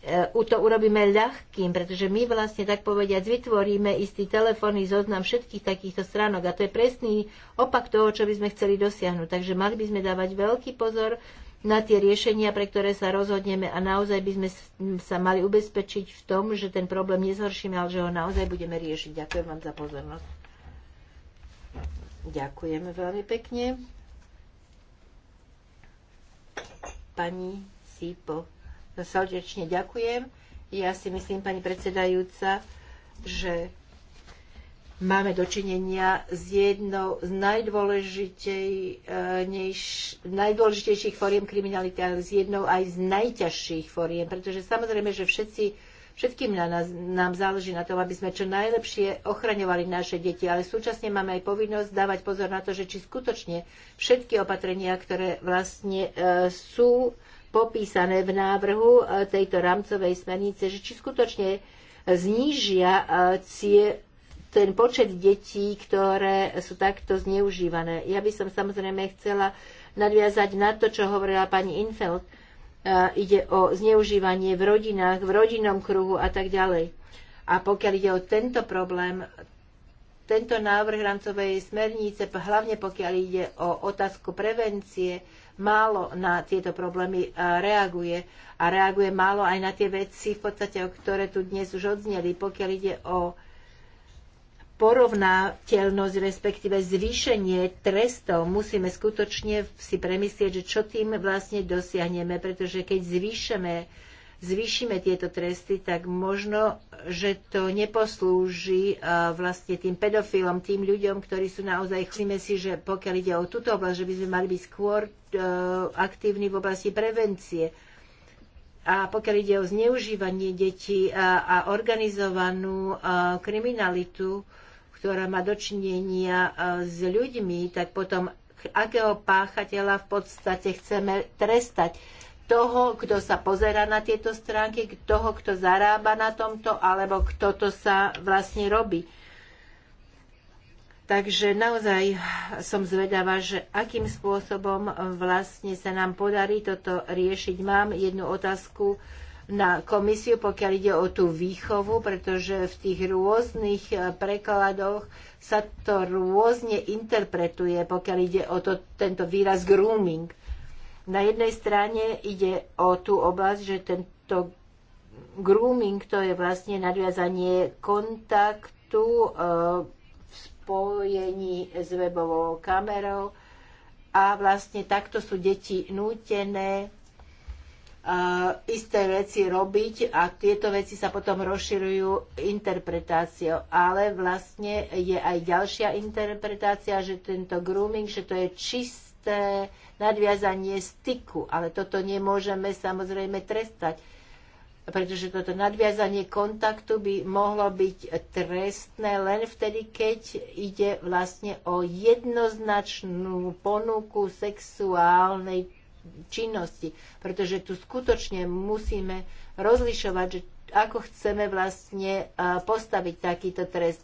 E, to urobíme ľahkým, pretože my vlastne tak povediať vytvoríme istý telefónny zoznam všetkých takýchto stránok a to je presný opak toho, čo by sme chceli dosiahnuť. Takže mali by sme dávať veľký pozor na tie riešenia, pre ktoré sa rozhodneme a naozaj by sme sa mali ubezpečiť v tom, že ten problém nezhoršíme, ale že ho naozaj budeme riešiť. Ďakujem vám za pozornosť. Ďakujeme veľmi pekne. Pani Sipo srdečne ďakujem. Ja si myslím, pani predsedajúca, že máme dočinenia s jednou z najdôležitejších foriem kriminality, ale s jednou aj z najťažších foriem, pretože samozrejme, že všetci, všetkým na nás, nám záleží na tom, aby sme čo najlepšie ochraňovali naše deti, ale súčasne máme aj povinnosť dávať pozor na to, že či skutočne všetky opatrenia, ktoré vlastne e, sú popísané v návrhu e, tejto rámcovej smernice, že či skutočne znížia e, ten počet detí, ktoré sú takto zneužívané. Ja by som samozrejme chcela nadviazať na to, čo hovorila pani Infeld. E, ide o zneužívanie v rodinách, v rodinnom kruhu a tak ďalej. A pokiaľ ide o tento problém, tento návrh rámcovej smernice, hlavne pokiaľ ide o otázku prevencie, málo na tieto problémy e, reaguje a reaguje málo aj na tie veci, v podstate, o ktoré tu dnes už odzneli, pokiaľ ide o porovnateľnosť, respektíve zvýšenie trestov, musíme skutočne si premyslieť, že čo tým vlastne dosiahneme, pretože keď zvýšeme zvýšime tieto tresty, tak možno, že to neposlúži e, vlastne tým pedofilom, tým ľuďom, ktorí sú naozaj, myslíme si, že pokiaľ ide o túto oblasť, že by sme mali byť skôr e, aktívni v oblasti prevencie. A pokiaľ ide o zneužívanie detí a, e, a organizovanú kriminalitu, ktorá má dočinenia s ľuďmi, tak potom akého páchateľa v podstate chceme trestať toho, kto sa pozera na tieto stránky, toho, kto zarába na tomto, alebo kto to sa vlastne robí. Takže naozaj som zvedavá, že akým spôsobom vlastne sa nám podarí toto riešiť. Mám jednu otázku na komisiu, pokiaľ ide o tú výchovu, pretože v tých rôznych eh, prekladoch sa to rôzne interpretuje, pokiaľ ide o to, tento výraz grooming. Na jednej strane ide o tú oblasť, že tento grooming to je vlastne nadviazanie kontaktu e, v spojení s webovou kamerou a vlastne takto sú deti nútené e, isté veci robiť a tieto veci sa potom rozširujú interpretáciou. Ale vlastne je aj ďalšia interpretácia, že tento grooming, že to je čist isté nadviazanie styku, ale toto nemôžeme samozrejme trestať, pretože toto nadviazanie kontaktu by mohlo byť trestné len vtedy, keď ide vlastne o jednoznačnú ponuku sexuálnej činnosti, pretože tu skutočne musíme rozlišovať, že ako chceme vlastne eh, postaviť takýto trest.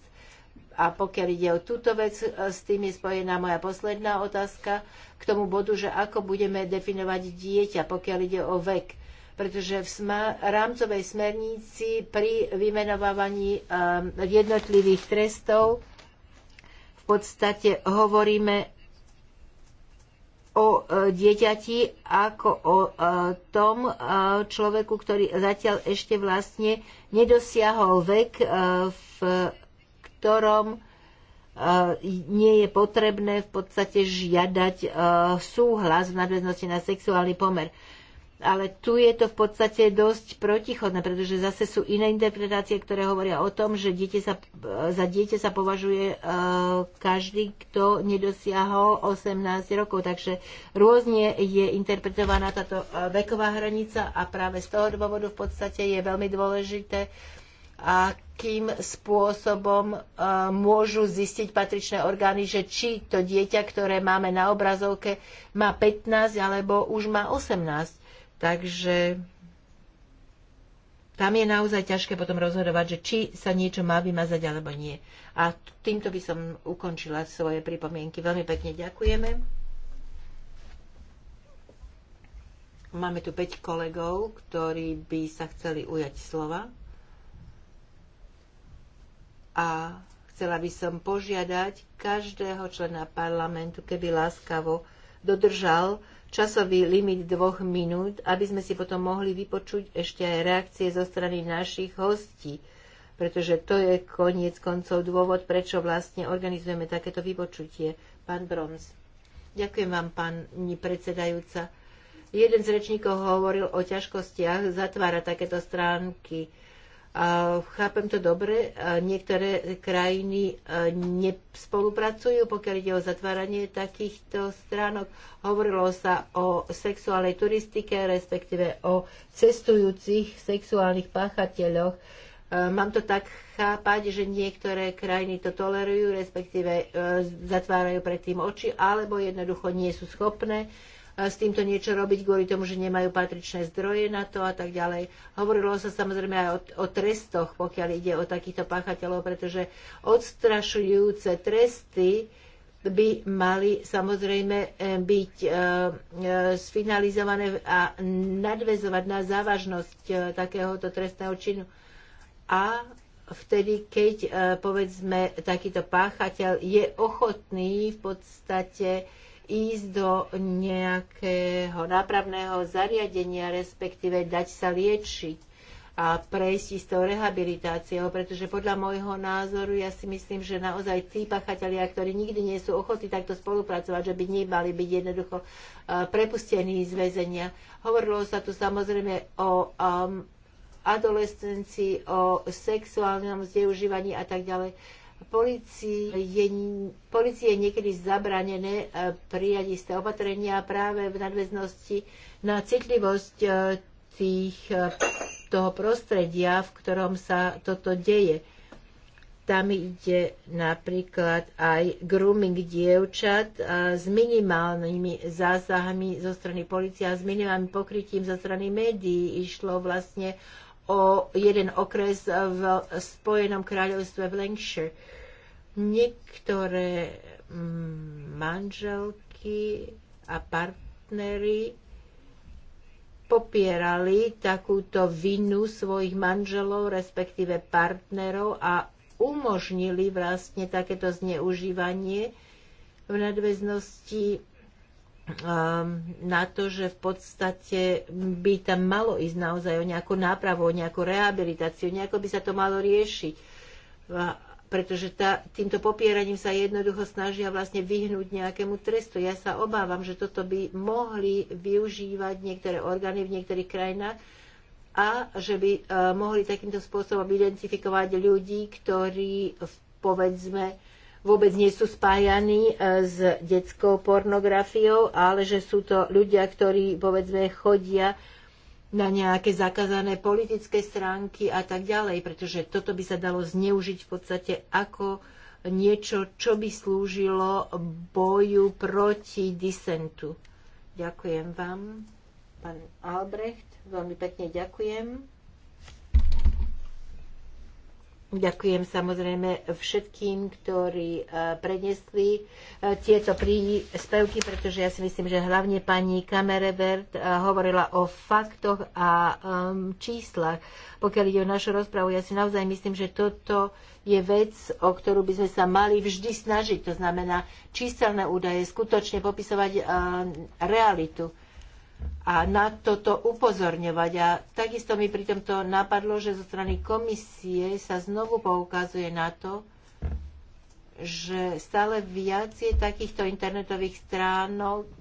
A pokiaľ ide o túto vec, e, s tým je spojená moja posledná otázka k tomu bodu, že ako budeme definovať dieťa, pokiaľ ide o vek. Pretože v rámcovej smernici pri vymenovávaní e, jednotlivých trestov v podstate hovoríme o e, dieťati ako o tom človeku, ktorý zatiaľ ešte vlastne nedosiahol vek v ktorom e, nie je potrebné v podstate žiadať e, súhlas v nadväznosti na sexuálny pomer. Ale tu je to v podstate dosť protichodné, pretože zase sú iné interpretácie, ktoré hovoria o tom, že dieťa sa, e, za dieťa sa považuje každý, kto nedosiahol 18 rokov. Takže rôzne je interpretovaná táto veková hranica a práve z toho dôvodu v podstate je veľmi dôležité akým spôsobom e, môžu zistiť patričné orgány, že či to dieťa, ktoré máme na obrazovke, má 15 alebo už má 18. Takže tam je naozaj ťažké potom rozhodovať, že či sa niečo má vymazať alebo nie. A týmto by som ukončila svoje pripomienky. Veľmi pekne ďakujeme. Máme tu 5 kolegov, ktorí by sa chceli ujať slova a chcela by som požiadať každého člena parlamentu, keby láskavo dodržal časový limit dvoch minút, aby sme si potom mohli vypočuť ešte aj reakcie zo strany našich hostí, pretože to je koniec koncov dôvod, prečo vlastne organizujeme takéto vypočutie. Pán Broms. Ďakujem vám, pani predsedajúca. Jeden z rečníkov hovoril o ťažkostiach zatvárať takéto stránky Chápem to dobre, niektoré krajiny e, nespolupracujú, pokiaľ ide o zatváranie takýchto stránok. Hovorilo sa o sexuálnej turistike, respektíve o cestujúcich sexuálnych páchateľoch. E, mám to tak chápať, že niektoré krajiny to tolerujú, respektíve e, zatvárajú predtým oči, alebo jednoducho nie sú schopné s týmto niečo robiť kvôli tomu, že nemajú patričné zdroje na to a tak ďalej. Hovorilo sa samozrejme aj o, o trestoch, pokiaľ ide o takýchto páchateľov, pretože odstrašujúce tresty by mali samozrejme eh, byť e, e, sfinalizované a nadvezovať na závažnosť e, takéhoto trestného činu. A vtedy, keď povedzme takýto páchateľ je ochotný v podstate ísť do nejakého nápravného zariadenia, respektíve dať sa liečiť a prejsť s tou rehabilitáciou, pretože podľa môjho názoru ja si myslím, že naozaj tí pachatelia, ktorí nikdy nie sú ochotní takto spolupracovať, že by nemali byť jednoducho e, prepustení z väzenia. Hovorilo sa tu samozrejme o um, adolescencii, o sexuálnom zneužívaní a tak ďalej. Polícii je, je niekedy zabranené e, prijať isté opatrenia práve v nadväznosti na citlivosť e, tých, e, toho prostredia, v ktorom sa toto deje. Tam ide napríklad aj grooming dievčat s minimálnymi zásahami zo strany policie a s minimálnym pokrytím zo strany médií. Išlo vlastne o jeden okres v Spojenom kráľovstve v Lancashire. Niektoré mm, manželky a partnery popierali takúto vinu svojich manželov, respektíve partnerov a umožnili vlastne takéto zneužívanie v nadväznosti Ehm, na to, že v podstate by tam malo ísť naozaj o nejakú nápravu, o nejakú rehabilitáciu, nejako by sa to malo riešiť. Pretože tá, týmto popieraním sa jednoducho snažia vlastne vyhnúť nejakému trestu. Ja sa obávam, že toto by mohli využívať niektoré orgány v niektorých krajinách a že by eh, mohli takýmto spôsobom identifikovať ľudí, ktorí povedzme vôbec nie sú spájaní e, s detskou pornografiou, ale že sú to ľudia, ktorí povedzme chodia na nejaké zakázané politické stránky a tak ďalej, pretože toto by sa dalo zneužiť v podstate ako niečo, čo by slúžilo boju proti disentu. Ďakujem vám, pán Albrecht, veľmi pekne ďakujem. Ďakujem samozrejme všetkým, ktorí e, prednesli e, tieto príspevky, pretože ja si myslím, že hlavne pani Kamerevert e, hovorila o faktoch a číslach. Pokiaľ ide o našu rozpravu, ja si naozaj myslím, že toto je vec, o ktorú by sme sa mali vždy snažiť. To znamená číselné údaje, skutočne popisovať realitu a na toto upozorňovať. A takisto mi pri tomto napadlo, že zo strany komisie sa znovu poukazuje na to, že stále viac je takýchto internetových stránok e,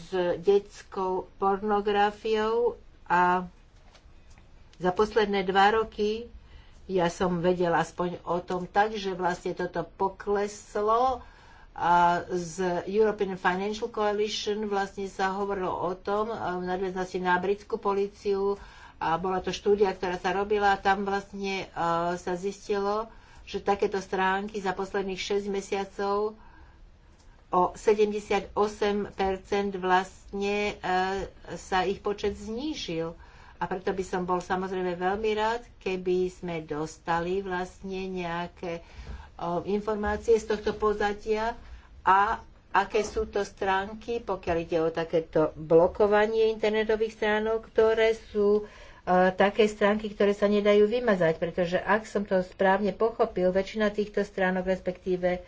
s detskou pornografiou a za posledné dva roky ja som vedela aspoň o tom tak, že vlastne toto pokleslo z European Financial Coalition vlastne sa hovorilo o tom v nadväznosti na britskú policiu a bola to štúdia, ktorá sa robila a tam vlastne sa zistilo, že takéto stránky za posledných 6 mesiacov o 78% vlastne e, sa ich počet znížil. A preto by som bol samozrejme veľmi rád, keby sme dostali vlastne nejaké informácie z tohto pozadia a aké sú to stránky, pokiaľ ide o takéto blokovanie internetových stránok, ktoré sú e, také stránky, ktoré sa nedajú vymazať, pretože ak som to správne pochopil, väčšina týchto stránok, respektíve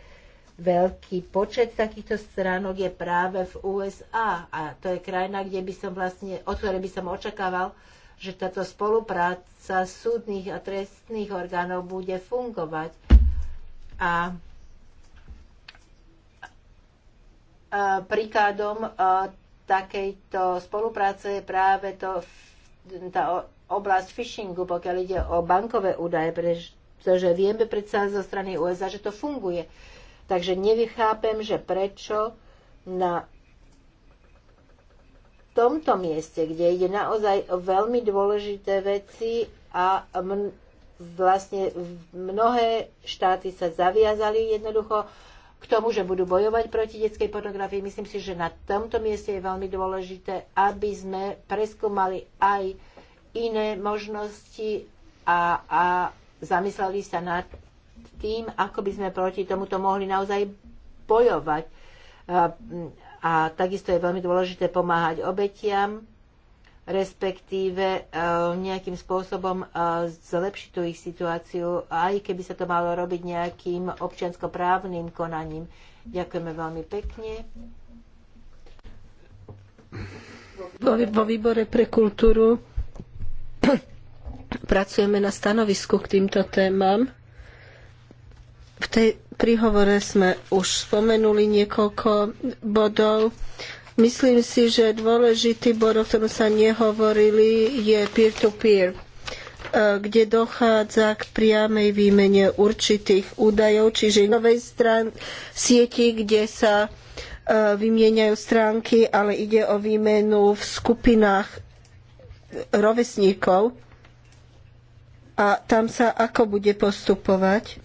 veľký počet takýchto stránok je práve v USA a to je krajina, kde by som vlastne, od ktorej by som očakával, že táto spolupráca súdnych a trestných orgánov bude fungovať. A E, príkladom e, takejto spolupráce je práve to, tá oblasť phishingu, pokiaľ ide o bankové údaje, pretože vieme predsa zo strany USA, že to funguje. Takže nevychápem, že prečo na tomto mieste, kde ide naozaj o veľmi dôležité veci a vlastne mnohé štáty sa zaviazali jednoducho k tomu, že budú bojovať proti detskej pornografii. Myslím si, že na tomto mieste je veľmi dôležité, aby sme preskúmali aj iné možnosti a, a zamysleli sa nad tým, ako by sme proti tomuto mohli naozaj bojovať. A, a takisto je veľmi dôležité pomáhať obetiam respektíve e, nejakým spôsobom e, zlepšiť tú ich situáciu, aj keby sa to malo robiť nejakým občianskoprávnym konaním. Ďakujeme veľmi pekne. Vo výbore pre kultúru pracujeme na stanovisku k týmto témam. V tej príhovore sme už spomenuli niekoľko bodov. Myslím si, že dôležitý bod, o ktorom sa nehovorili, je peer-to-peer, -peer, eh, kde dochádza k priamej výmene určitých údajov, čiže novej strán sieti, kde sa eh, vymieňajú stránky, ale ide o výmenu v skupinách rovesníkov a tam sa ako bude postupovať.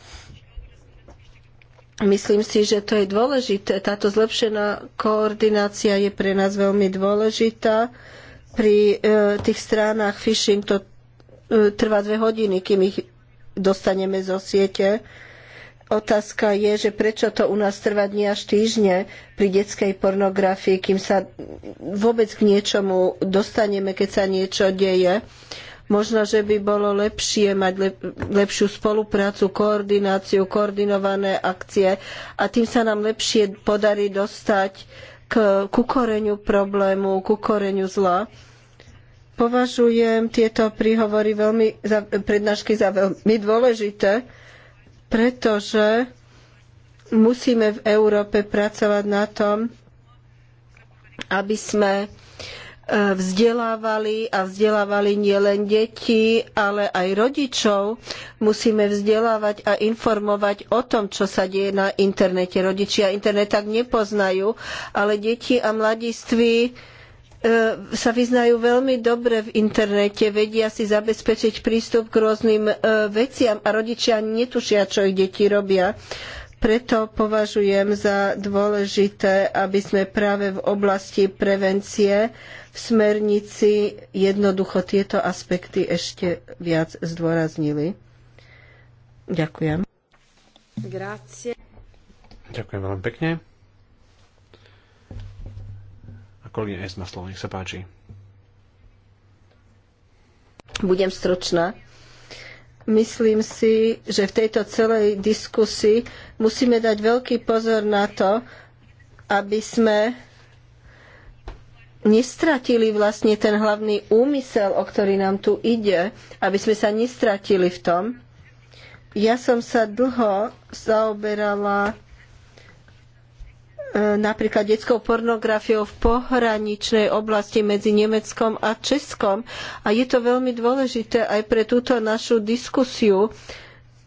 Myslím si, že to je dôležité. Táto zlepšená koordinácia je pre nás veľmi dôležitá. Pri e, tých stránach phishing to e, trvá dve hodiny, kým ich dostaneme zo siete. Otázka je, že prečo to u nás trvá dni až týždne pri detskej pornografii, kým sa vôbec k niečomu dostaneme, keď sa niečo deje. Možno, že by bolo lepšie mať lepšiu spoluprácu, koordináciu, koordinované akcie a tým sa nám lepšie podarí dostať k, ku koreňu problému, ku koreňu zla. Považujem tieto príhovory veľmi, za, prednášky za veľmi dôležité, pretože musíme v Európe pracovať na tom, aby sme E, vzdelávali a vzdelávali nielen deti, ale aj rodičov. Musíme vzdelávať a informovať o tom, čo sa deje na internete. Rodičia internet tak nepoznajú, ale deti a mladiství e, sa vyznajú veľmi dobre v internete, vedia si zabezpečiť prístup k rôznym e, veciam a rodičia netušia, čo ich deti robia. Preto považujem za dôležité, aby sme práve v oblasti prevencie v smernici jednoducho tieto aspekty ešte viac zdôraznili. Ďakujem. Grazie. Ďakujem veľmi pekne. A kolegyňa S má slovo, nech sa páči. Budem stročná myslím si, že v tejto celej diskusii musíme dať veľký pozor na to, aby sme nestratili vlastne ten hlavný úmysel, o ktorý nám tu ide, aby sme sa nestratili v tom. Ja som sa dlho zaoberala E, napríklad detskou pornografiou v pohraničnej oblasti medzi Nemeckom a Českom. A je to veľmi dôležité aj pre túto našu diskusiu.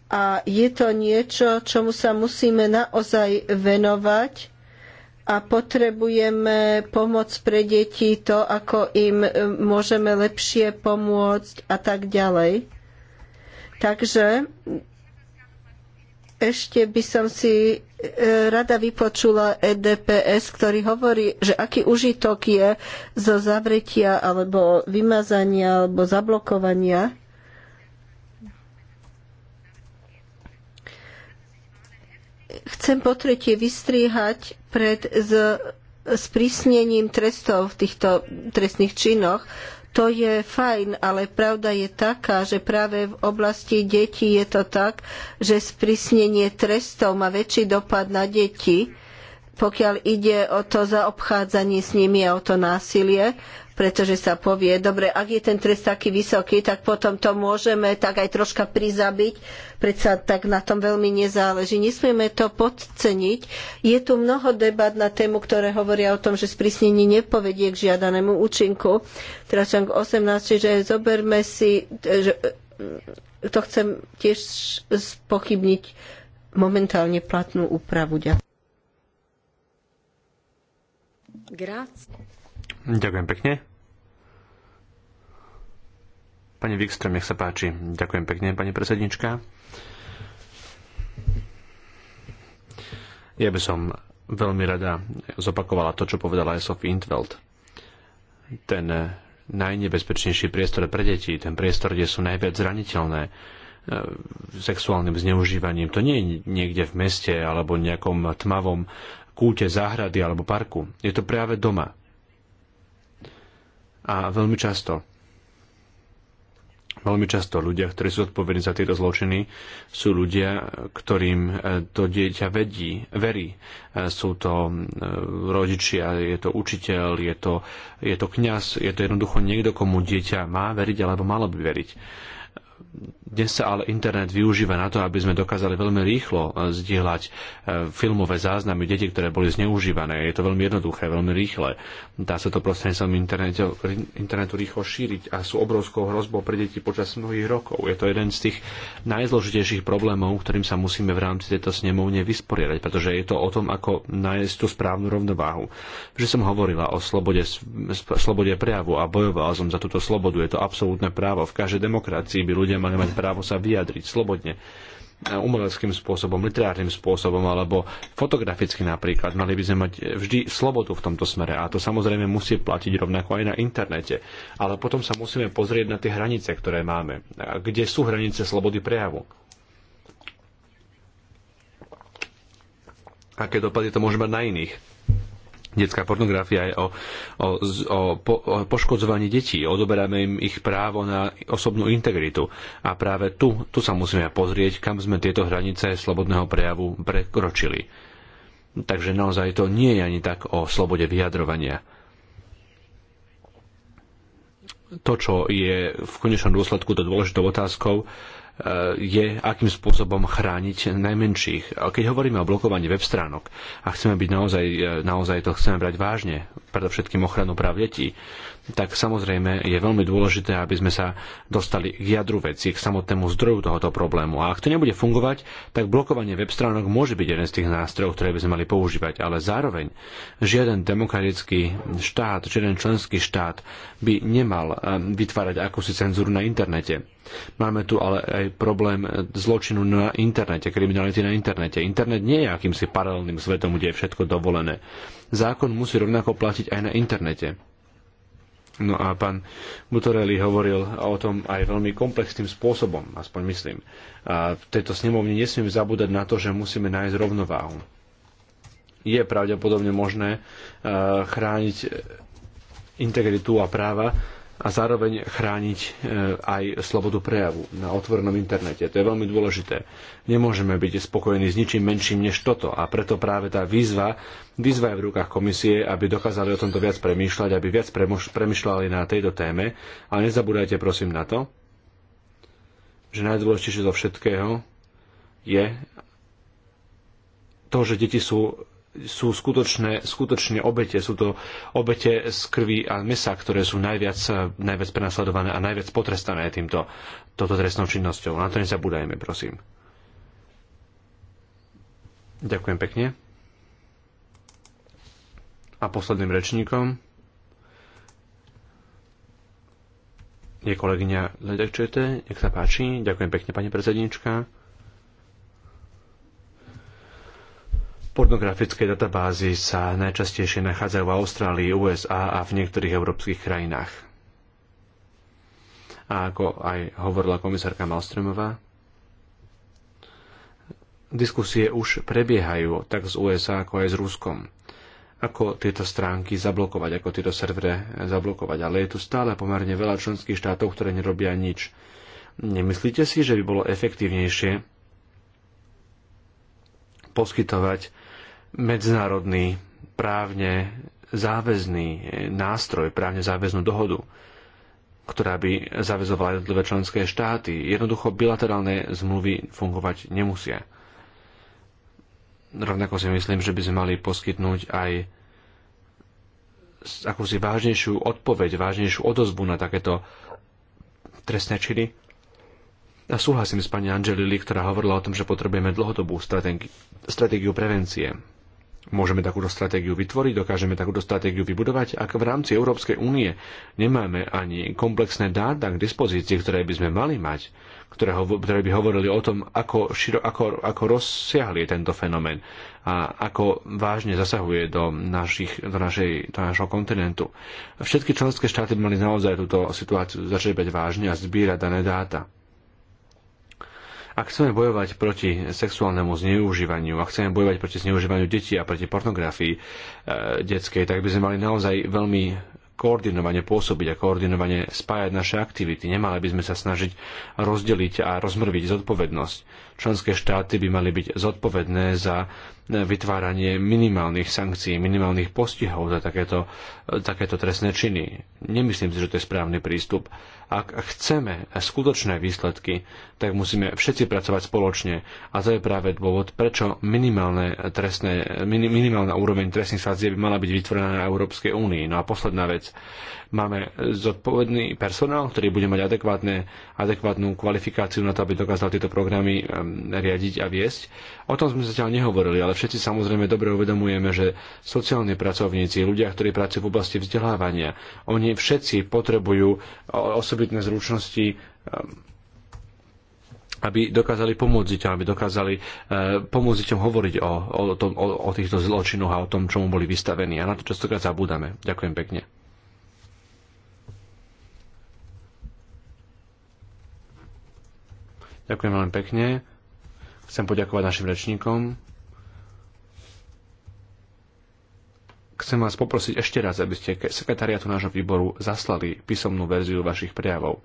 A je to niečo, čomu sa musíme naozaj venovať a potrebujeme pomoc pre deti, to, ako im e, môžeme lepšie pomôcť a tak ďalej. Takže ešte by som si rada vypočula EDPS, ktorý hovorí, že aký užitok je zo zavretia alebo vymazania alebo zablokovania chcem po tretie vystriehať pred z, sprísnením trestov v týchto trestných činoch, to je fajn, ale pravda je taká, že práve v oblasti detí je to tak, že sprísnenie trestov má väčší dopad na deti, pokiaľ ide o to zaobchádzanie s nimi a o to násilie, pretože sa povie, dobre, ak je ten trest taký vysoký, tak potom to môžeme tak aj troška prizabiť, predsa tak na tom veľmi nezáleží. Nesmieme to podceniť. Je tu mnoho debat na tému, ktoré hovoria o tom, že sprísnenie nepovedie k žiadanému účinku. Teraz článok 18, čiže zoberme si, že, e, to chcem tiež spochybniť momentálne platnú úpravu. Ďakujem. Ďakujem pekne. Pani Wikström, nech sa páči. Ďakujem pekne, pani predsednička. Ja by som veľmi rada zopakovala to, čo povedala aj Sophie Intveld. Ten najnebezpečnejší priestor pre deti, ten priestor, kde sú najviac zraniteľné e, sexuálnym zneužívaním. To nie je niekde v meste alebo nejakom tmavom kúte záhrady alebo parku. Je to práve doma. A veľmi často Veľmi často ľudia, ktorí sú zodpovední za tieto zločiny, sú ľudia, ktorým e, to dieťa vedí, verí. E, sú to e, rodičia, je to učiteľ, je to, je to kňaz, je to jednoducho niekto, komu dieťa má veriť alebo malo by veriť dnes sa ale internet využíva na to, aby sme dokázali veľmi rýchlo e, zdieľať e, filmové záznamy detí, ktoré boli zneužívané. Je to veľmi jednoduché, veľmi rýchle. Dá sa to prostredníctvom internetu, internetu rýchlo šíriť a sú obrovskou hrozbou pre deti počas mnohých rokov. Je to jeden z tých najzložitejších problémov, ktorým sa musíme v rámci tejto snemovne vysporiadať, pretože je to o tom, ako nájsť tú správnu rovnováhu. Že som hovorila o slobode, slobode prejavu a bojovala som za túto slobodu. Je to absolútne právo. V každej demokracii by ľudia mali mať právo sa vyjadriť slobodne eh, umeleckým spôsobom, literárnym spôsobom alebo fotograficky napríklad. Mali by sme mať eh, vždy slobodu v tomto smere a to samozrejme musí platiť rovnako aj na internete. Ale potom sa musíme pozrieť na tie hranice, ktoré máme. Kde sú hranice slobody prejavu? Aké dopady to môže mať na iných? Detská pornografia je o, o, o, po, o poškodzovaní detí. Odoberáme im ich právo na osobnú integritu. A práve tu, tu sa musíme pozrieť, kam sme tieto hranice slobodného prejavu prekročili. Takže naozaj to nie je ani tak o slobode vyjadrovania to, čo je v konečnom dôsledku to dôležitou otázkou, Eh, je, akým spôsobom chrániť najmenších. Keď hovoríme o blokovaní web stránok a chceme byť naozaj, eh, naozaj to chceme brať vážne, predovšetkým ochranu práv detí, tak samozrejme je veľmi dôležité, aby sme sa dostali k jadru veci, k samotnému zdroju tohoto problému. A ak to nebude fungovať, tak blokovanie web stránok môže byť jeden z tých nástrojov, ktoré by sme mali používať. Ale zároveň žiaden demokratický štát, žiaden členský štát by nemal eh, vytvárať akúsi cenzúru na internete. Máme tu ale aj problém zločinu na internete, kriminality na internete. Internet nie je akýmsi paralelným svetom, kde je všetko dovolené. Zákon musí rovnako platiť aj na internete. No a pán Butorelli hovoril o tom aj veľmi komplexným spôsobom, aspoň myslím. A v tejto snemovni nesmieme zabúdať na to, že musíme nájsť rovnováhu. Je pravdepodobne možné eh, chrániť integritu a práva a zároveň chrániť e, aj slobodu prejavu na otvorenom internete. To je veľmi dôležité. Nemôžeme byť spokojní s ničím menším než toto a preto práve tá výzva, výzva je v rukách komisie, aby dokázali o tomto viac premýšľať, aby viac premýšľali na tejto téme, ale nezabúdajte prosím na to, že najdôležitejšie zo všetkého je to, že deti sú sú skutočné, skutočne obete. Sú to obete z krvi a mesa, ktoré sú najviac, najviac prenasledované a najviac potrestané týmto, toto trestnou činnosťou. Na to nezabúdajme, prosím. Ďakujem pekne. A posledným rečníkom je kolegyňa Ledečete. Nech sa páči. Ďakujem pekne, pani predsedníčka. Pornografické databázy sa najčastejšie nachádzajú v Austrálii, USA a v niektorých európskych krajinách. A ako aj hovorila komisárka Malstromová, diskusie už prebiehajú tak z USA ako aj s Ruskom. Ako tieto stránky zablokovať, ako tieto servere zablokovať. Ale je tu stále pomerne veľa členských štátov, ktoré nerobia nič. Nemyslíte si, že by bolo efektívnejšie poskytovať medzinárodný právne záväzný nástroj, právne záväznú dohodu, ktorá by zavezovala jednotlivé členské štáty. Jednoducho bilaterálne zmluvy fungovať nemusia. Rovnako si myslím, že by sme mali poskytnúť aj akúsi vážnejšiu odpoveď, vážnejšiu odozvu na takéto trestné činy. A súhlasím s pani Angelili, ktorá hovorila o tom, že potrebujeme dlhodobú stratégiu prevencie Môžeme takúto stratégiu vytvoriť, dokážeme takúto stratégiu vybudovať, ak v rámci Európskej únie nemáme ani komplexné dáta k dispozícii, ktoré by sme mali mať, ktoré, ho, ktoré by hovorili o tom, ako, širo, ako, ako rozsiahli tento fenomén a ako vážne zasahuje do, našich, do, našej, do našho kontinentu. Všetky členské štáty by mali naozaj túto situáciu začerbať vážne a zbierať dané dáta. Ak chceme bojovať proti sexuálnemu zneužívaniu, ak chceme bojovať proti zneužívaniu detí a proti pornografii e, detskej, tak by sme mali naozaj veľmi koordinovane pôsobiť a koordinovane spájať naše aktivity. Nemali by sme sa snažiť rozdeliť a rozmrviť zodpovednosť Členské štáty by mali byť zodpovedné za eh, vytváranie minimálnych sankcií, minimálnych postihov za takéto, eh, takéto trestné činy. Nemyslím si, že to je správny prístup. Ak chceme skutočné výsledky, tak musíme všetci pracovať spoločne. A to je práve dôvod, prečo minimálne trestné, eh, minimálna úroveň trestných sankcií by mala byť vytvorená na Európskej únii. No a posledná vec. Máme zodpovedný personál, ktorý bude mať adekvátne, adekvátnu kvalifikáciu na to, aby dokázal tieto programy riadiť a viesť. O tom sme zatiaľ nehovorili, ale všetci samozrejme dobre uvedomujeme, že sociálni pracovníci, ľudia, ktorí pracujú v oblasti vzdelávania, oni všetci potrebujú osobitné zručnosti aby dokázali pomôcť deťom, aby dokázali e, pomôcť deťom hovoriť o, o, tom, o, o týchto zločinoch a o tom, čomu boli vystavení. A na to častokrát zabúdame. Ďakujem pekne. Ďakujem veľmi pekne. Chcem poďakovať našim rečníkom. Chcem vás poprosiť ešte raz, aby ste sekretariatu nášho výboru zaslali písomnú verziu vašich prejavov.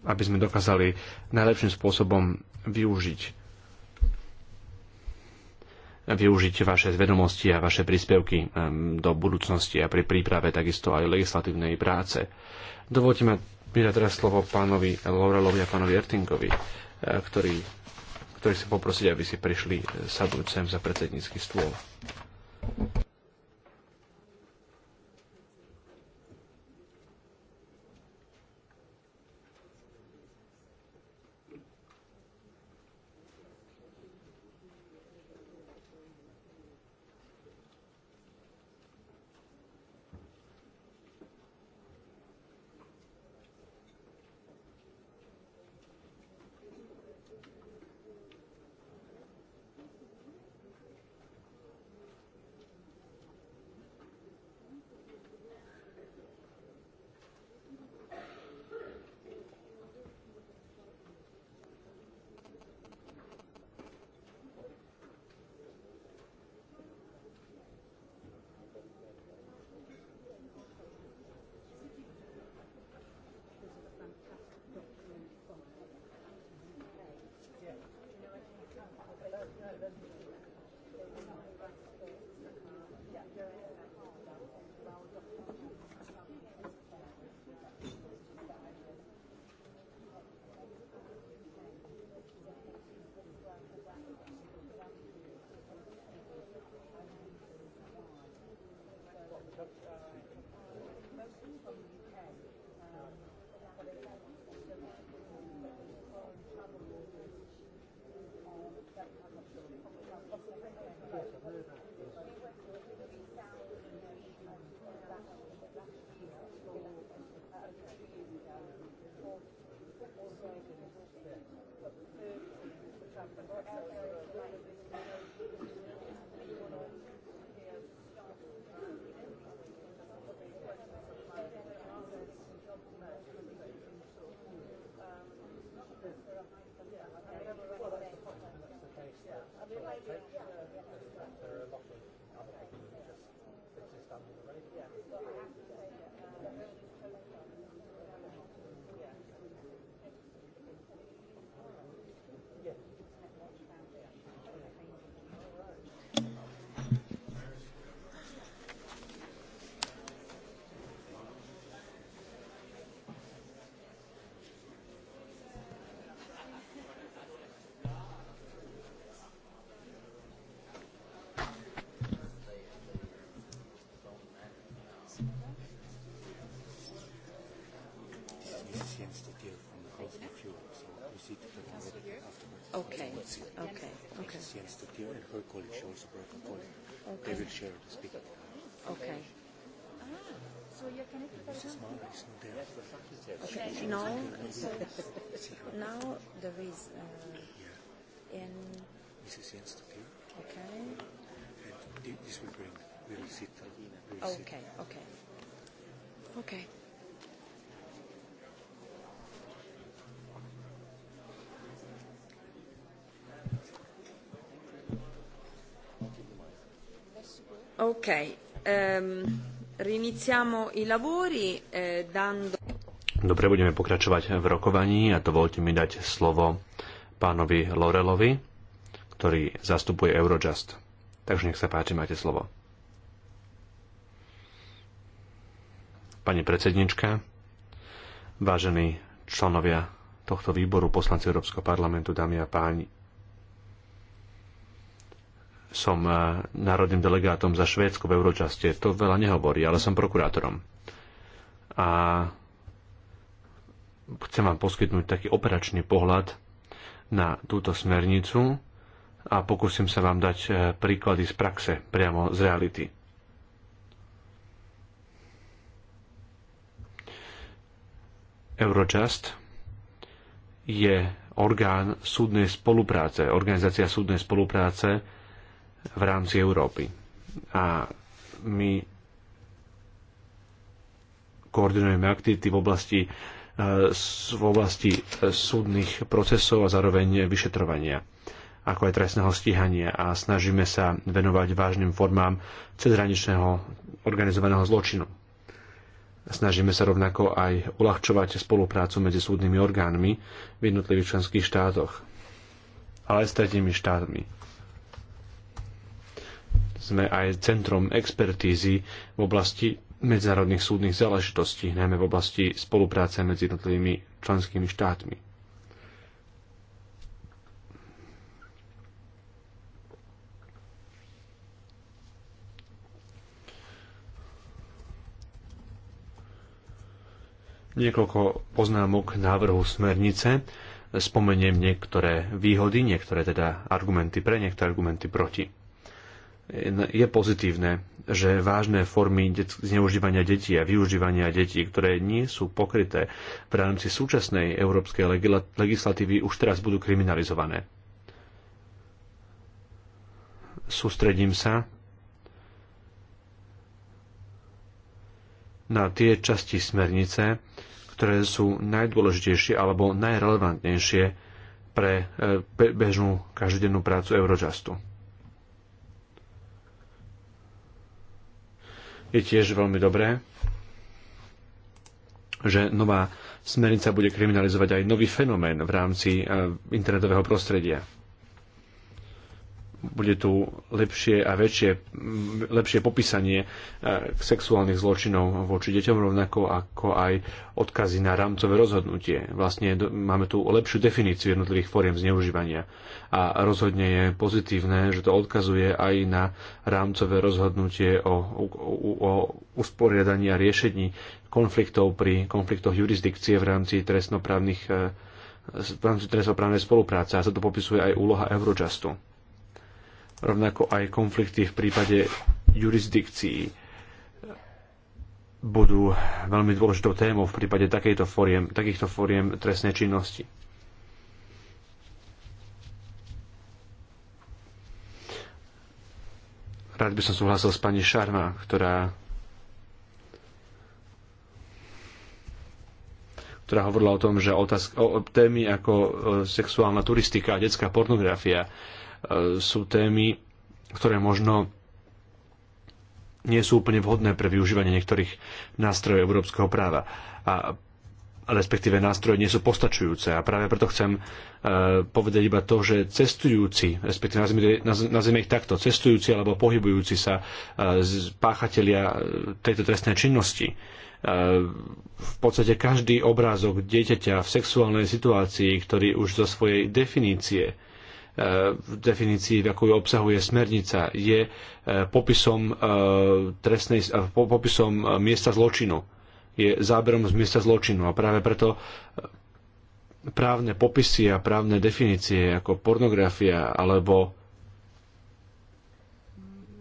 aby sme dokázali najlepším spôsobom využiť využiť vaše zvedomosti a vaše príspevky do budúcnosti a pri príprave takisto aj legislatívnej práce. Dovolte ma vydať teraz slovo pánovi Laurelovi a pánovi Ertingovi, eh, ktorí, ktorý si poprosiť, aby si prišli eh, sadnúť sem za predsednícky stôl. here from the House of Europe, so we see the afterwards. Okay, okay, okay. and her colleague, she also brought her colleague. Okay. They will share the speaker. Okay. Ah, so you can Mrs. now, so now there is uh, yeah. in... Mrs. Jens Okay. And this will bring, we will sit. Uh, we will okay, sit. okay. Okay. Ok, um, riniziamo i lavori eh, dando... Dobre, budeme pokračovať v rokovaní a dovolte mi dať slovo pánovi Lorelovi, ktorý zastupuje Eurojust. Takže nech sa páči, máte slovo. Pani predsednička, vážení členovia tohto výboru, poslanci Európskeho parlamentu, dámy a páni, som e, národným delegátom za Švédsko v Euročaste. To veľa nehovorí, ale som prokurátorom. A chcem vám poskytnúť taký operačný pohľad na túto smernicu a pokúsim sa vám dať e, príklady z praxe priamo z reality. Eurojust je orgán súdnej spolupráce, organizácia súdnej spolupráce v rámci Európy. A my koordinujeme aktivity v oblasti, e, v oblasti e, súdnych procesov a zároveň vyšetrovania ako aj trestného stíhania a snažíme sa venovať vážnym formám cezhraničného organizovaného zločinu. Snažíme sa rovnako aj uľahčovať spoluprácu medzi súdnymi orgánmi v jednotlivých členských štátoch, ale aj s tretími štátmi sme aj centrom expertízy v oblasti medzinárodných súdnych záležitostí, najmä v oblasti spolupráce medzi jednotlivými členskými štátmi. Niekoľko poznámok návrhu smernice. Spomeniem niektoré výhody, niektoré teda argumenty pre, niektoré argumenty proti je pozitívne, že vážne formy zneužívania detí a využívania detí, ktoré nie sú pokryté v rámci súčasnej európskej legislatívy, už teraz budú kriminalizované. Sústredím sa na tie časti smernice, ktoré sú najdôležitejšie alebo najrelevantnejšie pre eh, bežnú každodennú prácu Eurojustu. je tiež veľmi dobré, že nová smernica bude kriminalizovať aj nový fenomén v rámci eh, internetového prostredia bude tu lepšie a väčšie, lepšie popísanie e, sexuálnych zločinov voči deťom, rovnako ako aj odkazy na rámcové rozhodnutie. Vlastne máme tu lepšiu definíciu jednotlivých fóriem zneužívania a rozhodne je pozitívne, že to odkazuje aj na rámcové rozhodnutie o, o, o usporiadaní a riešení konfliktov pri konfliktoch jurisdikcie v rámci trestnoprávnych e, v rámci trestnoprávnej spolupráce a sa to popisuje aj úloha Eurojustu rovnako aj konflikty v prípade jurisdikcií budú veľmi dôležitou témou v prípade takejto foriem, takýchto foriem trestnej činnosti. Rád by som súhlasil s pani Šarma, ktorá ktorá hovorila o tom, že otázka, o témy ako e, sexuálna turistika a detská pornografia sú témy, ktoré možno nie sú úplne vhodné pre využívanie niektorých nástrojov európskeho práva. A respektíve nástroje nie sú postačujúce. A práve preto chcem e, povedať iba to, že cestujúci, respektíve nazvime, ich takto, cestujúci alebo pohybujúci sa e, z páchatelia e, tejto trestnej činnosti, e, v podstate každý obrázok dieťaťa v sexuálnej situácii, ktorý už zo svojej definície v definícii, v akú obsahuje smernica, je e, popisom, e, trestnej, e, popisom miesta zločinu. Je záberom z miesta zločinu a práve preto právne popisy a právne definície ako pornografia alebo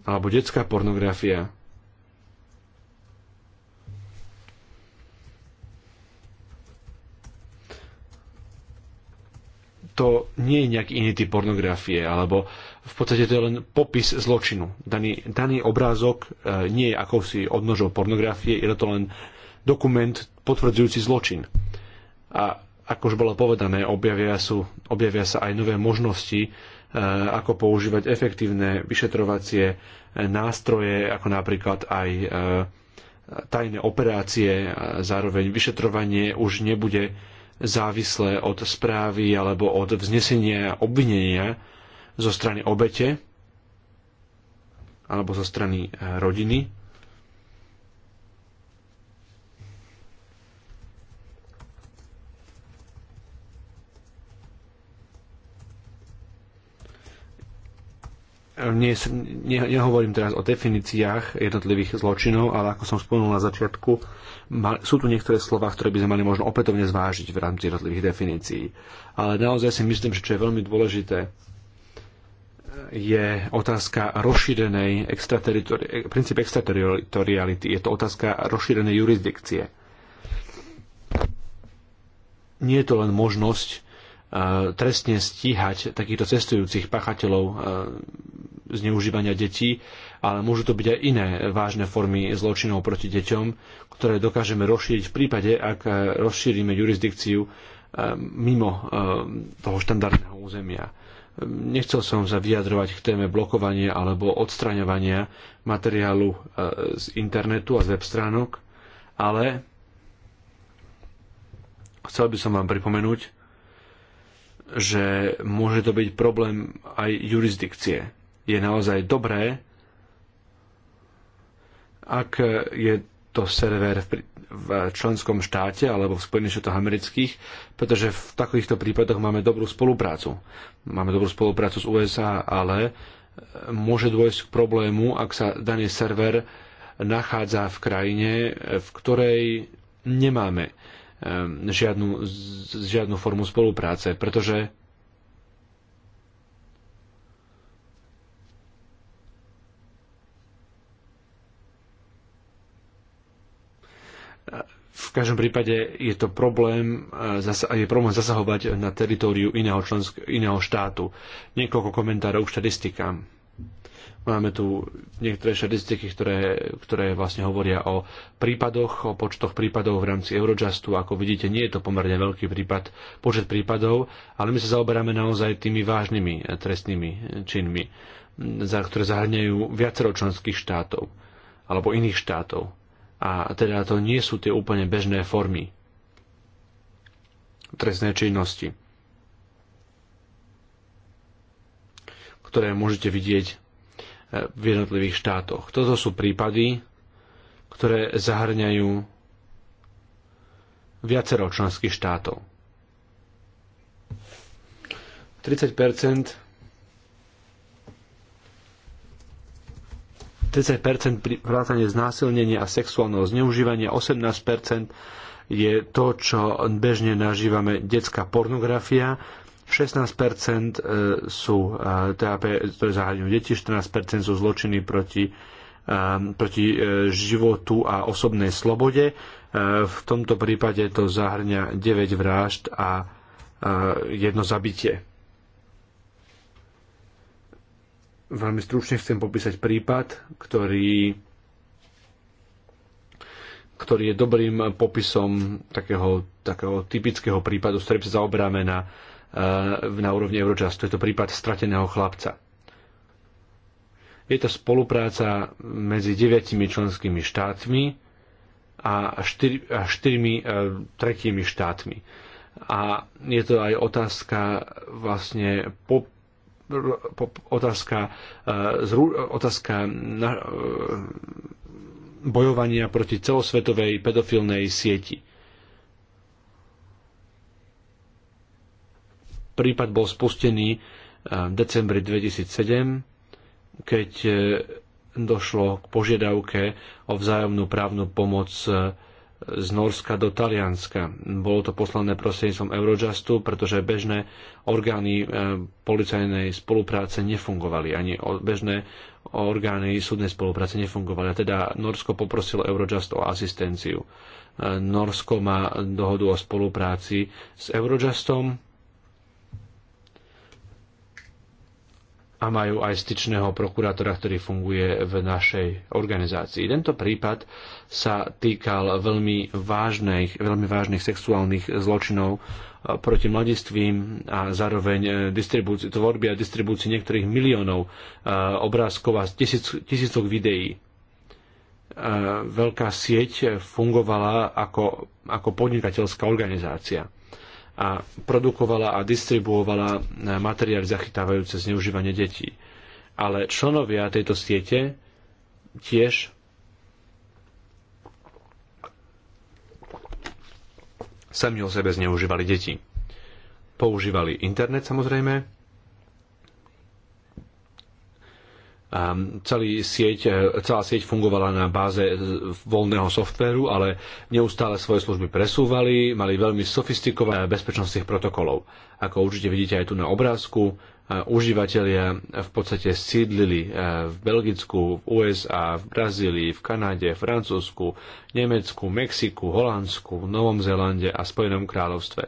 alebo detská pornografia to nie je nejaký iný typ pornografie, alebo v podstate to je len popis zločinu. Daný, daný obrázok e, nie je akousi odnožou pornografie, je to len dokument potvrdzujúci zločin. A ako už bolo povedané, objavia, sú, objavia sa aj nové možnosti, e, ako používať efektívne vyšetrovacie e, nástroje, ako napríklad aj tajné operácie, zároveň vyšetrovanie už nebude závislé od správy alebo od vznesenia obvinenia zo strany obete alebo zo strany e, rodiny. Nie, ne, nehovorím teraz o definíciách jednotlivých zločinov, ale ako som spomenul na začiatku, sú tu niektoré slova, ktoré by sme mali možno opätovne zvážiť v rámci jednotlivých definícií. Ale naozaj si myslím, že čo je veľmi dôležité, je otázka rozšírenej extrateritoriality. E, princíp extrateritoriality. Je to otázka rozšírenej jurisdikcie. Nie je to len možnosť e, trestne stíhať takýchto cestujúcich pachateľov e, zneužívania detí, ale môžu to byť aj iné vážne formy zločinov proti deťom, ktoré dokážeme rozšíriť v prípade, ak eh, rozšírime jurisdikciu eh, mimo eh, toho štandardného územia. Ehm, nechcel som sa vyjadrovať k téme blokovania alebo odstraňovania materiálu z internetu a z web stránok, ale chcel by som vám pripomenúť, že môže to byť problém aj jurisdikcie je naozaj dobré, ak je to server v, v členskom štáte alebo v Spojených štátoch amerických, pretože v takýchto prípadoch máme dobrú spoluprácu. Máme dobrú spoluprácu s USA, ale e, môže dôjsť k problému, ak sa daný server nachádza v krajine, e, v ktorej nemáme e, žiadnu, žiadnu formu spolupráce, pretože V každom prípade je to problém, e, je problém zasahovať na teritóriu iného, člensk- iného štátu. Niekoľko komentárov k štatistikám. Máme tu niektoré štatistiky, ktoré, ktoré vlastne hovoria o prípadoch, o počtoch prípadov v rámci Eurojustu. Ako vidíte, nie je to pomerne veľký prípad, počet prípadov, ale my sa zaoberáme naozaj tými vážnymi e, trestnými e, činmi, za ktoré zahrňajú viacero členských štátov alebo iných štátov a teda to nie sú tie úplne bežné formy trestnej činnosti, ktoré môžete vidieť e, v jednotlivých štátoch. Toto sú prípady, ktoré zahrňajú viacero členských štátov. 30 30% pri vrátane znásilnenia a sexuálneho zneužívania, 18% je to, čo bežne nažívame detská pornografia, 16% e, sú, e, TAP, to je zahrňujú deti, 14% sú zločiny proti, e, proti životu a osobnej slobode. V tomto prípade to zahrňa 9 vražd a jedno zabitie. Veľmi stručne chcem popísať prípad, ktorý, ktorý je dobrým popisom takého, takého typického prípadu, s ktorým sa zaoberáme na, eh, na úrovni Eurojust. To je to prípad strateného chlapca. Je to spolupráca medzi deviatimi členskými štátmi a štyrmi eh, tretími štátmi. A je to aj otázka vlastne po, otázka, e, otázka na, e, bojovania proti celosvetovej pedofilnej sieti. Prípad bol spustený e, v decembri 2007, keď došlo k požiadavke o vzájomnú právnu pomoc z Norska do Talianska. Bolo to poslané prostredníctvom Eurojustu, pretože bežné orgány e, policajnej spolupráce nefungovali, ani bežné orgány súdnej spolupráce nefungovali. A teda Norsko poprosilo Eurojust o asistenciu. E, Norsko má dohodu o spolupráci s Eurojustom, a majú aj styčného prokurátora, ktorý funguje v našej organizácii. Tento prípad sa týkal veľmi vážnych, veľmi vážnych sexuálnych zločinov eh, proti mladistvím a zároveň eh, tvorby a distribúcii niektorých miliónov eh, obrázkov a tisíc, tisícok videí. Veľká sieť fungovala ako, ako podnikateľská organizácia a produkovala a distribuovala e, materiály zachytávajúce zneužívanie detí. Ale členovia tejto siete tiež sami o sebe zneužívali deti. Používali internet samozrejme, Ehm, celý sieť, e, celá sieť fungovala na báze voľného softvéru, ale neustále svoje služby presúvali, mali veľmi sofistikované bezpečnostných protokolov. Ako určite vidíte aj tu na obrázku, e, užívateľia v podstate sídlili e, v Belgicku, v USA, v Brazílii, v Kanáde, Francúzsku, Nemecku, Mexiku, Holandsku, Novom Zélande a Spojenom kráľovstve.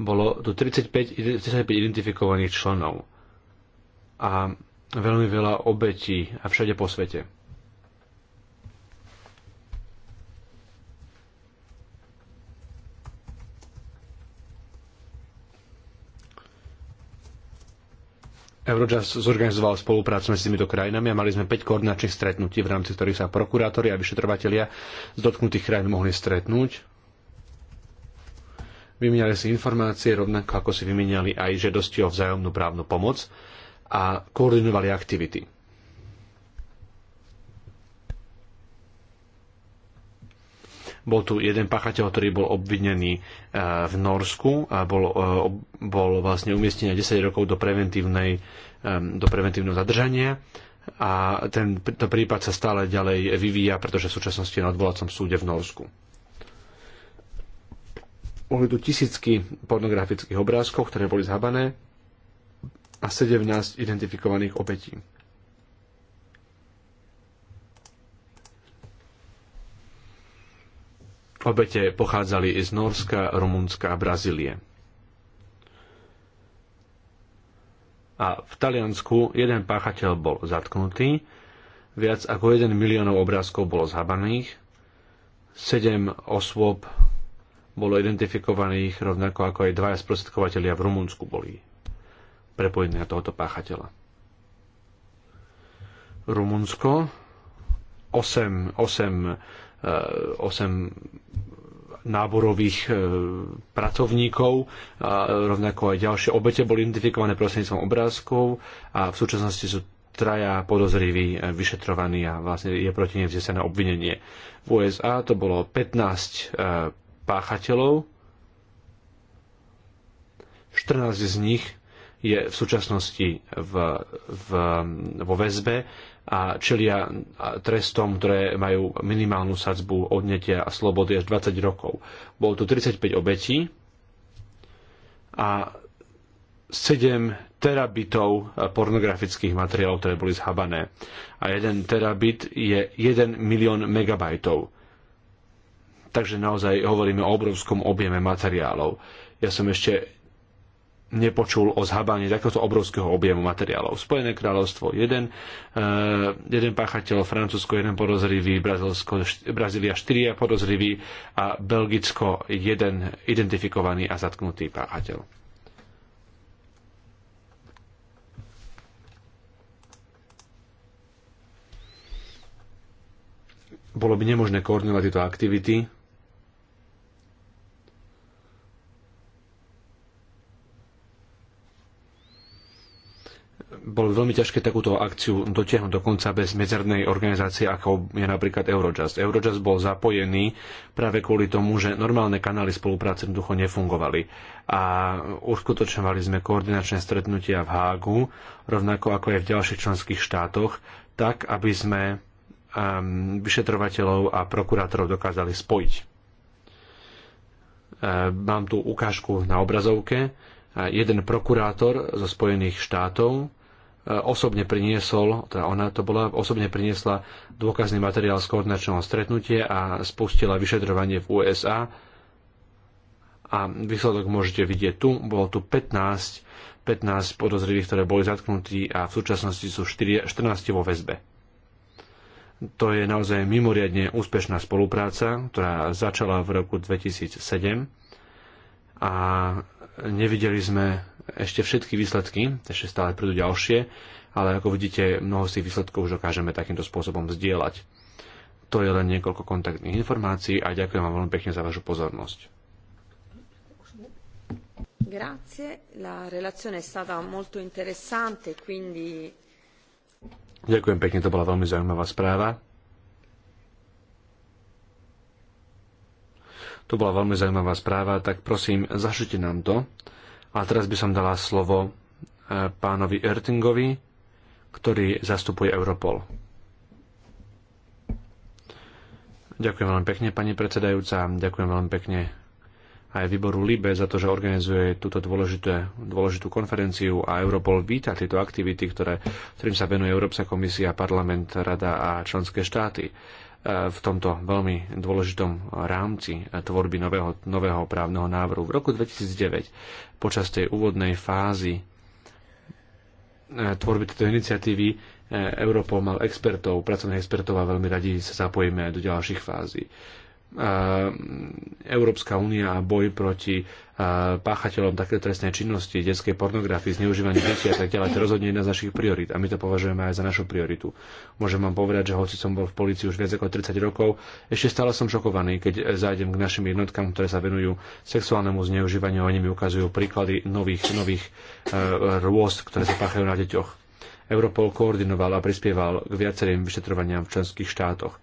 Bolo tu 35, 35 identifikovaných členov. A veľmi veľa obetí a všade po svete. Eurojust zorganizoval spoluprácu medzi týmito krajinami a mali sme 5 koordinačných stretnutí, v rámci ktorých sa prokurátori a vyšetrovatelia z dotknutých krajín mohli stretnúť. Vymieniali si informácie, rovnako ako si vymieniali aj žiadosti o vzájomnú právnu pomoc a koordinovali aktivity. Bol tu jeden pachateľ, ktorý bol obvinený e, v Norsku a bol, e, bol vlastne umiestnený 10 rokov do, preventívnej, e, do preventívneho zadržania a tento prípad sa stále ďalej vyvíja, pretože v súčasnosti je na odvolacom súde v Norsku. Boli tu tisícky pornografických obrázkov, ktoré boli zhabané a 17 identifikovaných obetí. Obete pochádzali z Norska, Rumunska a Brazílie. A v Taliansku jeden páchateľ bol zatknutý, viac ako 1 miliónov obrázkov bolo zhabaných, 7 osôb bolo identifikovaných, rovnako ako aj dvaja sprostredkovateľia v Rumunsku boli prepojenia tohoto páchateľa. Rumunsko 8, 8, 8 náborových e, pracovníkov, a rovnako aj ďalšie obete boli identifikované prostredníctvom obrázkov a v súčasnosti sú traja podozriví e, vyšetrovaní a vlastne je proti nim vznesené obvinenie. V USA to bolo 15 e, páchateľov, 14 z nich je v súčasnosti v, v, vo väzbe a čelia trestom, ktoré majú minimálnu sadzbu odnetia a slobody až 20 rokov. Bolo tu 35 obetí a 7 terabitov pornografických materiálov, ktoré boli zhabané. A 1 terabit je 1 milión megabajtov. Takže naozaj hovoríme o obrovskom objeme materiálov. Ja som ešte nepočul o zhabaní takéhoto obrovského objemu materiálov. Spojené kráľovstvo, jeden, uh, jeden páchateľ, Francúzsko, jeden podozrivý, Brazílsko, Brazília, štyria podozrivý a Belgicko, jeden identifikovaný a zatknutý páchateľ. Bolo by nemožné koordinovať tieto aktivity, bolo veľmi ťažké takúto akciu dotiahnuť dokonca bez medzernej organizácie, ako je napríklad Eurojust. Eurojust bol zapojený práve kvôli tomu, že normálne kanály spolupráce jednoducho nefungovali. A uskutočňovali sme koordinačné stretnutia v Hágu, rovnako ako aj v ďalších členských štátoch, tak, aby sme um, vyšetrovateľov a prokurátorov dokázali spojiť. Uh, mám tu ukážku na obrazovke. Uh, jeden prokurátor zo Spojených štátov osobne priniesol, teda ona to bola, osobne priniesla dôkazný materiál z koordinačného stretnutia a spustila vyšetrovanie v USA. A výsledok môžete vidieť tu. Bolo tu 15, 15 podozrivých, ktoré boli zatknutí a v súčasnosti sú 4, 14 vo väzbe. To je naozaj mimoriadne úspešná spolupráca, ktorá začala v roku 2007 a Nevideli sme ešte všetky výsledky, ešte stále prídu ďalšie, ale ako vidíte, mnoho z tých výsledkov už dokážeme takýmto spôsobom zdieľať. To je len niekoľko kontaktných informácií a ďakujem vám veľmi pekne za vašu pozornosť. Grazie, la relazione è stata molto interessante, quindi... Ďakujem pekne, to bola veľmi zaujímavá správa. To bola veľmi zaujímavá správa, tak prosím, zašite nám to. A teraz by som dala slovo e, pánovi Ertingovi, ktorý zastupuje Europol. Ďakujem veľmi pekne, pani predsedajúca. Ďakujem veľmi pekne aj výboru LIBE za to, že organizuje túto dôležité, dôležitú konferenciu a Europol víta tieto aktivity, ktoré, ktorým sa venuje Európska komisia, parlament, rada a členské štáty v tomto veľmi dôležitom rámci tvorby nového, nového právneho návrhu. V roku 2009 počas tej úvodnej fázy e, tvorby tejto iniciatívy e, Európol mal expertov, pracovných expertov a veľmi radi sa zapojíme aj do ďalších fází. Mm, Európska únia a boj proti páchateľom takéto trestnej činnosti, detskej pornografii, zneužívaní detí a tak ďalej. To rozhodne jedna z našich priorít a my to považujeme aj za našu prioritu. Môžem vám povedať, že hoci som bol v polícii už viac ako 30 rokov, ešte stále som šokovaný, keď e, zájdem k našim jednotkám, ktoré sa venujú sexuálnemu zneužívaniu a oni mi ukazujú príklady nových, nových e, rôst, ktoré sa páchajú na deťoch. Europol koordinoval a prispieval k viacerým vyšetrovaniam v členských štátoch.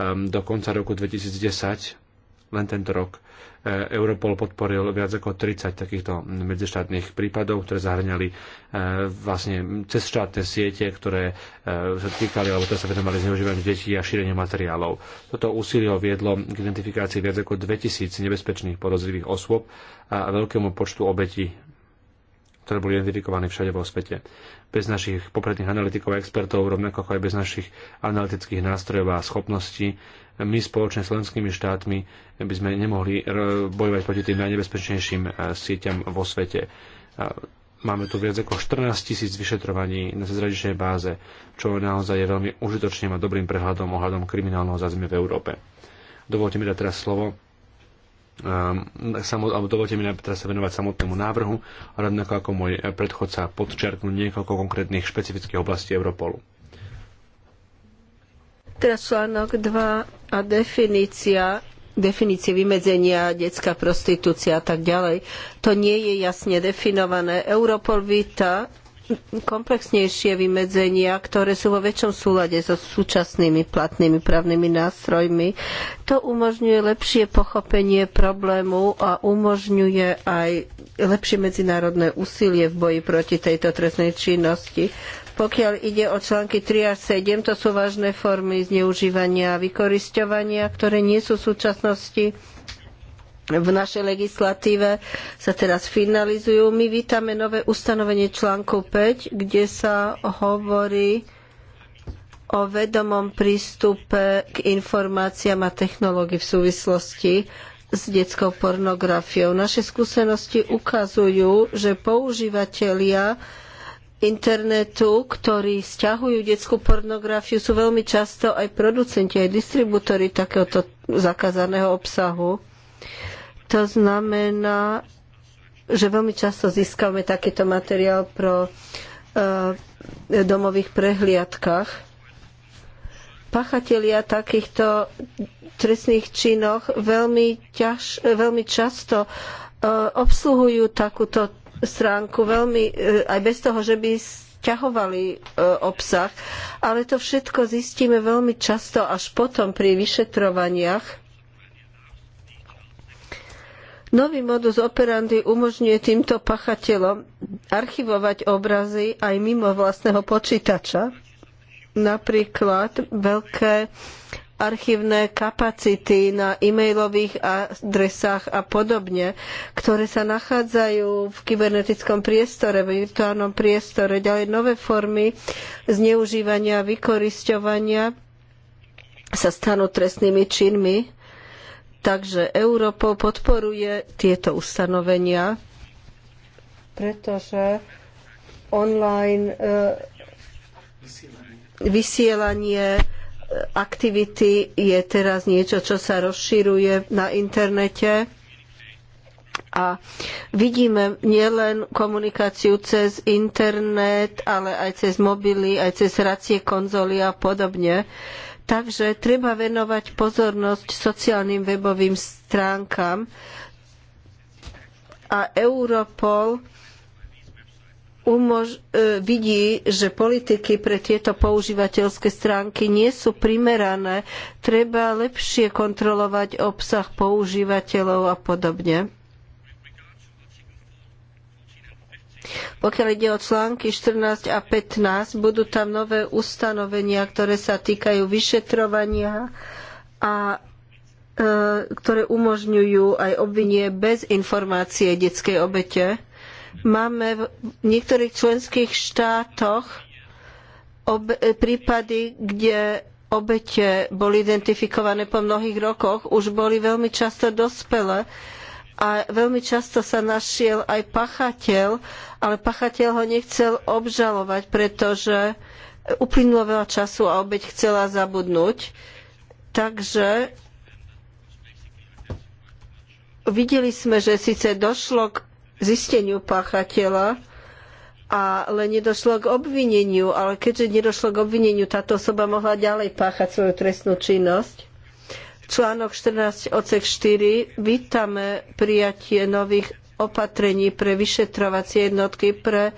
Ehm, do konca roku 2010, len tento rok, eh, Europol podporil viac ako 30 takýchto medzištátnych prípadov, ktoré zahrňali eh, vlastne cez štátne siete, ktoré eh, sa týkali alebo ktoré sa venovali zneužívaniu detí a šíreniu materiálov. Toto úsilie viedlo k identifikácii viac ako 2000 nebezpečných podozrivých osôb a veľkému počtu obetí ktoré boli identifikované všade vo svete bez našich popredných analytikov a expertov, rovnako ako aj bez našich analytických nástrojov a schopností, my spoločne s členskými štátmi by sme nemohli bojovať proti tým najnebezpečnejším eh, sieťam vo svete. Máme tu viac ako 14 tisíc vyšetrovaní na cezradičnej báze, čo naozaj je veľmi užitočným a dobrým prehľadom ohľadom kriminálneho zázemia v Európe. Dovolte mi dať teraz slovo Ehm, samo, dovolte mi teraz sa venovať samotnému návrhu a rovnako ako môj predchodca podčiarknúť niekoľko konkrétnych špecifických oblastí Europolu. Teraz článok 2 a definícia definície vymedzenia detská prostitúcia a tak ďalej. To nie je jasne definované. Europol víta komplexnejšie vymedzenia, ktoré sú vo väčšom súlade so súčasnými platnými právnymi nástrojmi. To umožňuje lepšie pochopenie problému a umožňuje aj lepšie medzinárodné úsilie v boji proti tejto trestnej činnosti. Pokiaľ ide o články 3 až 7, to sú vážne formy zneužívania a vykorisťovania, ktoré nie sú v súčasnosti v našej legislatíve sa teraz finalizujú. My vítame nové ustanovenie článku 5, kde sa hovorí o vedomom prístupe k informáciám a technológii v súvislosti s detskou pornografiou. Naše skúsenosti ukazujú, že používateľia internetu, ktorí stiahujú detskú pornografiu, sú veľmi často aj producenti, aj distribútori takéhoto zakázaného obsahu. To znamená, že veľmi často získame takýto materiál pro eh, domových prehliadkach pachatelia takýchto trestných činoch veľmi, ťaž, veľmi často eh, obsluhujú takúto stránku veľmi, eh, aj bez toho, že by ťahovali obsah. Ale to všetko zistíme veľmi často až potom pri vyšetrovaniach Nový modus operandi umožňuje týmto pachateľom archivovať obrazy aj mimo vlastného počítača. Napríklad veľké archívne kapacity na e-mailových adresách a podobne, ktoré sa nachádzajú v kybernetickom priestore, v virtuálnom priestore, ďalej nové formy zneužívania, vykorisťovania sa stanú trestnými činmi Takže Europol podporuje tieto ustanovenia, pretože online e, vysielanie e, aktivity je teraz niečo, čo sa rozširuje na internete. A vidíme nielen komunikáciu cez internet, ale aj cez mobily, aj cez racie konzoly a podobne. Uh, Takže treba venovať pozornosť sociálnym webovým stránkam a Europol umož- e, vidí, že politiky pre tieto používateľské stránky nie sú primerané, treba lepšie kontrolovať obsah používateľov a podobne. Pokiaľ ide o články 14 a 15, budú tam nové ustanovenia, ktoré sa týkajú vyšetrovania a e, ktoré umožňujú aj obvinie bez informácie detskej obete. Máme v niektorých členských štátoch prípady, kde obete boli identifikované po mnohých rokoch, už boli veľmi často dospelé a veľmi často sa našiel aj pachateľ, ale pachateľ ho nechcel obžalovať, pretože uplynulo veľa času a obeď chcela zabudnúť. Takže videli sme, že síce došlo k zisteniu páchateľa, ale nedošlo k obvineniu. Ale keďže nedošlo k obvineniu, táto osoba mohla ďalej páchať svoju trestnú činnosť. Článok 14 odsek 4. Vítame prijatie nových opatrení pre vyšetrovacie jednotky pre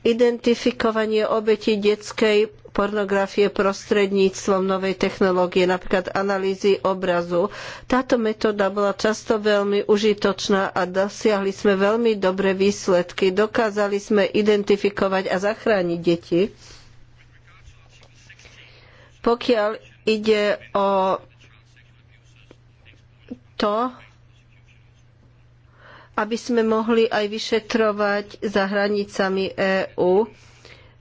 identifikovanie obetí detskej pornografie prostredníctvom novej technológie, napríklad analýzy obrazu. Táto metóda bola často veľmi užitočná a dosiahli sme veľmi dobré výsledky. Dokázali sme identifikovať a zachrániť deti. Pokiaľ ide o to, aby sme mohli aj vyšetrovať za hranicami EÚ.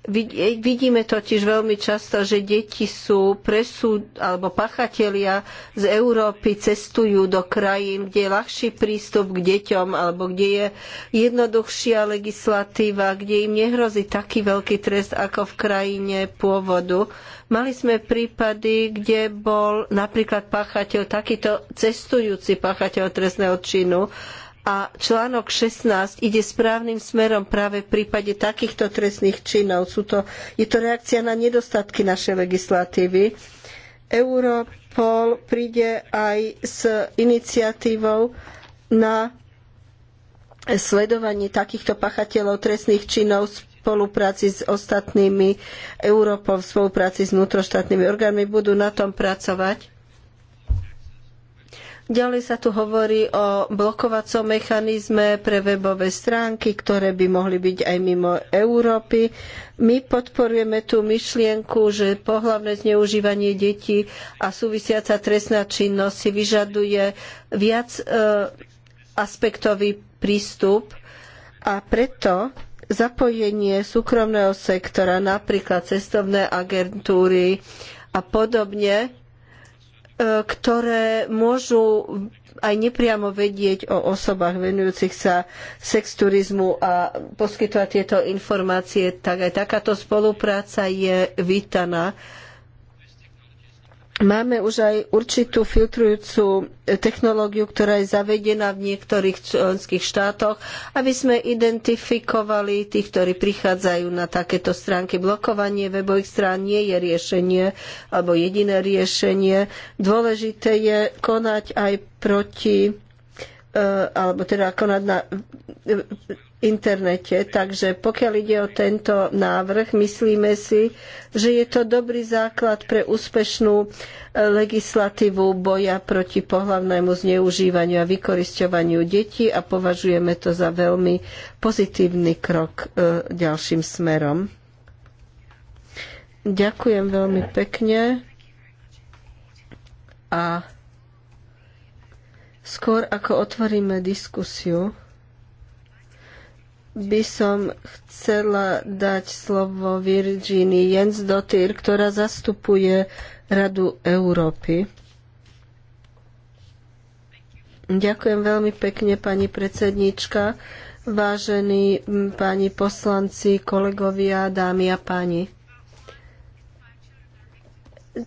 Vidíme totiž veľmi často, že deti sú presúd alebo pachatelia z Európy cestujú do krajín, kde je ľahší prístup k deťom alebo kde je jednoduchšia legislatíva, kde im nehrozí taký veľký trest ako v krajine pôvodu. Mali sme prípady, kde bol napríklad páchateľ, takýto cestujúci páchateľ trestného činu a článok 16 ide správnym smerom práve v prípade takýchto trestných činov. To, je to reakcia na nedostatky našej legislatívy. Europol príde aj s iniciatívou na sledovanie takýchto pachateľov trestných činov spolupráci s ostatnými Európou, v spolupráci s vnútroštátnymi orgánmi, budú na tom pracovať. Ďalej sa tu hovorí o blokovacom mechanizme pre webové stránky, ktoré by mohli byť aj mimo Európy. My podporujeme tú myšlienku, že pohlavné zneužívanie detí a súvisiaca trestná činnosť si vyžaduje viac e, aspektový prístup a preto Zapojenie súkromného sektora, napríklad cestovné agentúry a podobne, e, ktoré môžu aj nepriamo vedieť o osobách venujúcich sa sexturizmu a poskytovať tieto informácie, tak aj takáto spolupráca je vítaná. Máme už aj určitú filtrujúcu e, technológiu, ktorá je zavedená v niektorých členských štátoch, aby sme identifikovali tých, ktorí prichádzajú na takéto stránky. Blokovanie webových strán nie je riešenie alebo jediné riešenie. Dôležité je konať aj proti e, alebo teda konať na e, internete. Takže pokiaľ ide o tento návrh, myslíme si, že je to dobrý základ pre úspešnú e, legislatívu boja proti pohlavnému zneužívaniu a vykorisťovaniu detí a považujeme to za veľmi pozitívny krok e, ďalším smerom. Ďakujem veľmi pekne a skôr ako otvoríme diskusiu, by som chcela dať slovo Virginii Jens Dotyr, ktorá zastupuje Radu Európy. Ďakujem veľmi pekne, pani predsednička, vážení páni poslanci, kolegovia, dámy a páni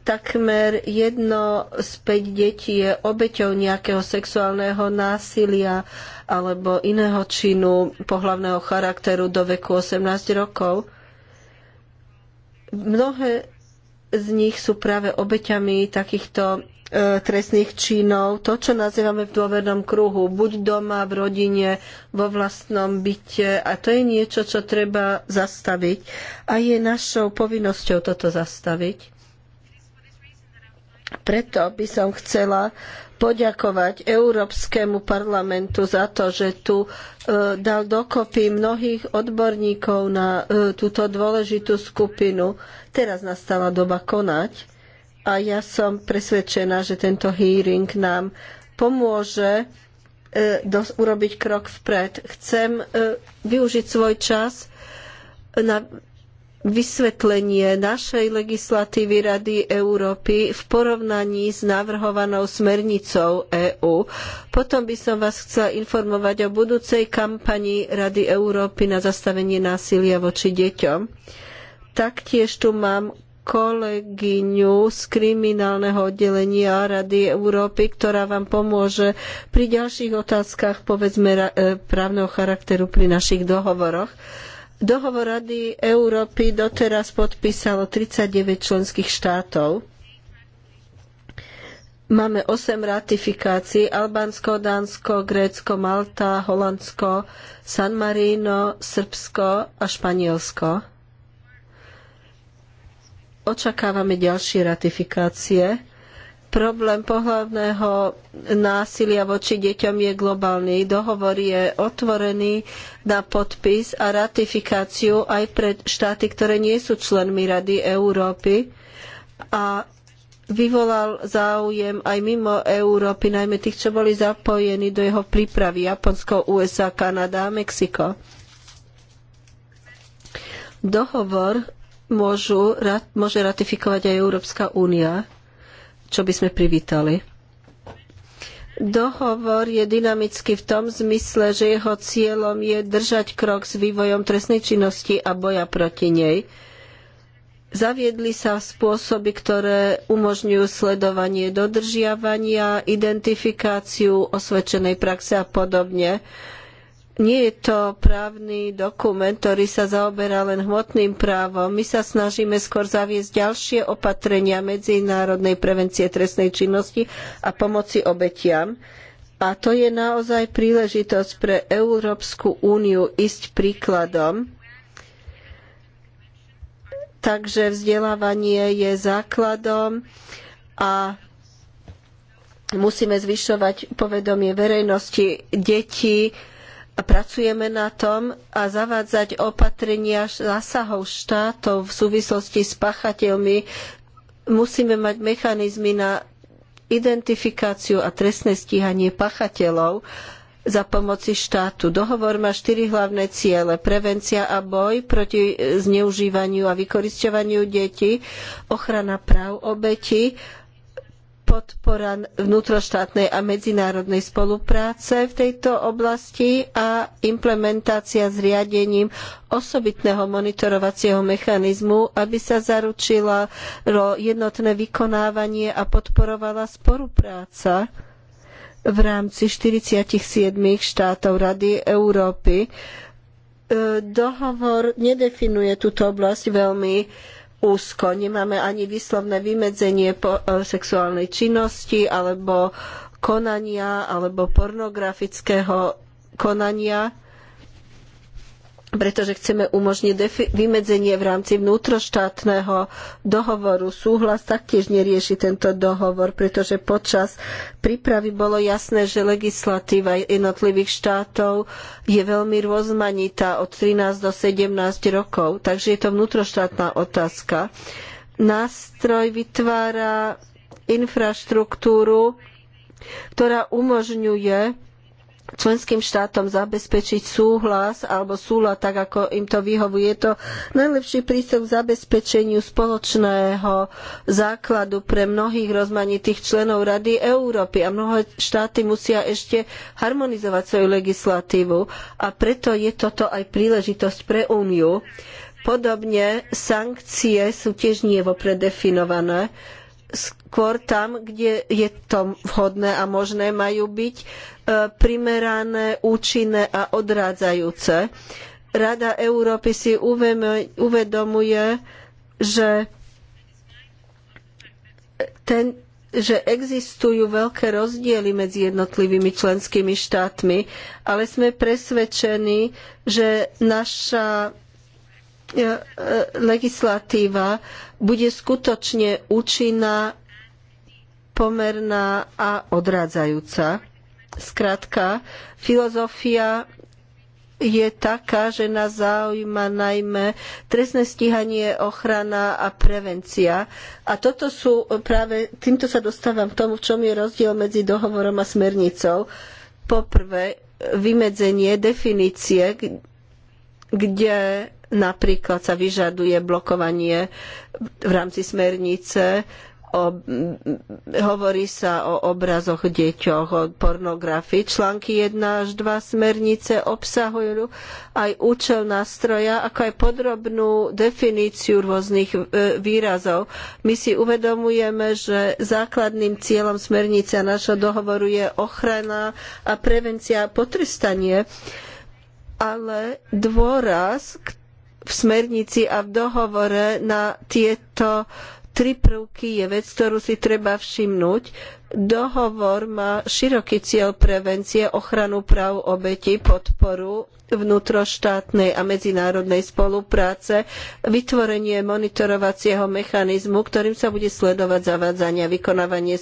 takmer jedno z päť detí je obeťou nejakého sexuálneho násilia alebo iného činu pohlavného charakteru do veku 18 rokov. Mnohé z nich sú práve obeťami takýchto e, trestných činov, to, čo nazývame v dôvernom kruhu, buď doma, v rodine, vo vlastnom byte. A to je niečo, čo treba zastaviť. A je našou povinnosťou toto zastaviť preto by som chcela poďakovať Európskemu parlamentu za to, že tu e, dal dokopy mnohých odborníkov na e, túto dôležitú skupinu. Teraz nastala doba konať a ja som presvedčená, že tento hearing nám pomôže e, urobiť krok vpred. Chcem využiť svoj čas na vysvetlenie našej legislatívy Rady Európy v porovnaní s navrhovanou smernicou EÚ. Potom by som vás chcela informovať o budúcej kampani Rady Európy na zastavenie násilia voči deťom. Taktiež tu mám kolegyňu z kriminálneho oddelenia Rady Európy, ktorá vám pomôže pri ďalších otázkach, povedzme, e, právneho charakteru pri našich dohovoroch. Dohovor Rady Európy doteraz podpísalo 39 členských štátov. Máme 8 ratifikácií. Albánsko, Dánsko, Grécko, Malta, Holandsko, San Marino, Srbsko a Španielsko. Očakávame ďalšie ratifikácie. Problém pohľavného násilia voči deťom je globálny. Dohovor je otvorený na podpis a ratifikáciu aj pre štáty, ktoré nie sú členmi Rady Európy a vyvolal záujem aj mimo Európy, najmä tých, čo boli zapojení do jeho prípravy Japonsko, USA, Kanada a Mexiko. Dohovor môžu, môže ratifikovať aj Európska únia čo by sme privítali. Dohovor je dynamický v tom zmysle, že jeho cieľom je držať krok s vývojom trestnej činnosti a boja proti nej. Zaviedli sa spôsoby, ktoré umožňujú sledovanie dodržiavania, identifikáciu osvedčenej praxe a podobne nie je to právny dokument, ktorý sa zaoberá len hmotným právom. My sa snažíme skôr zaviesť ďalšie opatrenia medzinárodnej prevencie trestnej činnosti a pomoci obetiam. A to je naozaj príležitosť pre Európsku úniu ísť príkladom. Takže vzdelávanie je základom a musíme zvyšovať povedomie verejnosti detí, pracujeme na tom a zavádzať opatrenia zásahov štátov v súvislosti s pachateľmi, musíme mať mechanizmy na identifikáciu a trestné stíhanie pachateľov za pomoci štátu. Dohovor má štyri hlavné ciele. Prevencia a boj proti zneužívaniu a vykorisťovaniu detí, ochrana práv obetí, podpora vnútroštátnej a medzinárodnej spolupráce v tejto oblasti a implementácia zriadením osobitného monitorovacieho mechanizmu, aby sa zaručilo jednotné vykonávanie a podporovala spolupráca v rámci 47 štátov Rady Európy. E, dohovor nedefinuje túto oblasť veľmi úzko. Nemáme ani výslovné vymedzenie e, sexuálnej činnosti alebo konania alebo pornografického konania pretože chceme umožniť vymedzenie v rámci vnútroštátneho dohovoru. Súhlas taktiež nerieši tento dohovor, pretože počas prípravy bolo jasné, že legislatíva jednotlivých štátov je veľmi rozmanitá od 13 do 17 rokov, takže je to vnútroštátna otázka. Nástroj vytvára infraštruktúru, ktorá umožňuje členským štátom zabezpečiť súhlas alebo súlad, tak ako im to vyhovuje. Je to najlepší prístup k zabezpečeniu spoločného základu pre mnohých rozmanitých členov Rady Európy a mnohé štáty musia ešte harmonizovať svoju legislatívu a preto je toto aj príležitosť pre Úniu. Podobne sankcie sú tiež nie vopred definované skôr tam, kde je to vhodné a možné, majú byť e, primerané, účinné a odrádzajúce. Rada Európy si uvedomuje, že, ten, že existujú veľké rozdiely medzi jednotlivými členskými štátmi, ale sme presvedčení, že naša E, legislatíva bude skutočne účinná, pomerná a odrádzajúca. Skrátka, filozofia je taká, že nás zaujíma najmä trestné stíhanie, ochrana a prevencia. A toto sú práve, týmto sa dostávam k tomu, v čom je rozdiel medzi dohovorom a smernicou. Poprvé, vymedzenie definície, kde Napríklad sa vyžaduje blokovanie v rámci smernice, o, hovorí sa o obrazoch deťoch, o pornografii. Články 1 až 2 smernice obsahujú aj účel nástroja, ako aj podrobnú definíciu rôznych e, výrazov. My si uvedomujeme, že základným cieľom smernice a našho dohovoru je ochrana a prevencia a potrestanie ale dôraz, v smernici a v dohovore na tieto tri prvky je vec, ktorú si treba všimnúť. Dohovor má široký cieľ prevencie, ochranu práv obetí, podporu vnútroštátnej a medzinárodnej spolupráce, vytvorenie monitorovacieho mechanizmu, ktorým sa bude sledovať zavádzanie a vykonávanie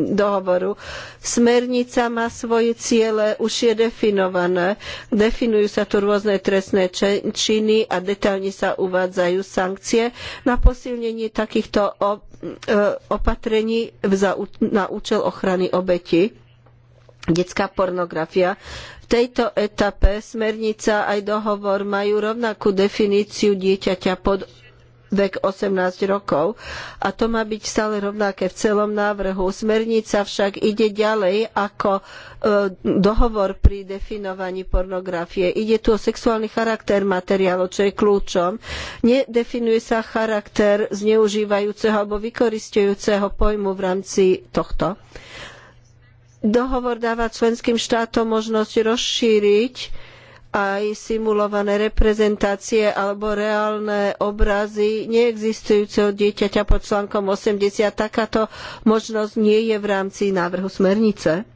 dohovoru. Smernica má svoje ciele už je definované. Definujú sa tu rôzne trestné činy a detailne sa uvádzajú sankcie na posilnenie takýchto E, opatrení na účel ochrany obeti. Detská pornografia. V tejto etape smernica aj dohovor majú rovnakú definíciu dieťaťa pod vek 18 rokov a to má byť stále rovnaké v celom návrhu. Smernica však ide ďalej ako e, dohovor pri definovaní pornografie. Ide tu o sexuálny charakter materiálu, čo je kľúčom. Nedefinuje sa charakter zneužívajúceho alebo vykoristujúceho pojmu v rámci tohto. Dohovor dáva členským štátom možnosť rozšíriť aj simulované reprezentácie alebo reálne obrazy neexistujúceho dieťaťa pod článkom 80. Takáto možnosť nie je v rámci návrhu smernice.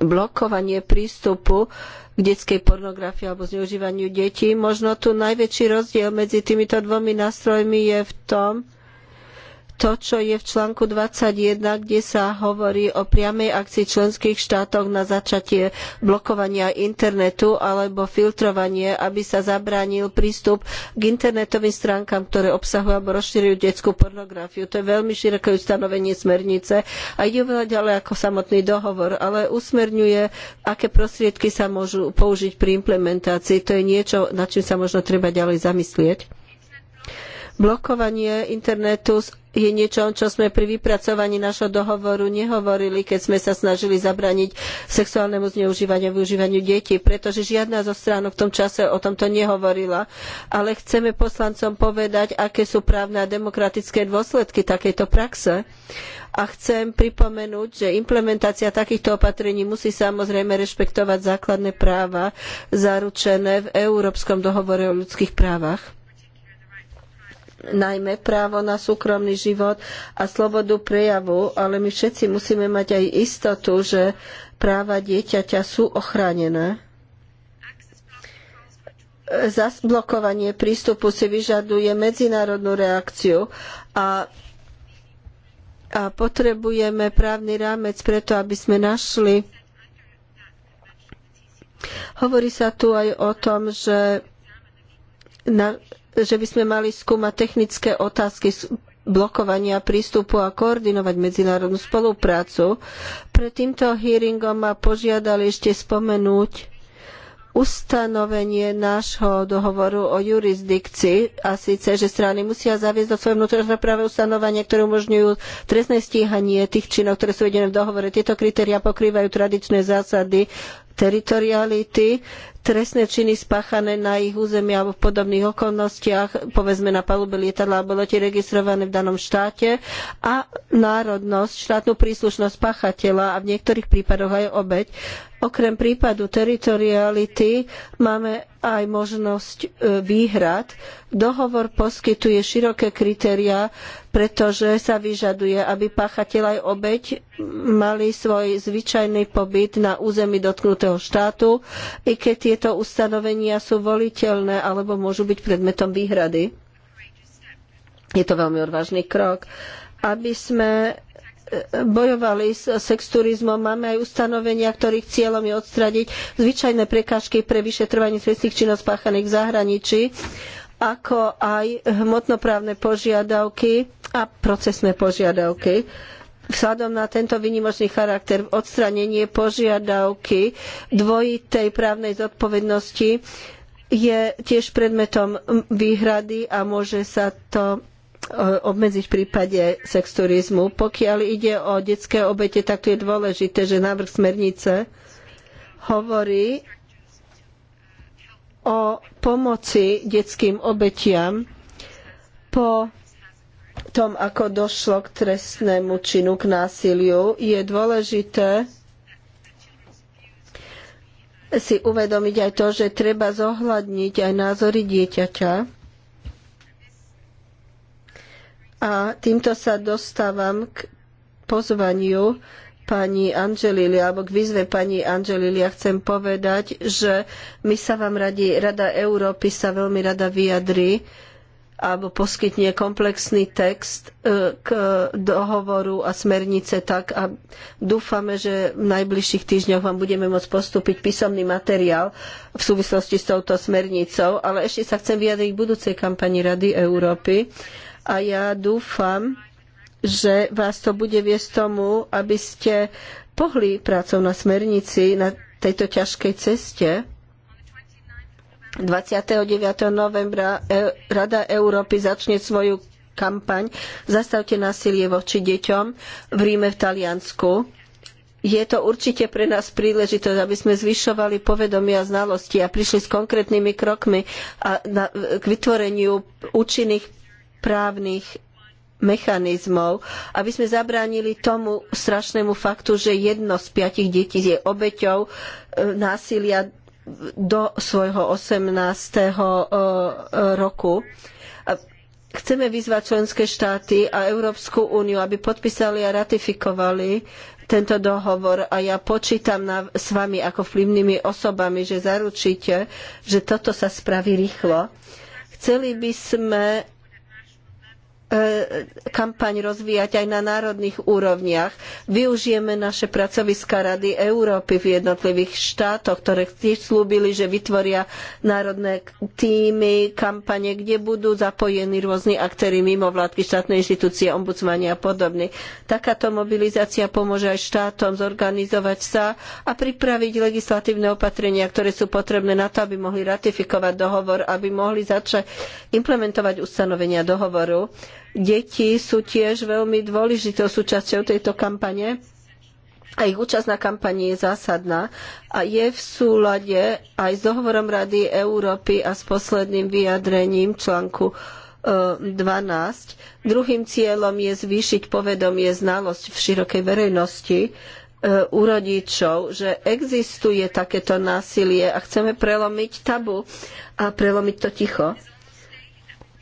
Blokovanie prístupu k detskej pornografii alebo zneužívaniu detí. Možno tu najväčší rozdiel medzi týmito dvomi nástrojmi je v tom, to, čo je v článku 21, kde sa hovorí o priamej akcii členských štátov na začatie blokovania internetu alebo filtrovanie, aby sa zabránil prístup k internetovým stránkam, ktoré obsahujú alebo rozširujú detskú pornografiu. To je veľmi široké ustanovenie smernice a ide oveľa ďalej ako samotný dohovor, ale usmerňuje, aké prostriedky sa môžu použiť pri implementácii. To je niečo, nad čím sa možno treba ďalej zamyslieť. Blokovanie internetu je niečo, čo sme pri vypracovaní nášho dohovoru nehovorili, keď sme sa snažili zabrániť sexuálnemu zneužívaniu a využívaniu detí, pretože žiadna zo strán v tom čase o tomto nehovorila. Ale chceme poslancom povedať, aké sú právne a demokratické dôsledky takejto praxe. A chcem pripomenúť, že implementácia takýchto opatrení musí samozrejme rešpektovať základné práva zaručené v Európskom dohovore o ľudských právach najmä právo na súkromný život a slobodu prejavu, ale my všetci musíme mať aj istotu, že práva dieťaťa sú ochránené zablokovanie prístupu si vyžaduje medzinárodnú reakciu a, a, potrebujeme právny rámec preto, aby sme našli. Hovorí sa tu aj o tom, že na, že by sme mali skúmať technické otázky blokovania prístupu a koordinovať medzinárodnú spoluprácu. Pred týmto hearingom ma požiadali ešte spomenúť ustanovenie nášho dohovoru o jurisdikcii a síce, že strany musia zaviesť do svojho vnútorného práve ustanovenia, ktoré umožňujú trestné stíhanie tých činov, ktoré sú uvedené v dohovore. Tieto kritériá pokrývajú tradičné zásady teritoriality, trestné činy spáchané na ich území alebo v podobných okolnostiach, povedzme na palube lietadla alebo lete registrované v danom štáte a národnosť, štátnu príslušnosť páchateľa a v niektorých prípadoch aj obeť. Okrem prípadu teritoriality máme aj možnosť e, výhrad. Dohovor poskytuje široké kritériá, pretože sa vyžaduje, aby páchateľ aj obeť mali svoj zvyčajný pobyt na území dotknutého štátu, i keď tie tieto ustanovenia sú voliteľné alebo môžu byť predmetom výhrady. Je to veľmi odvážny krok. Aby sme e, bojovali s sexturizmom, máme aj ustanovenia, ktorých cieľom je odstradiť zvyčajné prekážky pre vyšetrovanie trestných činov spáchaných v zahraničí, ako aj hmotnoprávne požiadavky a procesné požiadavky vzhľadom na tento výnimočný charakter odstránenie požiadavky dvojitej právnej zodpovednosti je tiež predmetom výhrady a môže sa to e, obmedziť v prípade sexturizmu. Pokiaľ ide o detské obete, tak tu je dôležité, že návrh smernice hovorí o pomoci detským obetiam po tom, ako došlo k trestnému činu, k násiliu, je dôležité si uvedomiť aj to, že treba zohľadniť aj názory dieťaťa. A týmto sa dostávam k pozvaniu pani Angelili, alebo k výzve pani Angelili. Ja chcem povedať, že my sa vám radi, Rada Európy sa veľmi rada vyjadrí alebo poskytne komplexný text e, k dohovoru a smernice tak a dúfame, že v najbližších týždňoch vám budeme môcť postúpiť písomný materiál v súvislosti s touto smernicou, ale ešte sa chcem vyjadriť k budúcej kampani Rady Európy a ja dúfam, že vás to bude viesť tomu, aby ste pohli prácou na smernici na tejto ťažkej ceste 29. novembra e, Rada Európy začne svoju kampaň Zastavte násilie voči deťom v Ríme v Taliansku. Je to určite pre nás príležitosť, aby sme zvyšovali povedomia a znalosti a prišli s konkrétnymi krokmi a na, k vytvoreniu účinných právnych mechanizmov, aby sme zabránili tomu strašnému faktu, že jedno z piatich detí je obeťou e, násilia do svojho 18. E, roku. Chceme vyzvať členské štáty a Európsku úniu, aby podpísali a ratifikovali tento dohovor a ja počítam na, s vami ako vplyvnými osobami, že zaručíte, že toto sa spraví rýchlo. Chceli by sme E, kampaň rozvíjať aj na národných úrovniach. Využijeme naše pracoviská Rady Európy v jednotlivých štátoch, ktoré tiež slúbili, že vytvoria národné týmy, kampane, kde budú zapojení rôzni aktéry mimo vládky, štátne inštitúcie, ombudsmani a podobne. Takáto mobilizácia pomôže aj štátom zorganizovať sa a pripraviť legislatívne opatrenia, ktoré sú potrebné na to, aby mohli ratifikovať dohovor, aby mohli začať implementovať ustanovenia dohovoru. Deti sú tiež veľmi dôležitou súčasťou tejto kampane a ich účasť na kampani je zásadná a je v súlade aj s dohovorom Rady Európy a s posledným vyjadrením článku 12. E, Druhým cieľom je zvýšiť povedomie znalosť v širokej verejnosti e, u rodičov, že existuje takéto násilie a chceme prelomiť tabu a prelomiť to ticho.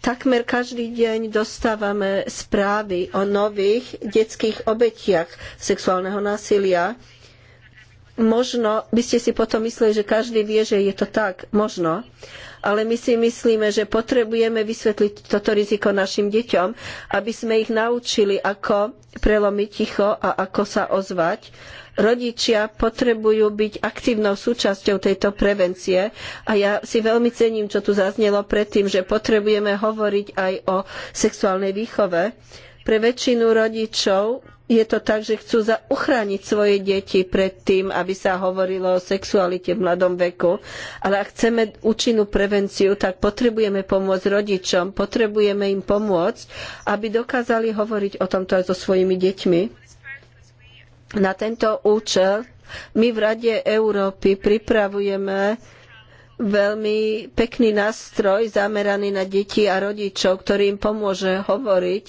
Takmer každý deň dostávame správy o nových detských obetiach sexuálneho násilia. Možno by ste si potom mysleli, že každý vie, že je to tak. Možno. Ale my si myslíme, že potrebujeme vysvetliť toto riziko našim deťom, aby sme ich naučili, ako prelomiť ticho a ako sa ozvať rodičia potrebujú byť aktívnou súčasťou tejto prevencie a ja si veľmi cením, čo tu zaznelo predtým, že potrebujeme hovoriť aj o sexuálnej výchove. Pre väčšinu rodičov je to tak, že chcú za- uchrániť svoje deti pred tým, aby sa hovorilo o sexualite v mladom veku. Ale ak chceme účinnú prevenciu, tak potrebujeme pomôcť rodičom, potrebujeme im pomôcť, aby dokázali hovoriť o tomto aj so svojimi deťmi. Na tento účel my v Rade Európy pripravujeme veľmi pekný nástroj zameraný na deti a rodičov, ktorý im pomôže hovoriť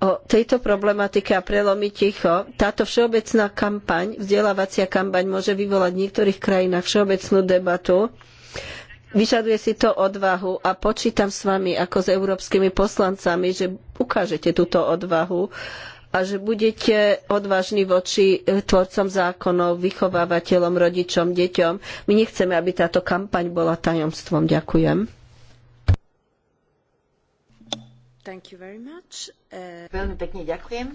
o tejto problematike a prelomiť ticho. Táto všeobecná kampaň, vzdelávacia kampaň môže vyvolať v niektorých krajinách všeobecnú debatu. Vyžaduje si to odvahu a počítam s vami ako s európskymi poslancami, že ukážete túto odvahu a že budete odvážni voči eh, tvorcom zákonov, vychovávateľom, rodičom, deťom. My nechceme, aby táto kampaň bola tajomstvom. Ďakujem. Uh... Veľmi pekne ďakujem.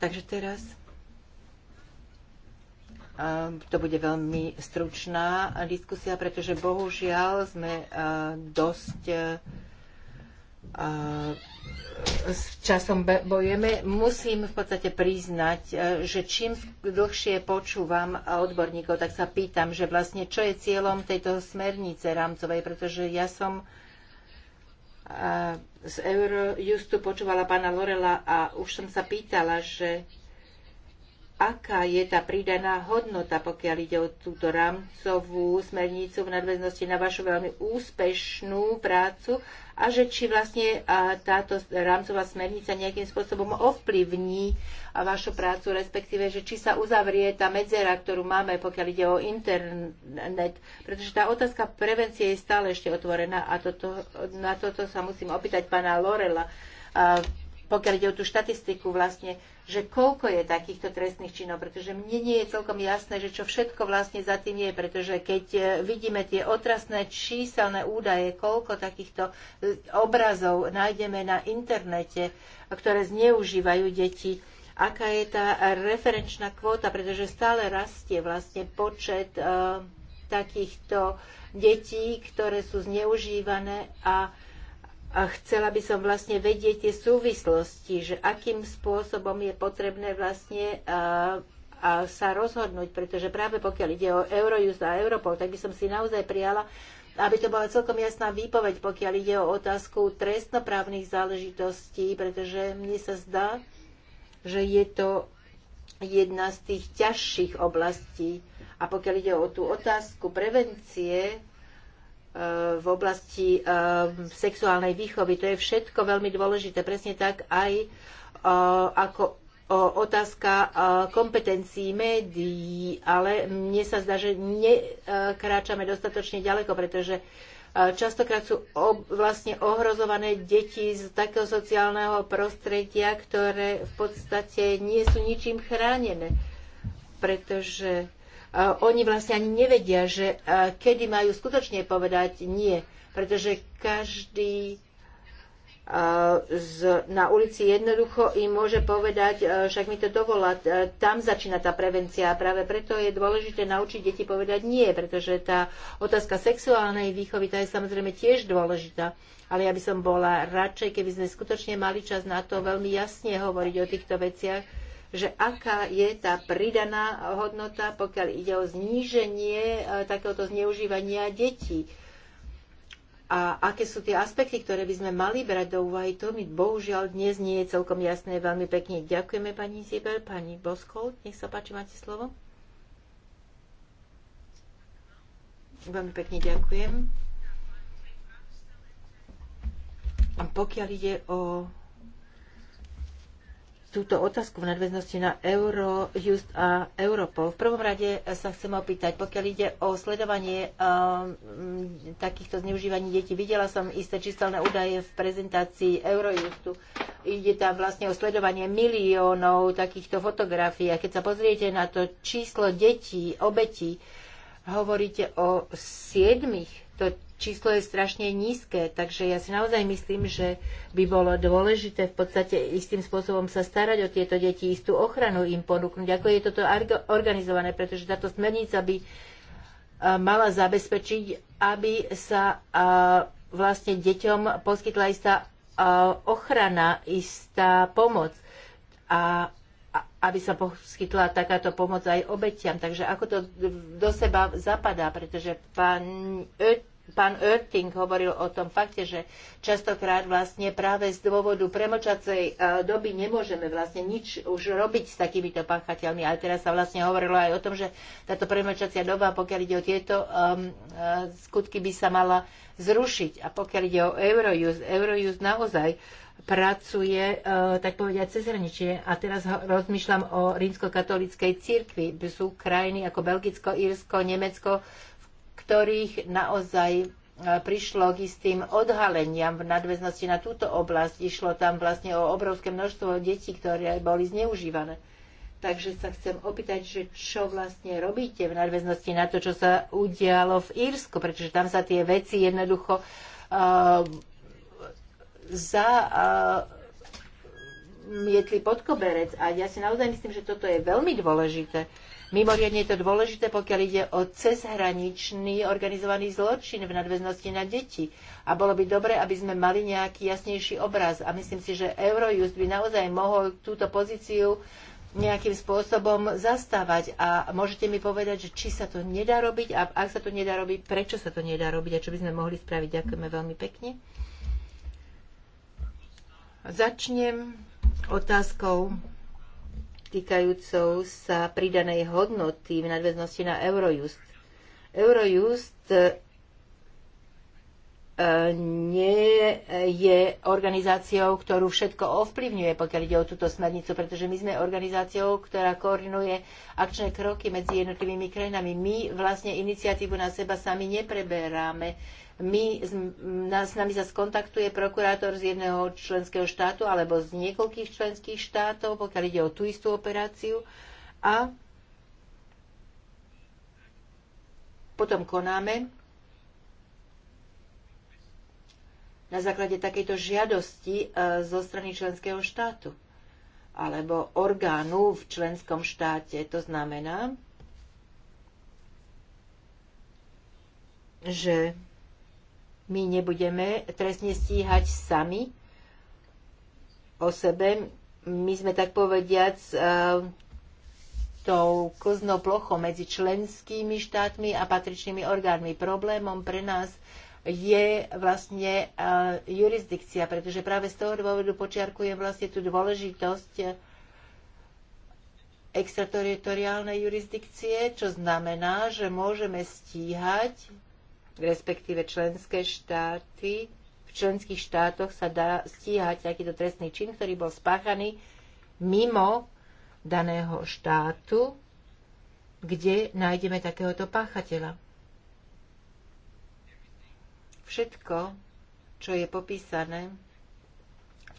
Takže teraz eh, to bude veľmi stručná diskusia, pretože bohužiaľ sme dosť E, s časom bojujeme. Musím v podstate priznať, e, že čím dlhšie počúvam odborníkov, tak sa pýtam, že vlastne čo je cieľom tejto smernice rámcovej, pretože ja som e, z Eurojustu počúvala pána Lorela a už som sa pýtala, že aká je tá pridaná hodnota, pokiaľ ide o túto rámcovú smernicu v nadväznosti na vašu veľmi úspešnú prácu a že či vlastne táto rámcová smernica nejakým spôsobom ovplyvní vašu prácu, respektíve, že či sa uzavrie tá medzera, ktorú máme, pokiaľ ide o internet. Pretože tá otázka prevencie je stále ešte otvorená a toto, na toto sa musím opýtať pána Lorela pokiaľ ide o tú štatistiku vlastne, že koľko je takýchto trestných činov, pretože mne nie je celkom jasné, že čo všetko vlastne za tým je, pretože keď e, vidíme tie otrasné číselné údaje, koľko takýchto e, obrazov nájdeme na internete, ktoré zneužívajú deti, aká je tá referenčná kvóta, pretože stále rastie vlastne počet e, takýchto detí, ktoré sú zneužívané a a chcela by som vlastne vedieť tie súvislosti, že akým spôsobom je potrebné vlastne a, a sa rozhodnúť, pretože práve pokiaľ ide o Eurojust a Europol, tak by som si naozaj prijala, aby to bola celkom jasná výpoveď, pokiaľ ide o otázku trestnoprávnych záležitostí, pretože mne sa zdá, že je to jedna z tých ťažších oblastí. A pokiaľ ide o tú otázku prevencie, v oblasti ehm, sexuálnej výchovy. To je všetko veľmi dôležité. Presne tak aj e, ako otázka e, kompetencií médií, ale mne sa zdá, že nekráčame dostatočne ďaleko, pretože e, častokrát sú vlastne ohrozované deti z takého sociálneho prostredia, ktoré v podstate nie sú ničím chránené, pretože oni vlastne ani nevedia, že kedy majú skutočne povedať nie, pretože každý z, na ulici jednoducho im môže povedať, však mi to dovolá, tam začína tá prevencia a práve preto je dôležité naučiť deti povedať nie, pretože tá otázka sexuálnej výchovy, tá je samozrejme tiež dôležitá, ale ja by som bola radšej, keby sme skutočne mali čas na to veľmi jasne hovoriť o týchto veciach, že aká je tá pridaná hodnota, pokiaľ ide o zníženie e, takéhoto zneužívania detí. A aké sú tie aspekty, ktoré by sme mali brať do úvahy, to mi bohužiaľ dnes nie je celkom jasné. Veľmi pekne ďakujeme pani Zibel, pani Boskov, Nech sa páči, máte slovo. Veľmi pekne ďakujem. A pokiaľ ide o túto otázku v nadväznosti na Eurojust a Europol. V prvom rade sa chcem opýtať, pokiaľ ide o sledovanie um, takýchto zneužívaní detí, videla som isté číselné údaje v prezentácii Eurojustu. Ide tam vlastne o sledovanie miliónov takýchto fotografií. A keď sa pozriete na to číslo detí, obetí, hovoríte o siedmich to číslo je strašne nízke, takže ja si naozaj myslím, že by bolo dôležité v podstate istým spôsobom sa starať o tieto deti, istú ochranu im ponúknuť, ako je toto organizované, pretože táto smernica by e, mala zabezpečiť, aby sa e, vlastne deťom poskytla istá e, ochrana, istá pomoc a aby sa poskytla takáto pomoc aj obetiam. Takže ako to do seba zapadá, pretože pán Öt pán Oerting hovoril o tom fakte, že častokrát vlastne práve z dôvodu premočacej e, doby nemôžeme vlastne nič už robiť s takýmito páchateľmi. Ale teraz sa vlastne hovorilo aj o tom, že táto premočacia doba, pokiaľ ide o tieto um, skutky, by sa mala zrušiť. A pokiaľ ide o Eurojust, Eurojust naozaj pracuje, tak povediať, cez hraničie. A teraz rozmýšľam o rímskokatolíckej cirkvi. Sú krajiny ako Belgicko, Írsko, Nemecko, ktorých naozaj e, prišlo k istým odhaleniam v nadväznosti na túto oblasť. Išlo tam vlastne o obrovské množstvo detí, ktoré boli zneužívané. Takže sa chcem opýtať, že čo vlastne robíte v nadväznosti na to, čo sa udialo v Írsku, pretože tam sa tie veci jednoducho uh, za uh, mietli pod koberec. A ja si naozaj myslím, že toto je veľmi dôležité. Uh, Mimoriadne je to dôležité, pokiaľ ide o cezhraničný organizovaný zločin v nadväznosti na deti. A bolo by dobre, aby sme mali nejaký jasnejší obraz. A myslím si, že Eurojust by naozaj mohol túto pozíciu nejakým spôsobom zastávať. A môžete mi povedať, že či sa to nedá robiť a ak sa to nedá robiť, prečo sa to nedá robiť a čo by sme mohli spraviť. Ďakujeme veľmi pekne. Začnem otázkou týkajúcou sa pridanej hodnoty v nadväznosti na Eurojust. Eurojust e, e, nie je organizáciou, ktorú všetko ovplyvňuje, pokiaľ ide o túto smernicu, pretože my sme organizáciou, ktorá koordinuje akčné kroky medzi jednotlivými krajinami. My vlastne iniciatívu na seba sami nepreberáme my, nás, s nami sa skontaktuje prokurátor z jedného členského štátu alebo z niekoľkých členských štátov, pokiaľ ide o tú istú operáciu a potom konáme na základe takejto žiadosti e, zo strany členského štátu alebo orgánu v členskom štáte. To znamená, že my nebudeme trestne stíhať sami o sebe. My sme tak povediac e, tou kľznou plochou medzi členskými štátmi a patričnými orgánmi. Problémom pre nás je vlastne e, jurisdikcia, pretože práve z toho dôvodu počiarkujem vlastne tú dôležitosť e, extrateritoriálnej jurisdikcie, čo znamená, že môžeme stíhať respektíve členské štáty, v členských štátoch sa dá stíhať takýto trestný čin, ktorý bol spáchaný mimo daného štátu, kde nájdeme takéhoto páchateľa. Všetko, čo je popísané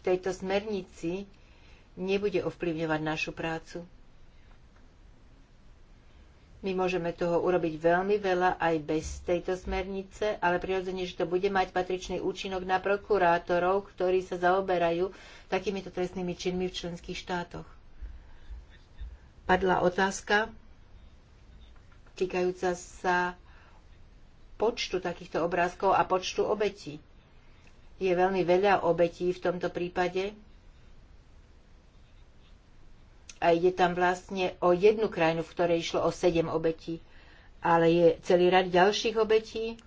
v tejto smernici, nebude ovplyvňovať našu prácu. My môžeme toho urobiť veľmi veľa aj bez tejto smernice, ale prirodzene, že to bude mať patričný účinok na prokurátorov, ktorí sa zaoberajú takýmito trestnými činmi v členských štátoch. Padla otázka týkajúca sa počtu takýchto obrázkov a počtu obetí. Je veľmi veľa obetí v tomto prípade, a ide tam vlastne o jednu krajinu, v ktorej išlo o sedem obetí. Ale je celý rad ďalších obetí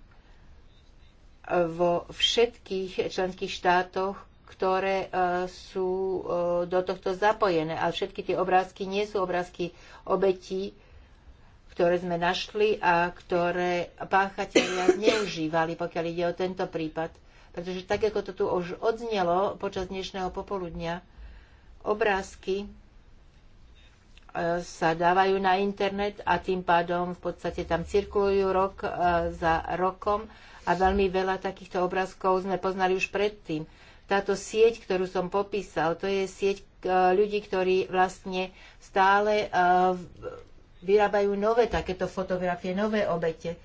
vo všetkých členských štátoch, ktoré e, sú e, do tohto zapojené. a všetky tie obrázky nie sú obrázky obetí, ktoré sme našli a ktoré páchatelia zneužívali, pokiaľ ide o tento prípad. Pretože tak, ako to tu už odznelo počas dnešného popoludnia, obrázky E, sa dávajú na internet a tým pádom v podstate tam cirkulujú rok e, za rokom a veľmi veľa takýchto obrázkov sme poznali už predtým. Táto sieť, ktorú som popísal, to je sieť e, ľudí, ktorí vlastne stále vyrábajú nové takéto fotografie, nové obete.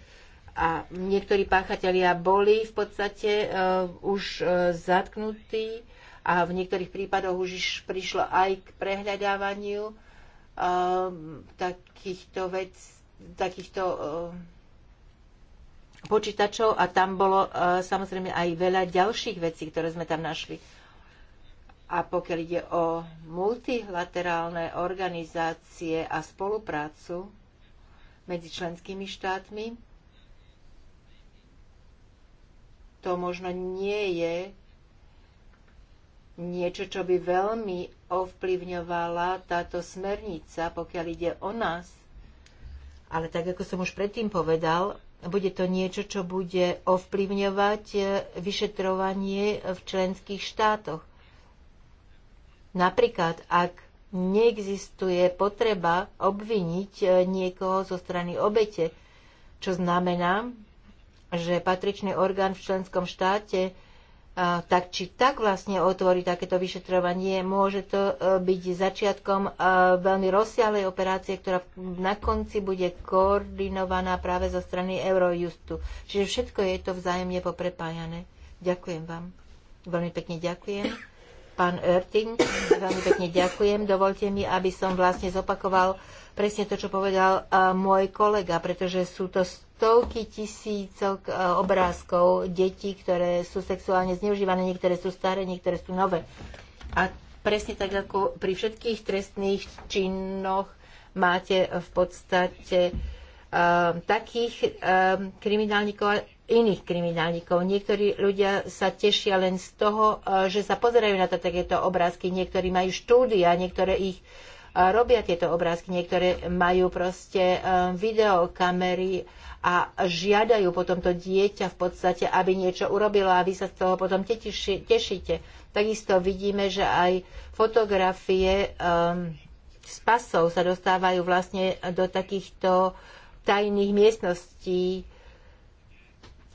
A niektorí páchatelia boli v podstate už zatknutí a v niektorých prípadoch už prišlo aj k prehľadávaniu Ehm, takýchto vec, takýchto ehm, počítačov a tam bolo eh, samozrejme aj veľa ďalších vecí, ktoré sme tam našli. A pokiaľ ide o multilaterálne organizácie a spoluprácu medzi členskými štátmi, to možno nie je niečo, čo by veľmi ovplyvňovala táto smernica, pokiaľ ide o nás. Ale tak, ako som už predtým povedal, bude to niečo, čo bude ovplyvňovať e, vyšetrovanie v členských štátoch. Napríklad, ak neexistuje potreba obviniť e, niekoho zo strany obete, čo znamená, že patričný orgán v členskom štáte tak či tak vlastne otvorí takéto vyšetrovanie, môže to e, byť začiatkom e, veľmi rozsiahlej operácie, ktorá na konci bude koordinovaná práve zo strany Eurojustu. Čiže všetko je to vzájomne poprepájané. Ďakujem vám. Veľmi pekne ďakujem. Pán Erting, veľmi pekne ďakujem. Dovolte mi, aby som vlastne zopakoval presne to, čo povedal e, môj kolega, pretože sú to stovky tisícok e, obrázkov detí, ktoré sú sexuálne zneužívané, niektoré sú staré, niektoré sú nové. A presne tak ako pri všetkých trestných činoch máte v podstate um, takých um, kriminálnikov a iných kriminálnikov. Niektorí ľudia sa tešia len z toho, že sa pozerajú na to, takéto obrázky. Niektorí majú štúdia, niektoré ich robia tieto obrázky. Niektoré majú proste e, videokamery a žiadajú potom to dieťa v podstate, aby niečo urobilo a vy sa z toho potom tešíte. Takisto vidíme, že aj fotografie s z pasov sa dostávajú vlastne do takýchto tajných miestností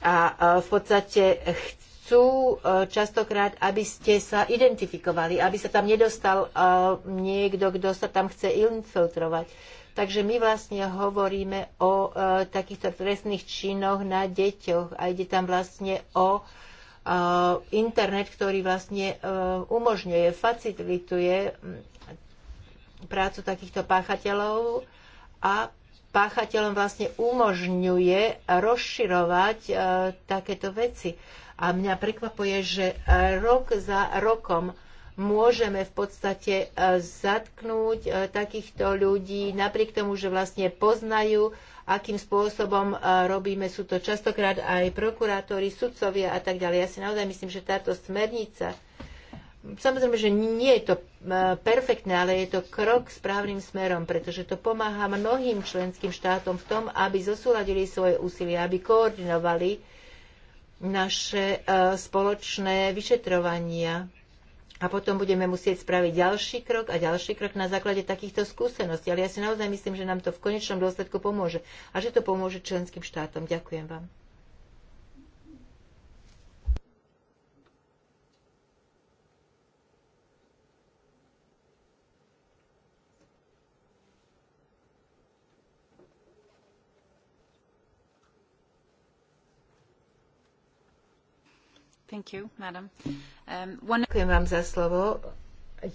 a e, v podstate chcú e, častokrát, aby ste sa identifikovali, aby sa tam nedostal e, niekto, kto sa tam chce infiltrovať. Takže my vlastne hovoríme o e, takýchto trestných činoch na deťoch a ide tam vlastne o internet, ktorý vlastne umožňuje, facilituje mm, prácu takýchto páchateľov a páchateľom vlastne umožňuje rozširovať takéto veci. A mňa prekvapuje, že e, rok za rokom môžeme v podstate e, zatknúť e, takýchto ľudí, napriek tomu, že vlastne poznajú, akým spôsobom robíme. Sú to častokrát aj prokurátori, sudcovia a tak ďalej. Ja si naozaj myslím, že táto smernica, samozrejme, že nie je to perfektné, ale je to krok správnym smerom, pretože to pomáha mnohým členským štátom v tom, aby zosúladili svoje úsilie, aby koordinovali naše eh, spoločné vyšetrovania. A potom budeme musieť spraviť ďalší krok a ďalší krok na základe takýchto skúseností. Ale ja si naozaj myslím, že nám to v konečnom dôsledku pomôže. A že to pomôže členským štátom. Ďakujem vám. Um, Ďakujem vám za slovo.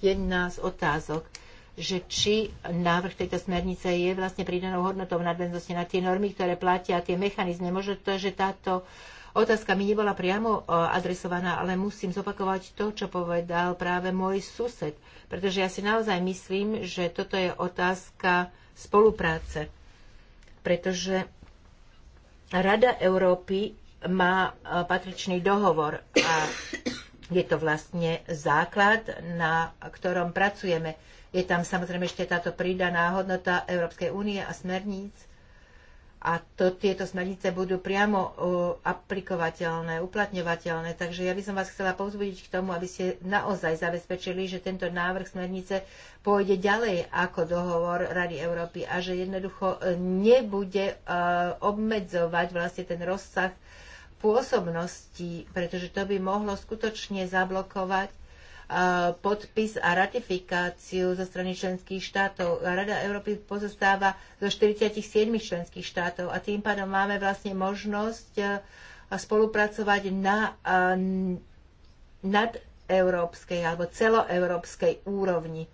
Jedna z otázok že či návrh tejto smernice je vlastne pridanou hodnotou v nadväznosti na tie normy, ktoré platia a tie mechanizmy. Možno to, že táto otázka mi nebola priamo e, adresovaná, ale musím zopakovať to, čo povedal práve môj sused. Pretože ja si naozaj myslím, že toto je otázka spolupráce. Pretože Rada Európy má e, patričný dohovor a je to vlastne základ, na ktorom pracujeme. Je tam samozrejme ešte táto pridaná hodnota Európskej únie a smerníc. A to, tieto smernice budú priamo e, aplikovateľné, uplatňovateľné. Takže ja by som vás chcela povzbudiť k tomu, aby ste naozaj zabezpečili, že tento návrh smernice pôjde ďalej ako dohovor Rady Európy a že jednoducho e, nebude obmedzovať vlastne ten rozsah pôsobnosti, pretože to by mohlo skutočne zablokovať eh, podpis a ratifikáciu zo strany členských štátov. Rada Európy pozostáva zo 47 členských štátov a tým pádom máme vlastne možnosť eh, spolupracovať na eh, nadeurópskej alebo celoeurópskej úrovni.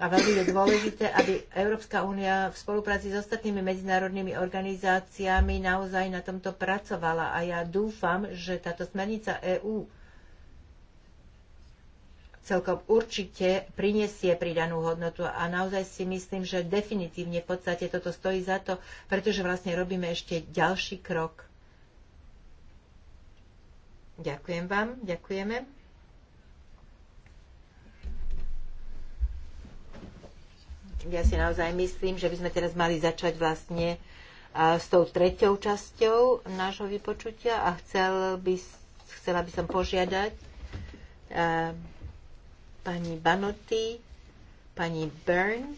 A veľmi je dôležité, aby Európska únia v spolupráci s ostatnými medzinárodnými organizáciami naozaj na tomto pracovala. A ja dúfam, že táto smernica EÚ celkom určite prinesie pridanú hodnotu a naozaj si myslím, že definitívne v podstate toto stojí za to, pretože vlastne robíme ešte ďalší krok. Ďakujem vám, ďakujeme. Ja si naozaj myslím, že by sme teraz mali začať vlastne s tou treťou časťou nášho vypočutia a chcel by, chcela by som požiadať pani Banoty, pani Byrne,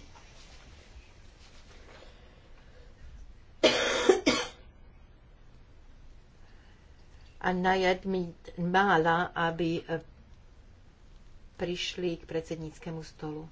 a najať mi mála, aby prišli k predsedníckému stolu.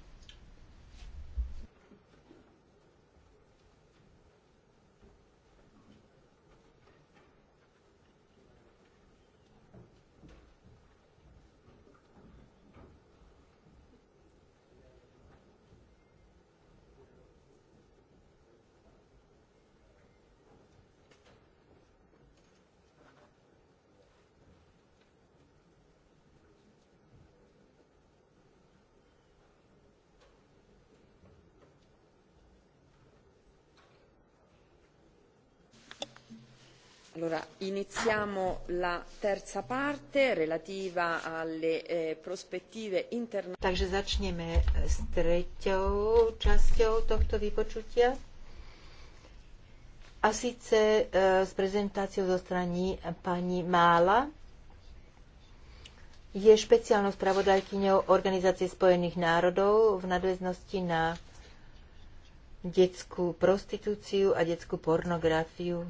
Allora, iniziamo la terza parte relativa alle eh, prospettive internazionali. Takže začneme eh, s treťou časťou tohto vypočutia. A síce e, s prezentáciou zo strany pani Mála je špeciálnou spravodajkyňou Organizácie spojených národov v nadväznosti na detskú prostitúciu a detskú pornografiu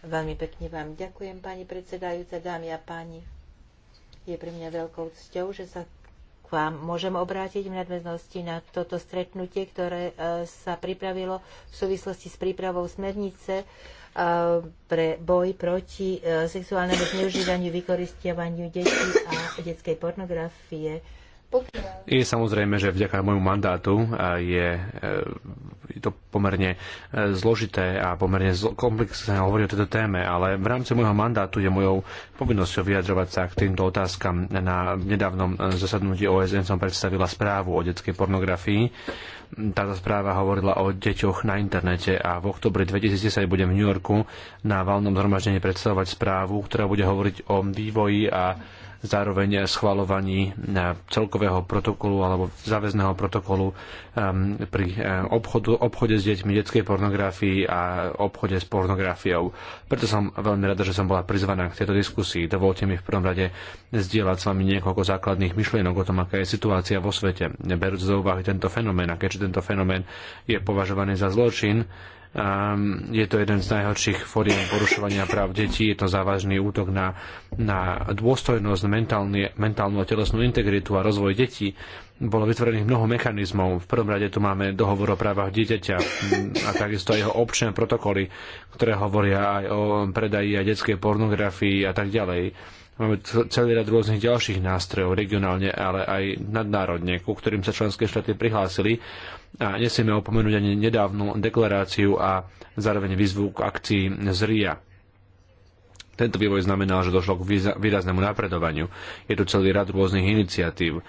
Veľmi pekne vám ďakujem, pani predsedajúca, dámy a páni. Je pre mňa veľkou cťou, že sa k vám môžem obrátiť v nadväznosti na toto stretnutie, ktoré e, sa pripravilo v súvislosti s prípravou smernice e, pre boj proti e, sexuálnemu zneužívaniu, vykoristiavaniu detí a detskej pornografie. Je samozrejme, že vďaka môjmu mandátu je, e, je to pomerne e, zložité a pomerne komplexné hovoriť o tejto téme, ale v rámci môjho mandátu je mojou povinnosťou vyjadrovať sa k týmto otázkam. Na nedávnom e, zasadnutí OSN som predstavila správu o detskej pornografii. Táto správa hovorila o deťoch na internete a v oktobri 2010 budem v New Yorku na valnom zhromaždení predstavovať správu, ktorá bude hovoriť o vývoji a zároveň schvalovaní eh, celkového protokolu alebo záväzného protokolu eh, pri eh, obchodu, obchode s deťmi, detskej pornografii a obchode s pornografiou. Preto som veľmi rada, že som bola prizvaná k tejto diskusii. Dovolte mi v prvom rade zdieľať s vami niekoľko základných myšlienok o tom, aká je situácia vo svete, berúc do úvahy tento fenomén. A keďže tento fenomén je považovaný za zločin, Ehm, je to jeden z najhorších fóriem porušovania práv detí, je to závažný útok na, na dôstojnosť, mentálne, mentálnu a telesnú integritu a rozvoj detí. Bolo vytvorených mnoho mechanizmov. V prvom rade tu máme dohovor o právach dieťaťa mm, a takisto aj jeho občné protokoly, ktoré hovoria aj o predaji a detskej pornografii a tak ďalej. Máme celý rad rôznych ďalších nástrojov regionálne, ale aj nadnárodne, ku ktorým sa členské štáty prihlásili a nesieme opomenúť ani nedávnu deklaráciu a zároveň výzvu k akcii zria. Tento vývoj znamená, že došlo k výraznému napredovaniu. Je tu celý rad rôznych iniciatív, um,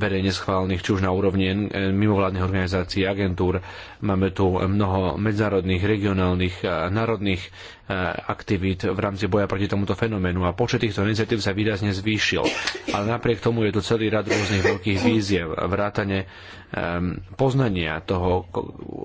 verejne schválených či už na úrovni um, mimovládnych organizácií, agentúr. Máme tu mnoho medzárodných, regionálnych, uh, národných uh, aktivít v rámci boja proti tomuto fenoménu a počet týchto iniciatív sa výrazne zvýšil. Ale napriek tomu je tu celý rad rôznych veľkých víziev, vrátane um, poznania toho,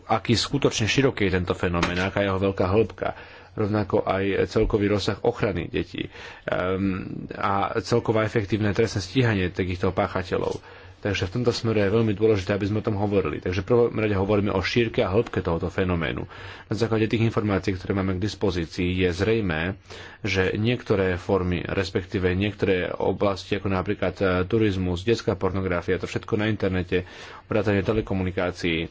aký skutočne široký je tento fenomén, aká je jeho veľká hĺbka rovnako aj celkový rozsah ochrany detí ehm, a celková efektívne trestné stíhanie takýchto páchateľov. Takže v tomto smere je veľmi dôležité, aby sme o tom hovorili. Takže v prvom rade hovoríme o šírke a hĺbke tohoto fenoménu. Na základe tých informácií, ktoré máme k dispozícii, je zrejmé, že niektoré formy, respektíve niektoré oblasti, ako napríklad e, turizmus, detská pornografia, to všetko na internete, vrátanie telekomunikácií,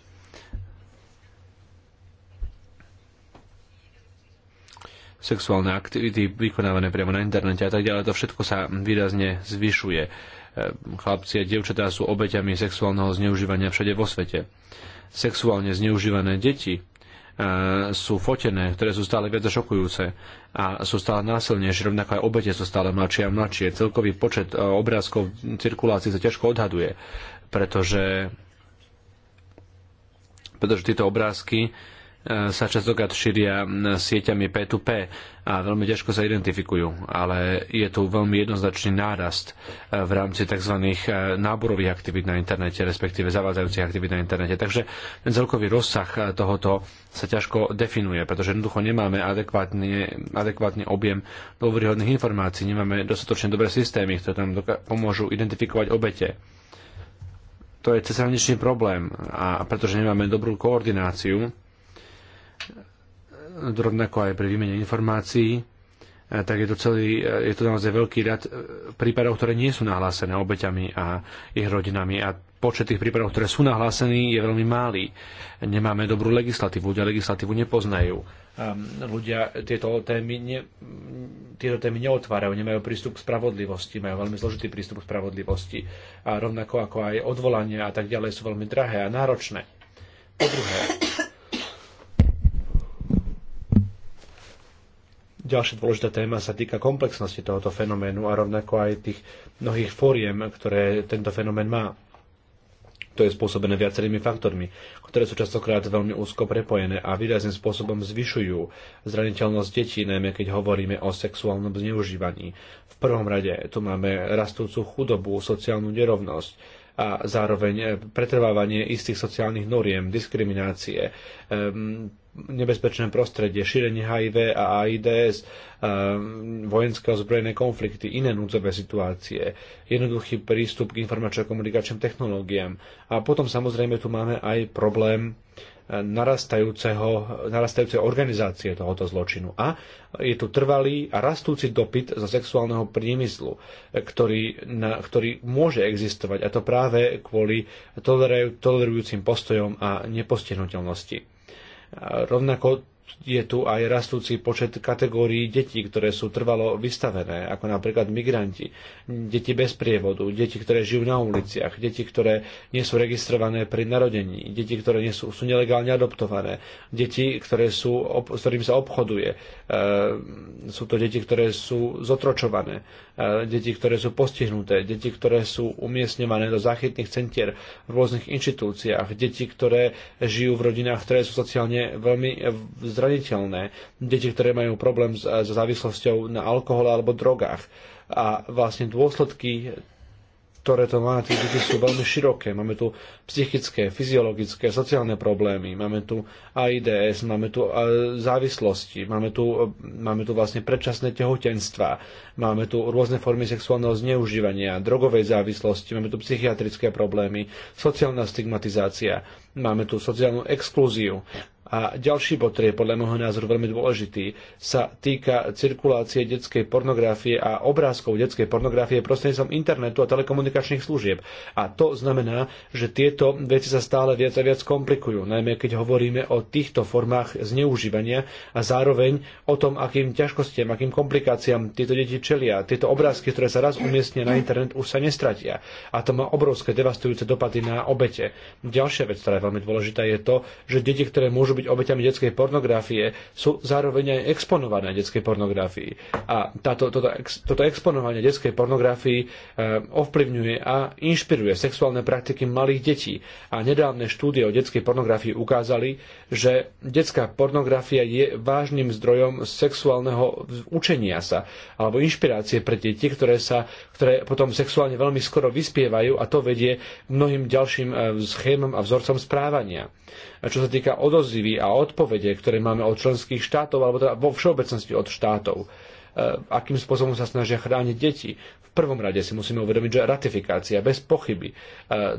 sexuálne aktivity vykonávané priamo na internete a tak ďalej. To všetko sa výrazne zvyšuje. E, chlapci a dievčatá sú obeťami sexuálneho zneužívania všade vo svete. Sexuálne zneužívané deti e, sú fotené, ktoré sú stále viac šokujúce a sú stále násilnejšie, rovnako aj obete sú stále mladšie a mladšie. Celkový počet e, obrázkov v cirkulácii sa ťažko odhaduje, pretože, pretože tieto obrázky E, sa častokrát šíria sieťami P2P a veľmi ťažko sa identifikujú, ale je tu veľmi jednoznačný nárast e, v rámci tzv. E, náborových aktivít na internete, respektíve zavádzajúcich aktivít na internete. Takže ten celkový rozsah tohoto sa ťažko definuje, pretože jednoducho nemáme adekvátny, adekvátny objem dôveryhodných informácií, nemáme dostatočne dobré systémy, ktoré nám pomôžu identifikovať obete to je cezhraničný problém a pretože nemáme dobrú koordináciu rovnako aj pri výmene informácií, e, tak je to, celý, e, je to naozaj veľký rad e, prípadov, ktoré nie sú nahlásené obeťami a ich rodinami. A počet tých prípadov, ktoré sú nahlásení, je veľmi malý. Nemáme dobrú legislatívu, ľudia legislatívu nepoznajú. Ehm, ľudia tieto témy, ne, tieto témy neotvárajú, nemajú prístup k spravodlivosti, majú veľmi zložitý prístup k spravodlivosti. A rovnako ako aj odvolania a tak ďalej sú veľmi drahé a náročné. Po druhé, Ďalšia dôležitá téma sa týka komplexnosti tohoto fenoménu a rovnako aj tých mnohých fóriem, ktoré tento fenomén má. To je spôsobené viacerými faktormi, ktoré sú častokrát veľmi úzko prepojené a výrazným spôsobom zvyšujú zraniteľnosť detí, najmä keď hovoríme o sexuálnom zneužívaní. V prvom rade tu máme rastúcu chudobu, sociálnu nerovnosť, a zároveň pretrvávanie istých sociálnych noriem, diskriminácie, ehm, nebezpečné prostredie, šírenie HIV a AIDS, vojenské ozbrojené konflikty, iné núdzové situácie, jednoduchý prístup k informačným a komunikačným technológiám. A potom samozrejme tu máme aj problém narastajúceho, narastajúcej organizácie tohoto zločinu. A je tu trvalý a rastúci dopyt zo sexuálneho priemyslu, ktorý, na, ktorý môže existovať, a to práve kvôli tolerujúcim postojom a nepostihnutelnosti. Rovnako je tu aj rastúci počet kategórií detí, ktoré sú trvalo vystavené, ako napríklad migranti, deti bez prievodu, deti, ktoré žijú na uliciach, deti, ktoré nie sú registrované pri narodení, deti, ktoré nie sú, sú nelegálne adoptované, deti, ktoré sú, s ktorým sa obchoduje, e, sú to deti, ktoré sú zotročované. E, deti, ktoré sú postihnuté, deti, ktoré sú umiestňované do záchytných centier v rôznych inštitúciách, deti, ktoré žijú v rodinách, ktoré sú sociálne veľmi e, zraniteľné, deti, ktoré majú problém e, s, závislosťou na alkohole alebo drogách. A vlastne dôsledky ktoré to má, tie deti sú veľmi široké. Máme tu psychické, fyziologické, sociálne problémy, máme tu AIDS, máme tu e, závislosti, máme tu, e, máme tu vlastne predčasné tehotenstva, máme tu rôzne formy sexuálneho zneužívania, drogovej závislosti, máme tu psychiatrické problémy, sociálna stigmatizácia, máme tu sociálnu exklúziu, a ďalší bod, ktorý je podľa môjho názoru veľmi dôležitý, sa týka cirkulácie detskej pornografie a obrázkov detskej pornografie prostredníctvom internetu a telekomunikačných služieb. A to znamená, že tieto veci sa stále viac a viac komplikujú, najmä keď hovoríme o týchto formách zneužívania a zároveň o tom, akým ťažkostiam, akým komplikáciám tieto deti čelia. Tieto obrázky, ktoré sa raz umiestnia na internet, už sa nestratia. A to má obrovské devastujúce dopady na obete. Ďalšia vec, ktorá je veľmi dôležitá, je to, že deti, ktoré môžu môžu byť obeťami detskej pornografie, sú zároveň aj exponované detskej pornografii. A táto, toto, toto exponovanie detskej pornografii e, ovplyvňuje a inšpiruje sexuálne praktiky malých detí. A nedávne štúdie o detskej pornografii ukázali, že detská pornografia je vážnym zdrojom sexuálneho učenia sa alebo inšpirácie pre deti, ktoré, sa, ktoré potom sexuálne veľmi skoro vyspievajú a to vedie mnohým ďalším e, schémom a vzorcom správania čo sa týka odozivy a odpovede, ktoré máme od členských štátov, alebo teda vo všeobecnosti od štátov e, akým spôsobom sa snažia chrániť deti. V prvom rade si musíme uvedomiť, že ratifikácia bez pochyby e,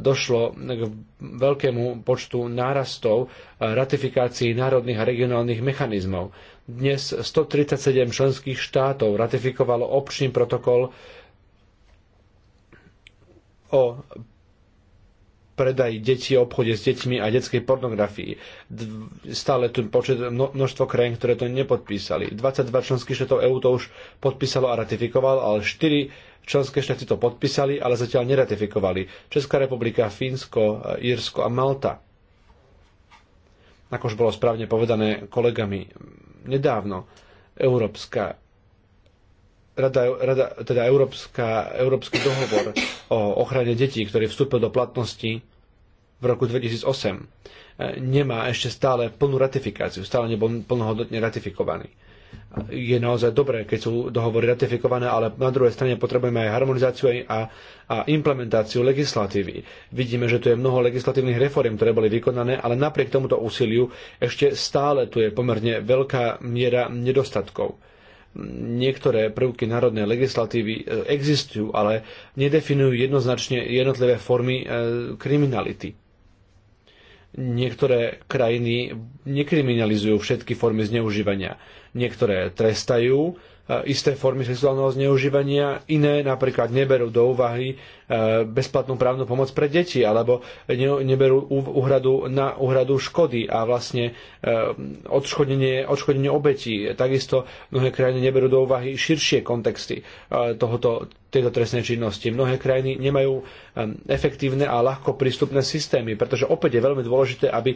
došlo k veľkému počtu nárastov e, ratifikácií národných a regionálnych mechanizmov. Dnes 137 členských štátov ratifikovalo občný protokol o predaj detí, obchode s deťmi a detskej pornografii. Stále tu počet, množstvo krajín, ktoré to nepodpísali. 22 členských štátov EÚ to už podpísalo a ratifikovalo, ale 4 členské štáty to podpísali, ale zatiaľ neratifikovali. Česká republika, Fínsko, Írsko a Malta. Ako už bolo správne povedané kolegami nedávno, Európska Rada, rada, teda Európska, Európsky dohovor o ochrane detí, ktorý vstúpil do platnosti v roku 2008, eh, nemá ešte stále plnú ratifikáciu, stále nebol plnohodnotne ratifikovaný. Je naozaj dobré, keď sú dohovory ratifikované, ale na druhej strane potrebujeme aj harmonizáciu a, a implementáciu legislatívy. Vidíme, že tu je mnoho legislatívnych reform, ktoré boli vykonané, ale napriek tomuto úsiliu ešte stále tu je pomerne veľká miera nedostatkov niektoré prvky národnej legislatívy e, existujú, ale nedefinujú jednoznačne jednotlivé formy e, kriminality. Niektoré krajiny nekriminalizujú všetky formy zneužívania. Niektoré trestajú e, isté formy sexuálneho zneužívania, iné napríklad neberú do úvahy E, bezplatnú právnu pomoc pre deti, alebo neberú úhradu na úhradu škody a vlastne e, odškodnenie, odškodnenie obetí. Takisto mnohé krajiny neberú do úvahy širšie kontexty e, tohoto, tejto trestnej činnosti. Mnohé krajiny nemajú efektívne a ľahko prístupné systémy, pretože opäť je veľmi dôležité, aby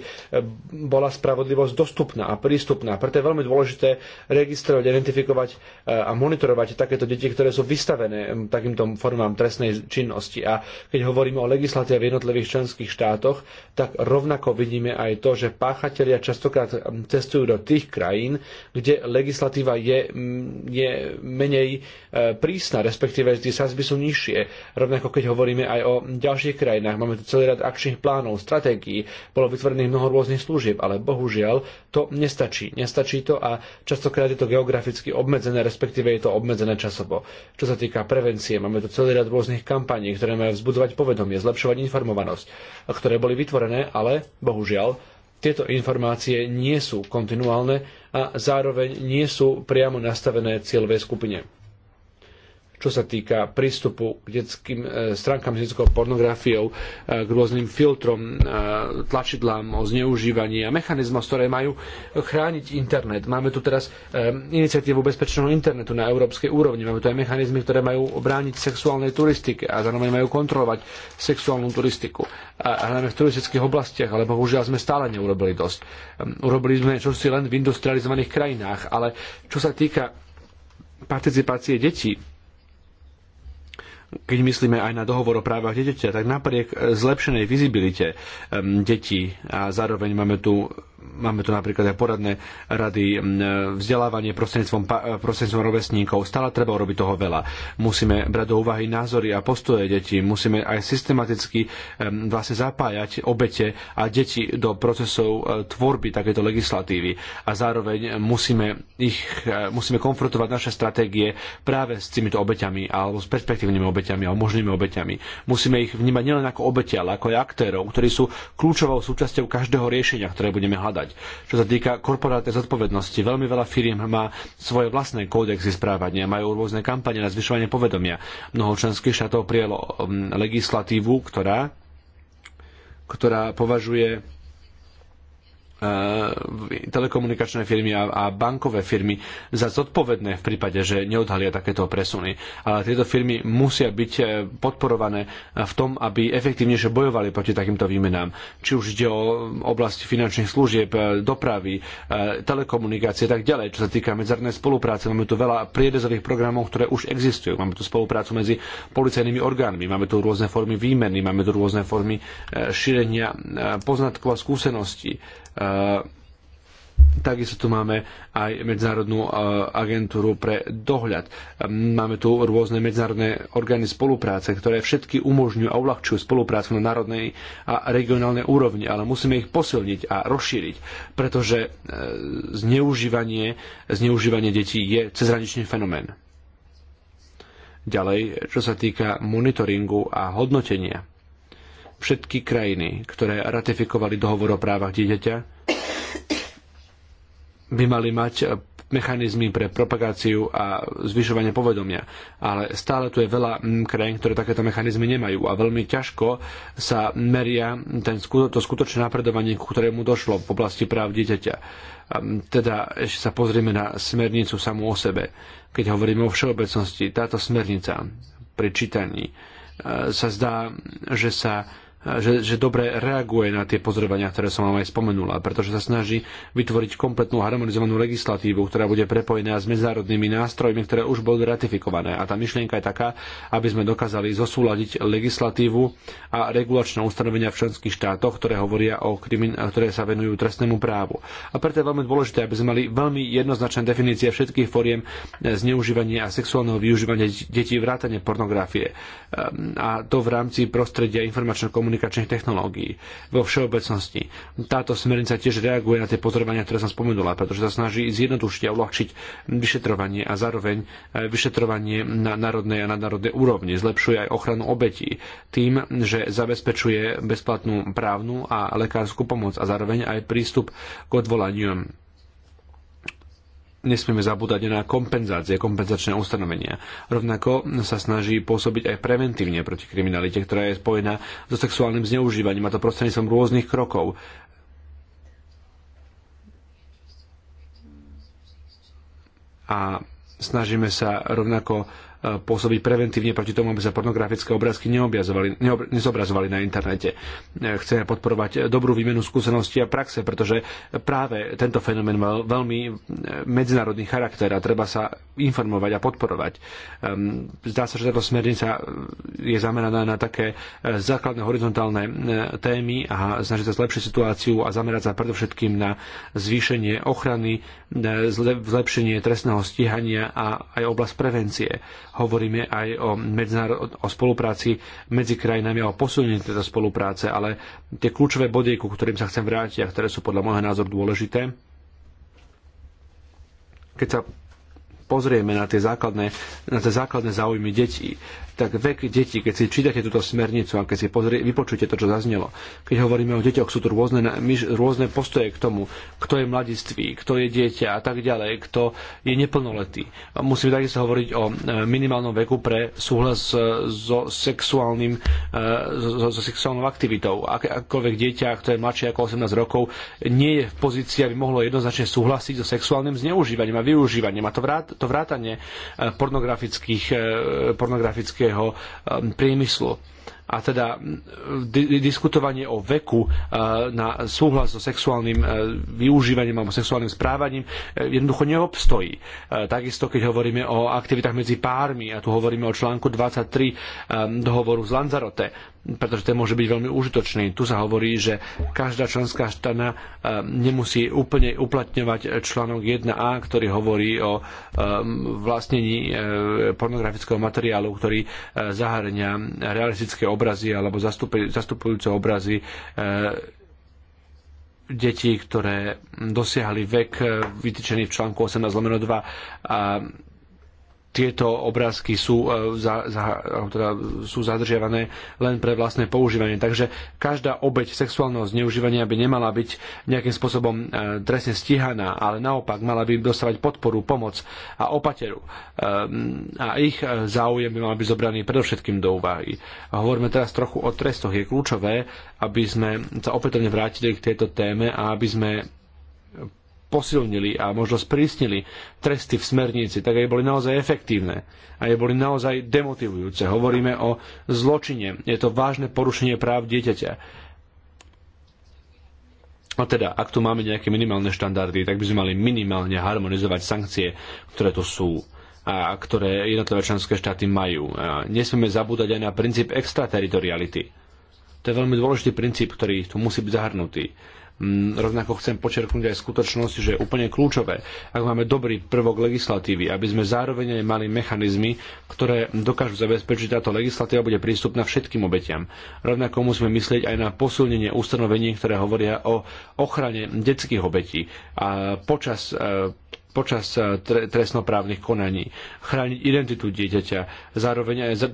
bola spravodlivosť dostupná a prístupná. Preto je veľmi dôležité registrovať, identifikovať a monitorovať takéto deti, ktoré sú vystavené takýmto formám trestnej činnosti spoločnosti. A keď hovoríme o legislatíve v jednotlivých členských štátoch, tak rovnako vidíme aj to, že páchatelia častokrát cestujú do tých krajín, kde legislatíva je, je menej e, prísna, respektíve tie sazby sú nižšie. Rovnako keď hovoríme aj o ďalších krajinách, máme tu celý rad akčných plánov, stratégií, bolo vytvorených mnoho rôznych služieb, ale bohužiaľ to nestačí. Nestačí to a častokrát je to geograficky obmedzené, respektíve je to obmedzené časovo. Čo sa týka prevencie, máme tu celý rad rôznych kampaní, opatrení, ktoré majú vzbudovať povedomie, zlepšovať informovanosť, ktoré boli vytvorené, ale bohužiaľ tieto informácie nie sú kontinuálne a zároveň nie sú priamo nastavené cieľovej skupine čo sa týka prístupu k detským e, stránkam s detskou pornografiou, e, k rôznym filtrom, e, tlačidlám o zneužívaní a mechanizmom, ktoré majú chrániť internet. Máme tu teraz iniciatívu bezpečného internetu na európskej úrovni. Máme tu aj mechanizmy, ktoré majú brániť sexuálnej turistike a zároveň majú kontrolovať sexuálnu turistiku. A hlavne v turistických oblastiach, ale bohužiaľ sme stále neurobili dosť. Ehm, urobili sme čo si len v industrializovaných krajinách, ale čo sa týka participácie detí keď myslíme aj na dohovor o právach dieťaťa, tak napriek zlepšenej vizibilite detí a zároveň máme tu Máme tu napríklad aj poradné rady, vzdelávanie prostredníctvom, prostredníctvom rovesníkov. Stále treba urobiť toho veľa. Musíme brať do úvahy názory a postoje detí. Musíme aj systematicky vlastne zapájať obete a deti do procesov e, tvorby takéto legislatívy. A zároveň musíme, ich, e, musíme konfrontovať naše stratégie práve s týmito obeťami alebo s perspektívnymi obeťami alebo možnými obeťami. Musíme ich vnímať nielen ako obete, ale ako aj aktérov, ktorí sú kľúčovou súčasťou každého riešenia, ktoré budeme hľadať hľadať. Čo sa týka korporátnej zodpovednosti, veľmi veľa firiem má svoje vlastné kódexy správania, majú rôzne kampane na zvyšovanie povedomia. Mnoho členských štátov prijalo um, legislatívu, ktorá, ktorá považuje E, telekomunikačné firmy a, bankové firmy za zodpovedné v prípade, že neodhalia takéto presuny. Ale tieto firmy musia byť e, podporované v tom, aby efektívnejšie bojovali proti takýmto výmenám. Či už ide o oblasti finančných služieb, e, dopravy, telekomunikácie a tak ďalej. Čo sa týka medzernej spolupráce, máme tu veľa priedezových programov, ktoré už existujú. Máme tu spoluprácu medzi policajnými orgánmi, máme tu rôzne formy výmeny, máme tu rôzne formy šírenia poznatkov a skúseností Takisto tu máme aj Medzinárodnú agentúru pre dohľad. Máme tu rôzne medzinárodné orgány spolupráce, ktoré všetky umožňujú a uľahčujú spoluprácu na národnej a regionálnej úrovni, ale musíme ich posilniť a rozšíriť, pretože e, zneužívanie, zneužívanie detí je cezhraničný fenomén. Ďalej, čo sa týka monitoringu a hodnotenia všetky krajiny, ktoré ratifikovali dohovor o právach dieťaťa, by mali mať mechanizmy pre propagáciu a zvyšovanie povedomia. Ale stále tu je veľa mm, krajín, ktoré takéto mechanizmy nemajú a veľmi ťažko sa meria ten, to skutočné napredovanie, ku ktorému došlo v oblasti práv dieťaťa. Teda ešte sa pozrieme na smernicu samú o sebe. Keď hovoríme o všeobecnosti, táto smernica pri čítaní e, sa zdá, že sa že, že dobre reaguje na tie pozorovania, ktoré som vám aj spomenula, pretože sa snaží vytvoriť kompletnú harmonizovanú legislatívu, ktorá bude prepojená s medzinárodnými nástrojmi, ktoré už boli ratifikované. A tá myšlienka je taká, aby sme dokázali zosúľadiť legislatívu a regulačné ustanovenia v členských štátoch, ktoré hovoria o krimin- ktoré sa venujú trestnému právu. A preto je veľmi dôležité, aby sme mali veľmi jednoznačné definície všetkých foriem eh, zneužívania a sexuálneho využívania detí vrátane pornografie. Ehm, a to v rámci prostredia informačného komunikácie komunikačných technológií vo všeobecnosti. Táto smernica tiež reaguje na tie pozorovania, ktoré som spomenula, pretože sa snaží zjednodušiť a uľahčiť vyšetrovanie a zároveň e, vyšetrovanie na národnej a nadnárodnej úrovni. Zlepšuje aj ochranu obetí tým, že zabezpečuje bezplatnú právnu a lekárskú pomoc a zároveň aj prístup k odvolaniu nesmieme zabúdať na kompenzácie, kompenzačné ustanovenia. Rovnako sa snaží pôsobiť aj preventívne proti kriminalite, ktorá je spojená so sexuálnym zneužívaním a to prostredníctvom rôznych krokov. A snažíme sa rovnako pôsobiť preventívne proti tomu, aby sa pornografické obrázky nezobrazovali na internete. Chceme podporovať dobrú výmenu skúseností a praxe, pretože práve tento fenomén mal veľmi e, medzinárodný charakter a treba sa informovať a podporovať. Ehm, zdá sa, že táto smernica je zameraná na také e, základné horizontálne e, témy a snaží sa zlepšiť situáciu a zamerať sa predovšetkým na zvýšenie ochrany, zlepšenie trestného stíhania a aj oblasť prevencie hovoríme aj o, o spolupráci medzi krajinami a o posunení tejto spolupráce, ale tie kľúčové body, ku ktorým sa chcem vrátiť a ktoré sú podľa môjho názoru dôležité, keď sa pozrieme na tie základné, na tie základné záujmy detí, tak vek detí, keď si čítate túto smernicu a keď si pozrie, vypočujete to, čo zaznelo, keď hovoríme o deťoch, sú tu rôzne, rôzne postoje k tomu, kto je mladiství, kto je dieťa a tak ďalej, kto je neplnoletý. Musíme takisto hovoriť o e, minimálnom veku pre súhlas e, so sexuálnym, e, so, so sexuálnou aktivitou. akkoľvek dieťa, ktoré je mladšie ako 18 rokov, nie je v pozícii, aby mohlo jednoznačne súhlasiť so sexuálnym zneužívaním a využívaním. A to vrát, to vrátanie e, e, pornografického e, priemyslu a teda diskutovanie o veku na súhlas so sexuálnym využívaním alebo sexuálnym správaním jednoducho neobstojí. Takisto, keď hovoríme o aktivitách medzi pármi, a tu hovoríme o článku 23 dohovoru z Lanzarote, pretože ten môže byť veľmi užitočný. Tu sa hovorí, že každá členská štana e, nemusí úplne uplatňovať článok 1a, ktorý hovorí o e, vlastnení e, pornografického materiálu, ktorý zahrania realistické obrazy alebo zastupujúce obrazy detí, ktoré dosiahli vek vytýčený v článku 18 2 tieto obrázky sú, e, za, za, teda sú zadržiavané len pre vlastné používanie. Takže každá obeď sexuálneho zneužívania by nemala byť nejakým spôsobom e, trestne stíhaná, ale naopak mala by dostávať podporu, pomoc a opateru. E, a ich záujem by mal byť zobraný predovšetkým do úvahy. Hovoríme teraz trochu o trestoch. Je kľúčové, aby sme sa opätovne vrátili k tejto téme a aby sme posilnili a možno sprísnili tresty v smernici, tak aj boli naozaj efektívne a aj boli naozaj demotivujúce. Hovoríme o zločine, je to vážne porušenie práv dieťaťa. A teda, ak tu máme nejaké minimálne štandardy, tak by sme mali minimálne harmonizovať sankcie, ktoré tu sú a ktoré jednotlivé členské štáty majú. A nesmieme zabúdať aj na princíp extrateritoriality. To je veľmi dôležitý princíp, ktorý tu musí byť zahrnutý Mm, rovnako chcem počerknúť aj skutočnosť, že je úplne kľúčové, ak máme dobrý prvok legislatívy, aby sme zároveň aj mali mechanizmy, ktoré dokážu zabezpečiť, že táto legislatíva bude prístupná všetkým obetiam. Rovnako musíme myslieť aj na posilnenie ustanovení, ktoré hovoria o ochrane detských obetí a počas e, počas eh, trestnoprávnych konaní, chrániť identitu dieťaťa, zároveň aj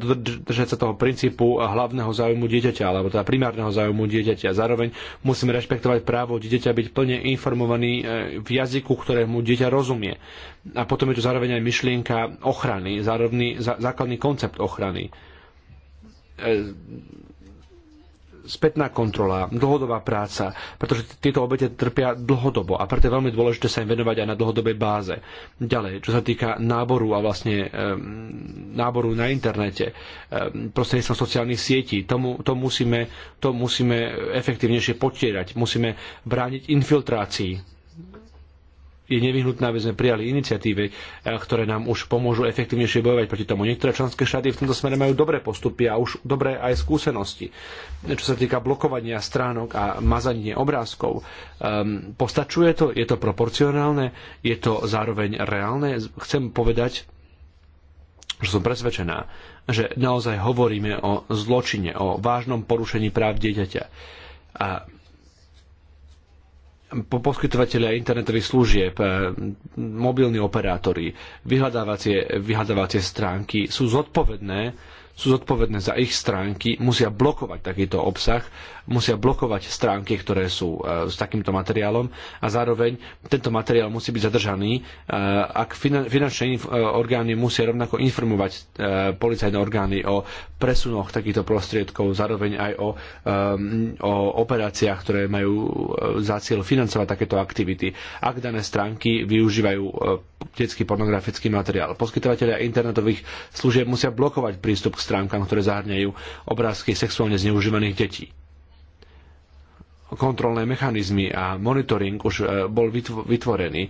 držať sa toho princípu hlavného záujmu dieťaťa, alebo teda primárneho záujmu dieťaťa. Zároveň musíme rešpektovať právo dieťaťa byť plne informovaný eh, v jazyku, ktorému dieťa rozumie. A potom je tu zároveň aj myšlienka ochrany, zároveň základný koncept ochrany eh, spätná kontrola, dlhodobá práca, pretože tieto obete trpia dlhodobo a preto je veľmi dôležité sa im venovať aj na dlhodobej báze. Ďalej, čo sa týka náboru a vlastne e, náboru na internete, e, prostredníctvom sociálnych sietí, tomu, to, musíme, to musíme efektívnejšie potierať, musíme brániť infiltrácii je nevyhnutné, aby sme prijali iniciatívy, e, ktoré nám už pomôžu efektívnejšie bojovať proti tomu. Niektoré členské štáty v tomto smere majú dobré postupy a už dobré aj skúsenosti. Čo sa týka blokovania stránok a mazanie obrázkov, um, postačuje to? Je to proporcionálne? Je to zároveň reálne? Chcem povedať, že som presvedčená, že naozaj hovoríme o zločine, o vážnom porušení práv dieťaťa. A poskytovateľia internetových služieb, e, mobilní operátori, vyhľadávacie, vyhľadávacie stránky sú zodpovedné sú zodpovedné za ich stránky, musia blokovať takýto obsah, musia blokovať stránky, ktoré sú e, s takýmto materiálom a zároveň tento materiál musí byť zadržaný, e, ak finančné e, orgány musia rovnako informovať e, policajné orgány o presunoch takýchto prostriedkov, zároveň aj o, e, o operáciách, ktoré majú e, za cieľ financovať takéto aktivity. Ak dané stránky využívajú detský pornografický materiál, poskytovateľia internetových služieb musia blokovať prístup k stránkam, ktoré zahrňajú obrázky sexuálne zneužívaných detí kontrolné mechanizmy a monitoring už e, bol vytvorený. E,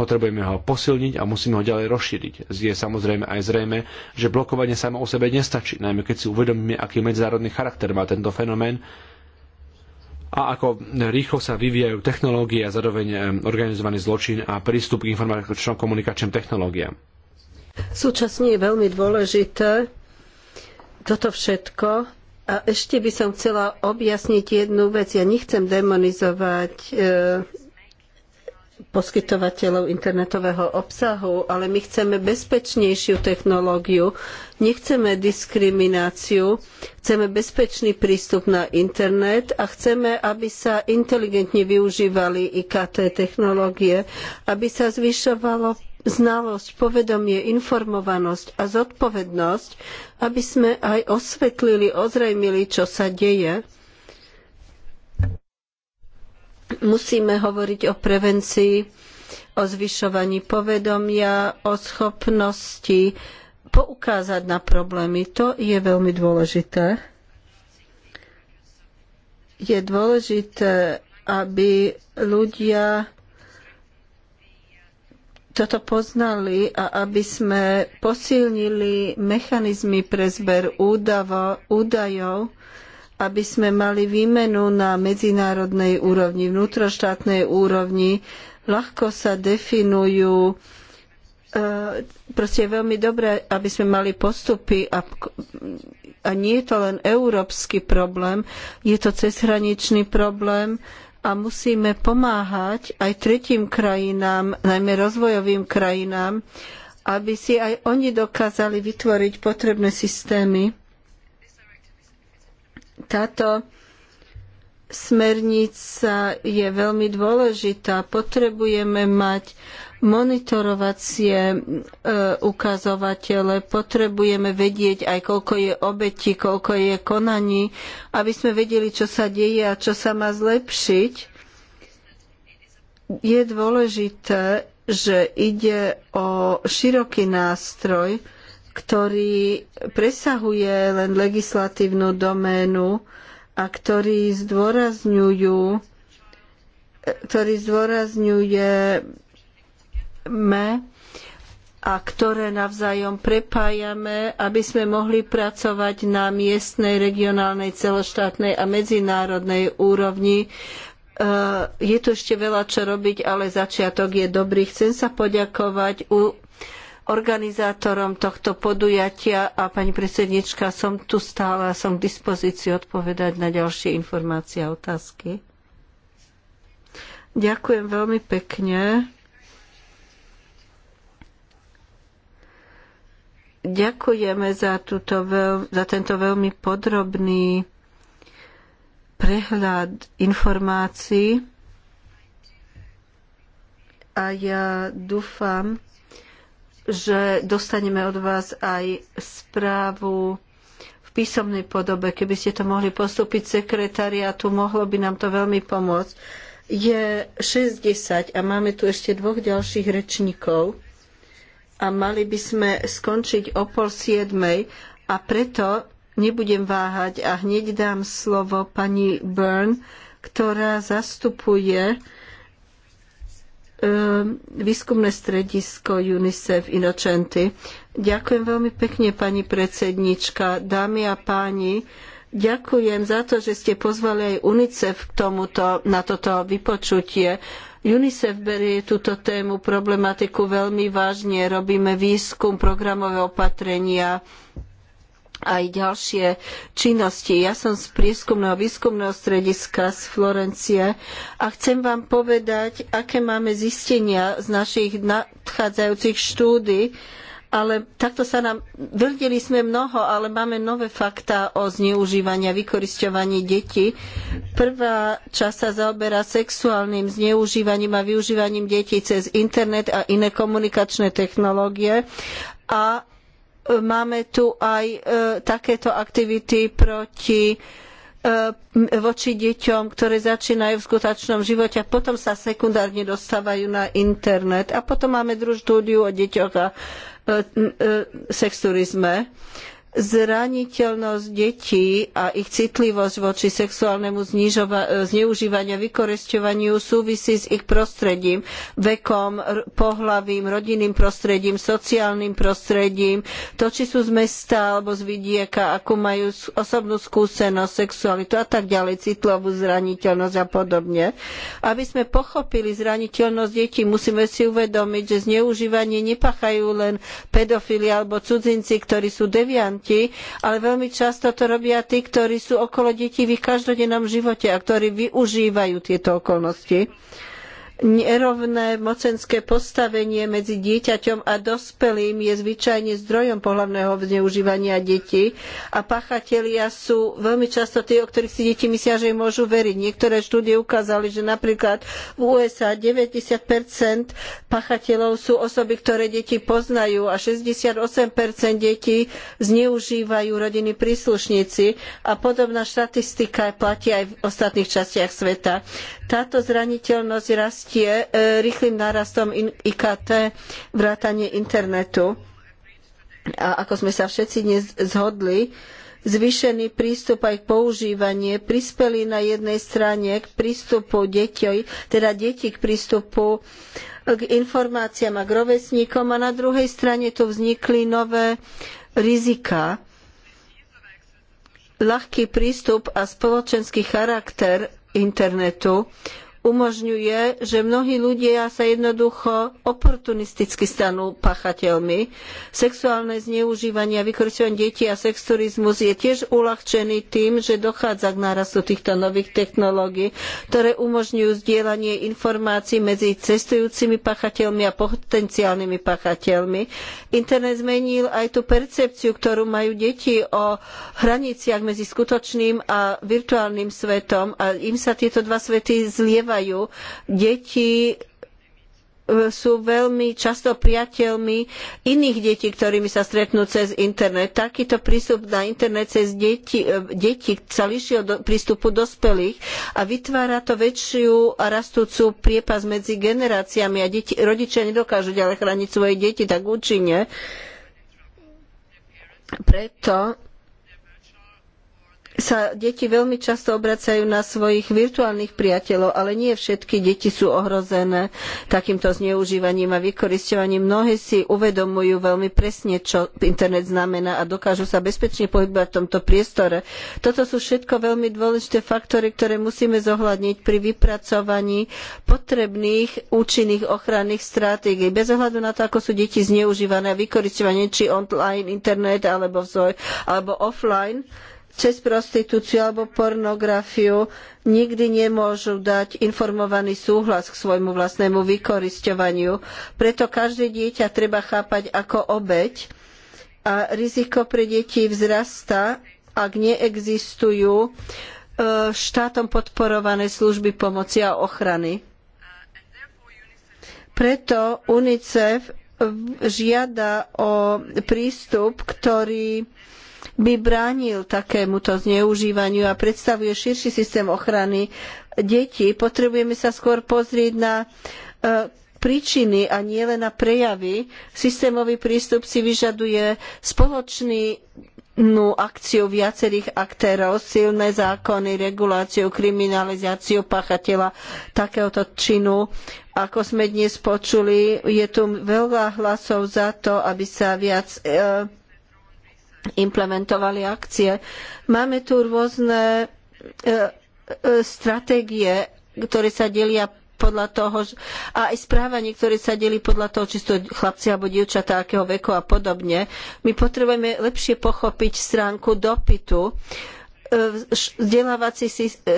potrebujeme ho posilniť a musíme ho ďalej rozšíriť. Je samozrejme aj zrejme, že blokovanie samo o sebe nestačí, najmä keď si uvedomíme, aký medzinárodný charakter má tento fenomén a ako rýchlo sa vyvíjajú technológie a zároveň e, organizovaný zločin a prístup k informačno-komunikačným technológiám. Súčasne je veľmi dôležité toto všetko. A ešte by som chcela objasniť jednu vec. Ja nechcem demonizovať e, poskytovateľov internetového obsahu, ale my chceme bezpečnejšiu technológiu, nechceme diskrimináciu, chceme bezpečný prístup na internet a chceme, aby sa inteligentne využívali IKT technológie, aby sa zvyšovalo znalosť, povedomie, informovanosť a zodpovednosť, aby sme aj osvetlili, ozrejmili, čo sa deje. Musíme hovoriť o prevencii, o zvyšovaní povedomia, o schopnosti poukázať na problémy. To je veľmi dôležité. Je dôležité, aby ľudia toto poznali a aby sme posilnili mechanizmy pre zber údavo, údajov, aby sme mali výmenu na medzinárodnej úrovni, vnútroštátnej úrovni. Ľahko sa definujú, eh, proste je veľmi dobré, aby sme mali postupy a, a nie je to len európsky problém, je to cezhraničný problém a musíme pomáhať aj tretím krajinám, najmä rozvojovým krajinám, aby si aj oni dokázali vytvoriť potrebné systémy. Táto smernica je veľmi dôležitá. Potrebujeme mať monitorovacie e, ukazovatele, potrebujeme vedieť aj koľko je obetí, koľko je konaní, aby sme vedeli, čo sa deje a čo sa má zlepšiť. Je dôležité, že ide o široký nástroj, ktorý presahuje len legislatívnu doménu a ktorý zdôrazňujú ktorý zdôrazňuje sme a ktoré navzájom prepájame, aby sme mohli pracovať na miestnej, regionálnej, celoštátnej a medzinárodnej úrovni. E, je tu ešte veľa čo robiť, ale začiatok je dobrý. Chcem sa poďakovať organizátorom tohto podujatia a pani predsednička, som tu stále a som k dispozícii odpovedať na ďalšie informácie a otázky. Ďakujem veľmi pekne. Ďakujeme za, túto veľ, za tento veľmi podrobný prehľad informácií a ja dúfam, že dostaneme od vás aj správu v písomnej podobe. Keby ste to mohli postúpiť sekretariatu, mohlo by nám to veľmi pomôcť. Je 60 a máme tu ešte dvoch ďalších rečníkov a mali by sme skončiť o pol siedmej a preto nebudem váhať a hneď dám slovo pani Byrne, ktorá zastupuje e, výskumné stredisko UNICEF Inocenty. Ďakujem veľmi pekne, pani predsednička, dámy a páni. Ďakujem za to, že ste pozvali aj UNICEF k tomuto, na toto vypočutie. UNICEF berie túto tému, problematiku veľmi vážne. Robíme výskum, programové opatrenia, aj ďalšie činnosti. Ja som z prieskumného výskumného strediska z Florencie a chcem vám povedať, aké máme zistenia z našich nadchádzajúcich štúdí ale takto sa nám, Vrdili sme mnoho, ale máme nové fakta o zneužívaní a vykoristovaní detí. Prvá časť sa zaoberá sexuálnym zneužívaním a využívaním detí cez internet a iné komunikačné technológie a e, máme tu aj e, takéto aktivity proti e, voči deťom, ktoré začínajú v skutočnom živote a potom sa sekundárne dostávajú na internet. A potom máme druhú štúdiu o deťoch a Eh, eh, sexturizme zraniteľnosť detí a ich citlivosť voči sexuálnemu zneužívaniu a vykoresťovaniu súvisí s ich prostredím, vekom, pohlavím, rodinným prostredím, sociálnym prostredím, to, či sú z mesta alebo z vidieka, akú majú osobnú skúsenosť, sexualitu a tak ďalej, citlovú zraniteľnosť a podobne. Aby sme pochopili zraniteľnosť detí, musíme si uvedomiť, že zneužívanie nepachajú len pedofili alebo cudzinci, ktorí sú deviant deti, ale veľmi často to robia tí, ktorí sú okolo detí v ich každodennom živote a ktorí využívajú tieto okolnosti. Nerovné mocenské postavenie medzi dieťaťom a dospelým je zvyčajne zdrojom pohlavného zneužívania detí a pachatelia sú veľmi často tí, o ktorých si deti myslia, že im môžu veriť. Niektoré štúdie ukázali, že napríklad v USA 90% pachateľov sú osoby, ktoré deti poznajú a 68% detí zneužívajú rodiny príslušníci a podobná štatistika platí aj v ostatných častiach sveta. Táto zraniteľnosť rastie e, rýchlým nárastom IKT vrátanie internetu. A ako sme sa všetci dnes zhodli, zvýšený prístup aj k používanie prispeli na jednej strane k prístupu detí, teda detí k prístupu k informáciám a k rovesníkom a na druhej strane tu vznikli nové riziká. Ľahký prístup a spoločenský charakter internetu umožňuje, že mnohí ľudia sa jednoducho oportunisticky stanú pachateľmi. Sexuálne zneužívanie a vykoristovanie detí a sexturizmus je tiež uľahčený tým, že dochádza k nárastu týchto nových technológií, ktoré umožňujú zdieľanie informácií medzi cestujúcimi pachateľmi a potenciálnymi pachateľmi. Internet zmenil aj tú percepciu, ktorú majú deti o hraniciach medzi skutočným a virtuálnym svetom a im sa tieto dva svety zlievajú bývajú Deti e, sú veľmi často priateľmi iných detí, ktorými sa stretnú cez internet. Takýto prístup na internet cez deti, e, deti sa líši od prístupu dospelých a vytvára to väčšiu a rastúcu priepas medzi generáciami a deti, rodičia nedokážu ďalej chrániť svoje deti tak účinne. Preto sa deti veľmi často obracajú na svojich virtuálnych priateľov, ale nie všetky deti sú ohrozené takýmto zneužívaním a vykoristovaním. Mnohí si uvedomujú veľmi presne, čo internet znamená a dokážu sa bezpečne pohybovať v tomto priestore. Toto sú všetko veľmi dôležité faktory, ktoré musíme zohľadniť pri vypracovaní potrebných účinných ochranných stratégií. Bez ohľadu na to, ako sú deti zneužívané a vykoristované, či online, internet alebo, vzor, alebo offline, cez prostitúciu alebo pornografiu nikdy nemôžu dať informovaný súhlas k svojmu vlastnému vykorisťovaniu. Preto každé dieťa treba chápať ako obeť a riziko pre deti vzrastá, ak neexistujú e, štátom podporované služby pomoci a ochrany. Preto UNICEF žiada o prístup, ktorý by bránil takémuto zneužívaniu a predstavuje širší systém ochrany detí. Potrebujeme sa skôr pozrieť na e, príčiny a nielen na prejavy. Systémový prístup si vyžaduje spoločný akciu viacerých aktérov, silné zákony, reguláciu, kriminalizáciu páchateľa takéhoto činu. Ako sme dnes počuli, je tu veľa hlasov za to, aby sa viac e, implementovali akcie. Máme tu rôzne e, e, stratégie, ktoré sa delia podľa toho, a aj správanie, ktoré sa delí podľa toho, či sú to chlapci alebo dievčatá, akého veku a podobne. My potrebujeme lepšie pochopiť stránku dopytu. E, vzdelávací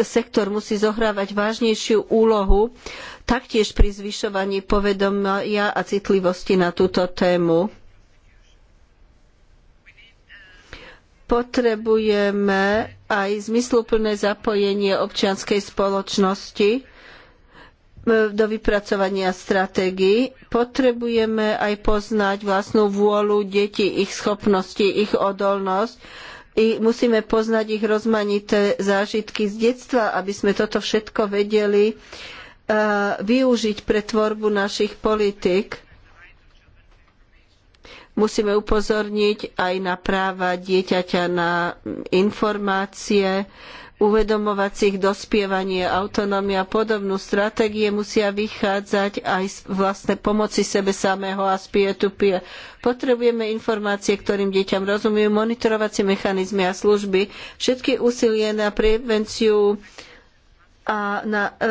sektor musí zohrávať vážnejšiu úlohu taktiež pri zvyšovaní povedomia a citlivosti na túto tému potrebujeme aj zmysluplné zapojenie občianskej spoločnosti e, do vypracovania stratégií. Potrebujeme aj poznať vlastnú vôľu detí, ich schopnosti, ich odolnosť. I musíme poznať ich rozmanité zážitky z detstva, aby sme toto všetko vedeli e, využiť pre tvorbu našich politik Musíme upozorniť aj na práva dieťaťa na informácie, uvedomovať si ich dospievanie, autonómia a podobnú. Stratégie musia vychádzať aj z vlastnej pomoci sebe samého a z peer-to-peer. Potrebujeme informácie, ktorým deťam rozumejú, monitorovacie mechanizmy a služby, všetky úsilie na prevenciu a na, e,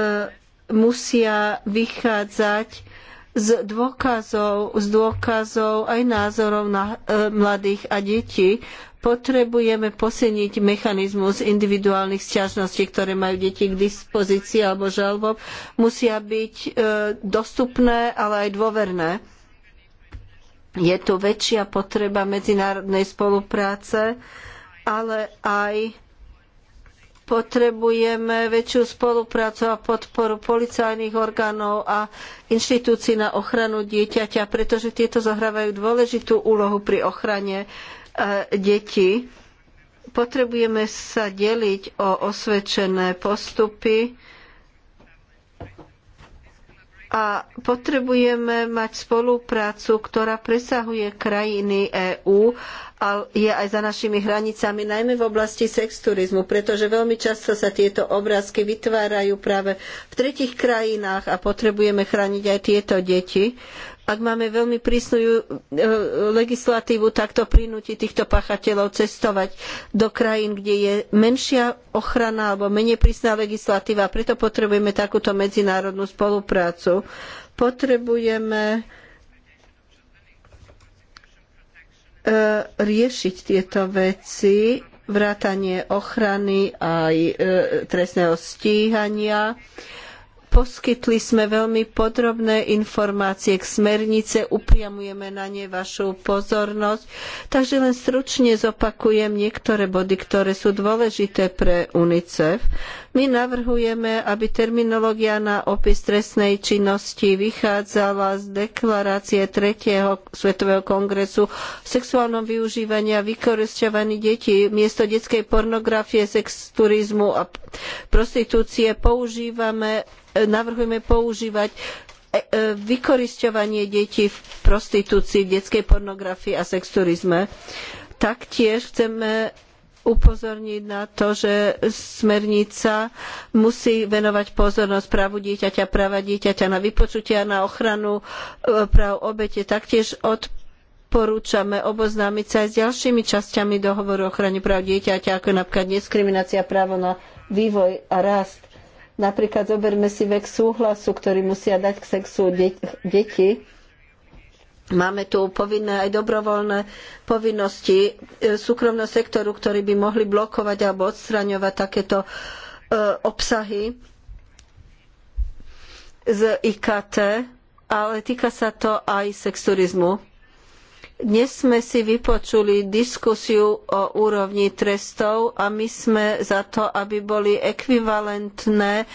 musia vychádzať z dôkazov, dôkazov aj názorov na e, mladých a detí potrebujeme posilniť mechanizmus individuálnych sťažností, ktoré majú deti k dispozícii alebo žalob. Musia byť e, dostupné, ale aj dôverné. Je tu väčšia potreba medzinárodnej spolupráce, ale aj Potrebujeme väčšiu spoluprácu a podporu policajných orgánov a inštitúcií na ochranu dieťaťa, pretože tieto zohrávajú dôležitú úlohu pri ochrane e, detí. Potrebujeme sa deliť o osvedčené postupy a potrebujeme mať spoluprácu, ktorá presahuje krajiny EÚ je aj za našimi hranicami, najmä v oblasti sexturizmu, pretože veľmi často sa tieto obrázky vytvárajú práve v tretich krajinách a potrebujeme chrániť aj tieto deti. Ak máme veľmi prísnu e, legislatívu, tak to prinúti týchto pachateľov cestovať do krajín, kde je menšia ochrana alebo menej prísna legislatíva. Preto potrebujeme takúto medzinárodnú spoluprácu. Potrebujeme E, riešiť tieto veci, vrátanie ochrany aj e, trestného stíhania. Poskytli sme veľmi podrobné informácie k smernice, upriamujeme na ne vašu pozornosť. Takže len stručne zopakujem niektoré body, ktoré sú dôležité pre UNICEF. My navrhujeme, aby terminológia na opis trestnej činnosti vychádzala z deklarácie 3. Svetového kongresu o sexuálnom využívaní a vykorisťovaní detí. Miesto detskej pornografie, sex, turizmu a prostitúcie používame navrhujeme používať e, e, vykorisťovanie detí v prostitúcii, v detskej pornografii a sexturizme. Taktiež chceme upozorniť na to, že smernica musí venovať pozornosť právu dieťaťa, práva dieťaťa na a na ochranu e, práv obete. Taktiež odporúčame oboznámiť sa aj s ďalšími časťami dohovoru o ochrane práv dieťaťa, ako je napríklad diskriminácia, právo na vývoj a rast. Napríklad zoberme si vek súhlasu, ktorý musia dať k sexu deti Máme tu povinné aj dobrovoľné povinnosti e, súkromného sektoru, ktorí by mohli blokovať alebo odstraňovať takéto e, obsahy z IKT, ale týka sa to aj sexturizmu. Dnes sme si vypočuli diskusiu o úrovni trestov a my sme za to, aby boli ekvivalentné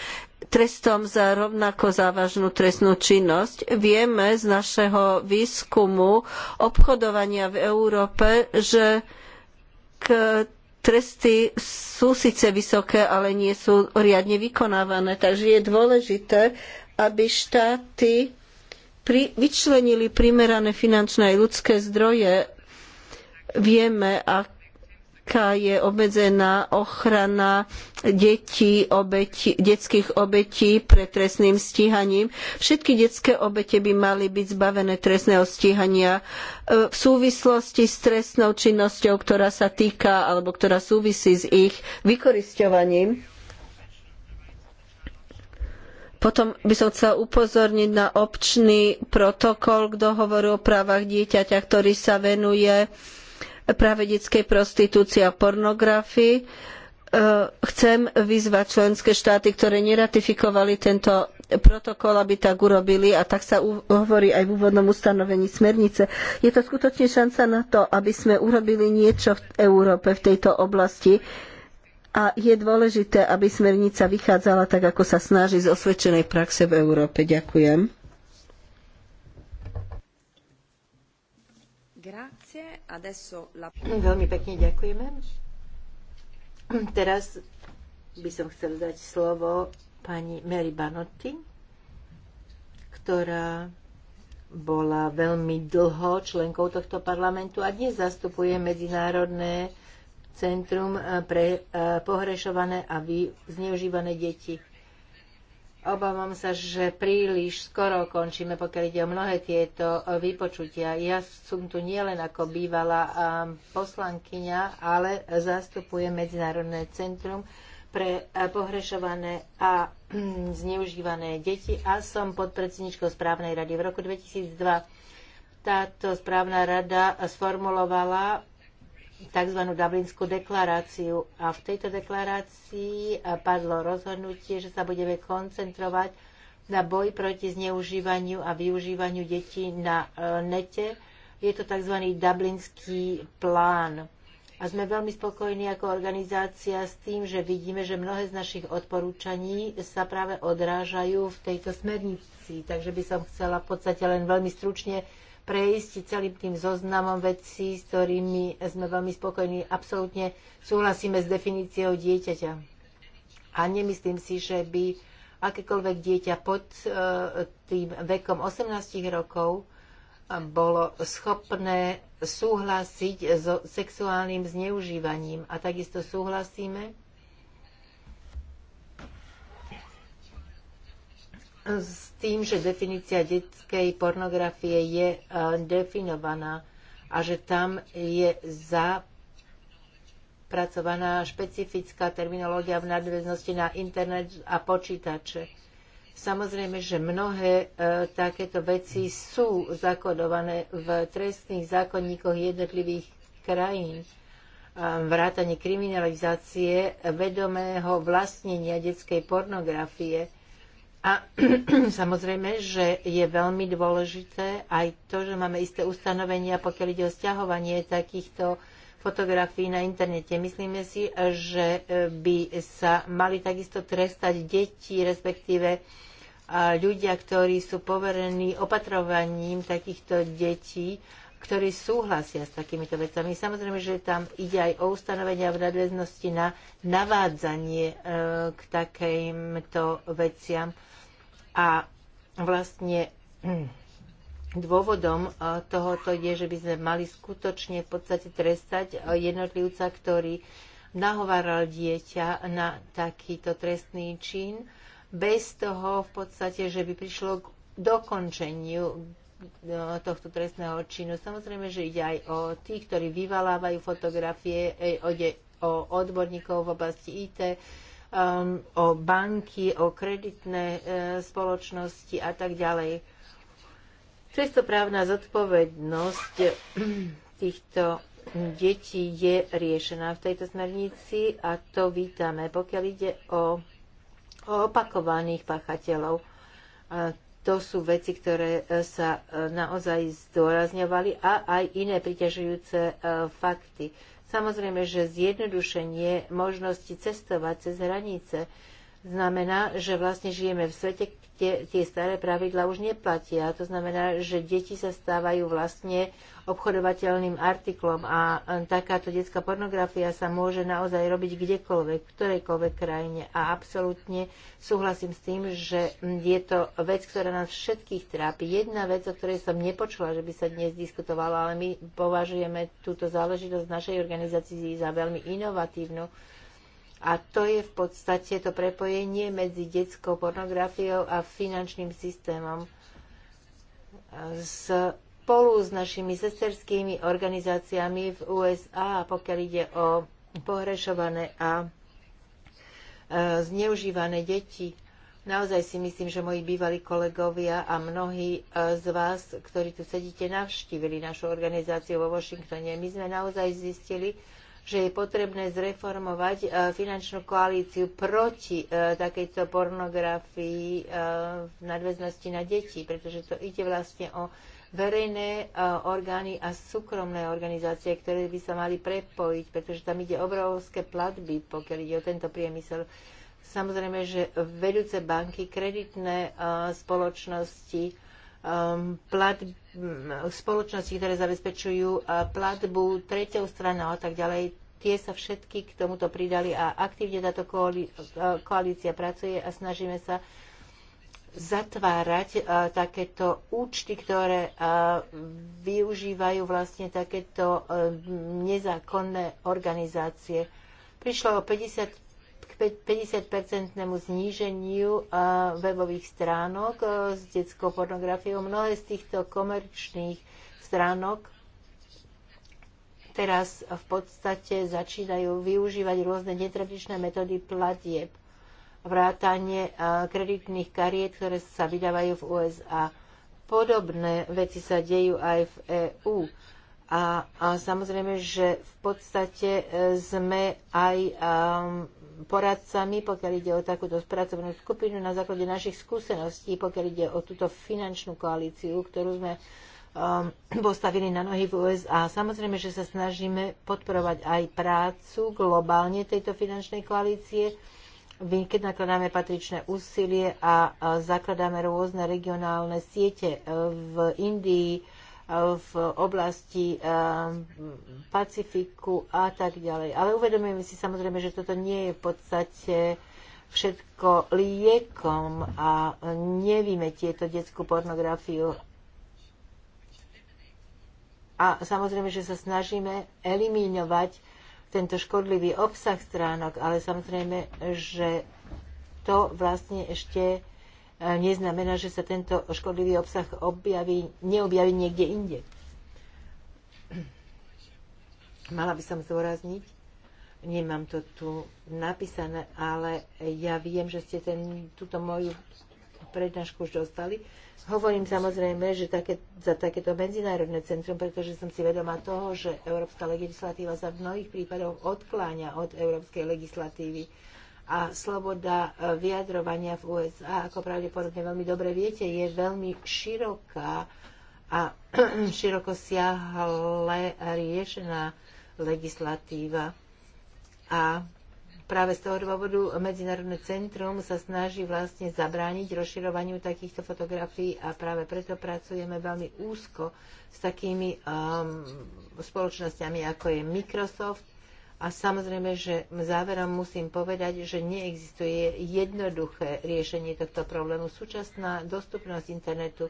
trestom za rovnako závažnú trestnú činnosť. Vieme z našeho výskumu obchodovania v Európe, že k tresty sú síce vysoké, ale nie sú riadne vykonávané. Takže je dôležité, aby štáty pri, vyčlenili primerané finančné aj ľudské zdroje. Vieme, ak aká je obmedzená ochrana detí, obeti, detských obetí pred trestným stíhaním. Všetky detské obete by mali byť zbavené trestného stíhania e, v súvislosti s trestnou činnosťou, ktorá sa týka alebo ktorá súvisí s ich vykorisťovaním. Potom by som chcela upozorniť na občný protokol k dohovoru o právach dieťaťa, ktorý sa venuje uh, práve detskej prostitúcii a pornografii. E, chcem vyzvať členské štáty, ktoré neratifikovali tento protokol, aby tak urobili a tak sa hovorí aj v úvodnom ustanovení smernice. Je to skutočne šanca na to, aby sme urobili niečo v Európe v tejto oblasti a je dôležité, aby smernica vychádzala tak, ako sa snaží z osvedčenej praxe v Európe. Ďakujem. Veľmi pekne ďakujeme. Teraz by som chcel dať slovo pani Mary Banotti, ktorá bola veľmi dlho členkou tohto parlamentu a dnes zastupuje Medzinárodné centrum eh, pre eh, pohrešované a zneužívané deti. Obávam sa, že príliš skoro končíme, pokiaľ ide o mnohé tieto vypočutia. Ja som tu nielen ako bývalá poslankyňa, ale zastupujem Medzinárodné centrum pre pohrešované a zneužívané deti a som podpredsedničkou správnej rady. V roku 2002 táto správna rada sformulovala tzv. Dublinskú deklaráciu. A v tejto deklarácii eh, padlo rozhodnutie, že sa budeme koncentrovať na boj proti zneužívaniu a využívaniu detí na eh, nete. Je to tzv. Dublinský plán. A sme veľmi spokojní ako organizácia s tým, že vidíme, že mnohé z našich odporúčaní sa práve odrážajú v tejto smernici. Takže by som chcela v podstate len veľmi stručne prejsť celým tým zoznamom vecí, s ktorými sme veľmi spokojní. Absolútne súhlasíme s definíciou dieťaťa. A nemyslím si, že by akékoľvek dieťa pod e, tým vekom 18 rokov e, bolo schopné súhlasiť so sexuálnym zneužívaním. A takisto súhlasíme s tým, že definícia detskej pornografie je e, definovaná a že tam je zapracovaná špecifická terminológia v nadväznosti na internet a počítače. Samozrejme, že mnohé e, takéto veci sú zakodované v trestných zákonníkoch jednotlivých krajín. E, vrátanie kriminalizácie vedomého vlastnenia detskej pornografie – a samozrejme, že je veľmi dôležité aj to, že máme isté ustanovenia, pokiaľ ide o stiahovanie takýchto fotografií na internete. Myslíme si, že e, by sa mali takisto trestať deti, respektíve e, ľudia, ktorí sú poverení opatrovaním takýchto detí, ktorí súhlasia s takýmito vecami. Samozrejme, že tam ide aj o ustanovenia v nadväznosti na navádzanie e, k takýmto veciam a vlastne hm, dôvodom e, tohoto je, že by sme mali skutočne v podstate trestať e, jednotlivca, ktorý nahováral dieťa na takýto trestný čin, bez toho v podstate, že by prišlo k dokončeniu e, tohto trestného činu. Samozrejme, že ide aj o tých, ktorí vyvalávajú fotografie, ide o odborníkov v oblasti IT, um, o banky, o kreditné e, spoločnosti a tak ďalej. Cestoprávna zodpovednosť týchto detí je riešená v tejto smernici a to vítame. Pokiaľ ide o, o opakovaných pachateľov, e, to sú veci, ktoré e, sa e, naozaj zdôrazňovali a aj iné priťažujúce fakty. Samozrejme, že zjednodušenie možnosti cestovať cez hranice znamená, že vlastne žijeme v svete, kde tie staré pravidla už neplatia. To znamená, že deti sa stávajú vlastne obchodovateľným artiklom a takáto detská pornografia sa môže naozaj robiť kdekoľvek, v ktorejkoľvek krajine. A absolútne súhlasím s tým, že je to vec, ktorá nás všetkých trápi. Jedna vec, o ktorej som nepočula, že by sa dnes diskutovala, ale my považujeme túto záležitosť v našej organizácii za veľmi inovatívnu a to je v podstate to prepojenie medzi detskou pornografiou a finančným systémom. Spolu s našimi sesterskými organizáciami v USA, pokiaľ ide o pohrešované a e, zneužívané deti, naozaj si myslím, že moji bývalí kolegovia a mnohí e, z vás, ktorí tu sedíte, navštívili našu organizáciu vo Washingtone. My sme naozaj zistili, že je potrebné zreformovať e, finančnú koalíciu proti e, takejto pornografii e, v nadväznosti na deti, pretože to ide vlastne o verejné orgány a súkromné organizácie, ktoré by sa mali prepojiť, pretože tam ide obrovské platby, pokiaľ ide o tento priemysel. Samozrejme, že vedúce banky, kreditné spoločnosti, platby spoločnosti, ktoré zabezpečujú platbu tretou stranou a tak ďalej, tie sa všetky k tomuto pridali a aktívne táto koalícia pracuje a snažíme sa zatvárať takéto účty, ktoré využívajú vlastne takéto nezákonné organizácie. Prišlo o 50%. 50-percentnému zníženiu webových stránok s detskou pornografiou. Mnohé z týchto komerčných stránok teraz v podstate začínajú využívať rôzne netradičné metódy platieb, vrátanie kreditných kariet, ktoré sa vydávajú v USA. Podobné veci sa dejú aj v EÚ. A, a samozrejme, že v podstate e, sme aj um, poradcami, pokiaľ ide o takúto pracovnú skupinu na základe našich skúseností, pokiaľ ide o túto finančnú koalíciu, ktorú sme um, postavili na nohy v USA. Samozrejme, že sa snažíme podporovať aj prácu globálne tejto finančnej koalície, keď nakladáme patričné úsilie a zakladáme rôzne regionálne siete e, v Indii, v oblasti eh, Pacifiku a tak ďalej. Ale uvedomujeme si samozrejme, že toto nie je v podstate všetko liekom a nevíme tieto detskú pornografiu. A samozrejme, že sa snažíme eliminovať tento škodlivý obsah stránok, ale samozrejme, že to vlastne ešte neznamená, že sa tento škodlivý obsah objaví, neobjaví niekde inde. Mala by som zdôrazniť, nemám to tu napísané, ale ja viem, že ste ten, túto moju prednášku už dostali. Hovorím samozrejme, že také, za takéto medzinárodné centrum, pretože som si vedomá toho, že európska legislatíva sa v mnohých prípadoch odkláňa od európskej legislatívy a sloboda e, vyjadrovania v USA, ako pravdepodobne veľmi dobre viete, je veľmi široká a široko siahle riešená legislatíva. A práve z toho dôvodu Medzinárodné centrum sa snaží vlastne zabrániť rozširovaniu takýchto fotografií a práve preto pracujeme veľmi úzko s takými um, spoločnosťami, ako je Microsoft, a samozrejme, že záverom musím povedať, že neexistuje jednoduché riešenie tohto problému. Súčasná dostupnosť internetu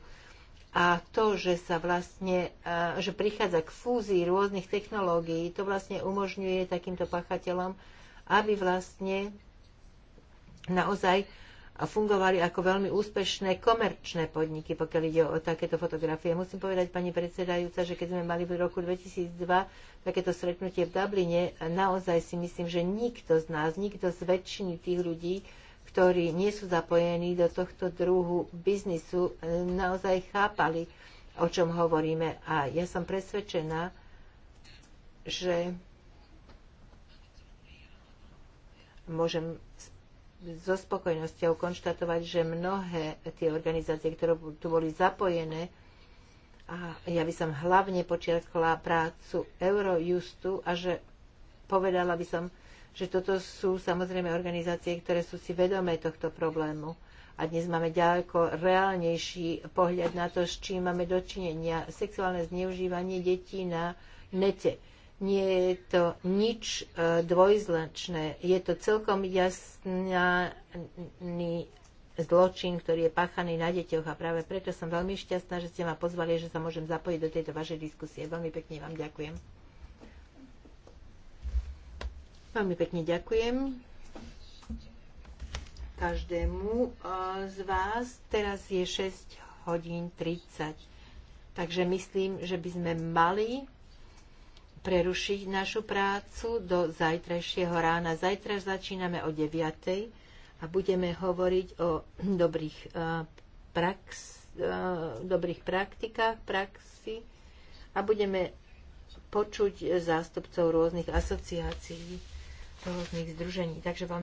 a to, že sa vlastne, že prichádza k fúzii rôznych technológií, to vlastne umožňuje takýmto pachateľom, aby vlastne naozaj uh, a fungovali ako veľmi úspešné komerčné podniky, pokiaľ ide o takéto fotografie. Musím povedať, pani predsedajúca, že keď sme mali v roku 2002 takéto stretnutie v Dubline, naozaj si myslím, že nikto z nás, nikto z väčšiny tých ľudí, ktorí nie sú zapojení do tohto druhu biznisu, naozaj chápali, o čom hovoríme. A ja som presvedčená, že môžem so spokojnosťou konštatovať, že mnohé tie organizácie, ktoré tu boli zapojené, a ja by som hlavne počiarkla prácu Eurojustu a že povedala by som, že toto sú samozrejme organizácie, ktoré sú si vedomé tohto problému. A dnes máme ďaleko reálnejší pohľad na to, s čím máme dočinenia. Sexuálne zneužívanie detí na nete. Nie je to nič e, dvojznačné. Je to celkom jasný zločin, ktorý je páchaný na deťoch a práve preto som veľmi šťastná, že ste ma pozvali, že sa môžem zapojiť do tejto vašej diskusie. Veľmi pekne vám ďakujem. Veľmi pekne ďakujem každému e, z vás. Teraz je 6 hodín 30. Takže myslím, že by sme mali prerušiť našu prácu do zajtrajšieho rána. Zajtra začíname o 9. a budeme hovoriť o dobrých, prax, dobrých praktikách, praxi a budeme počuť zástupcov rôznych asociácií, rôznych združení. Takže vám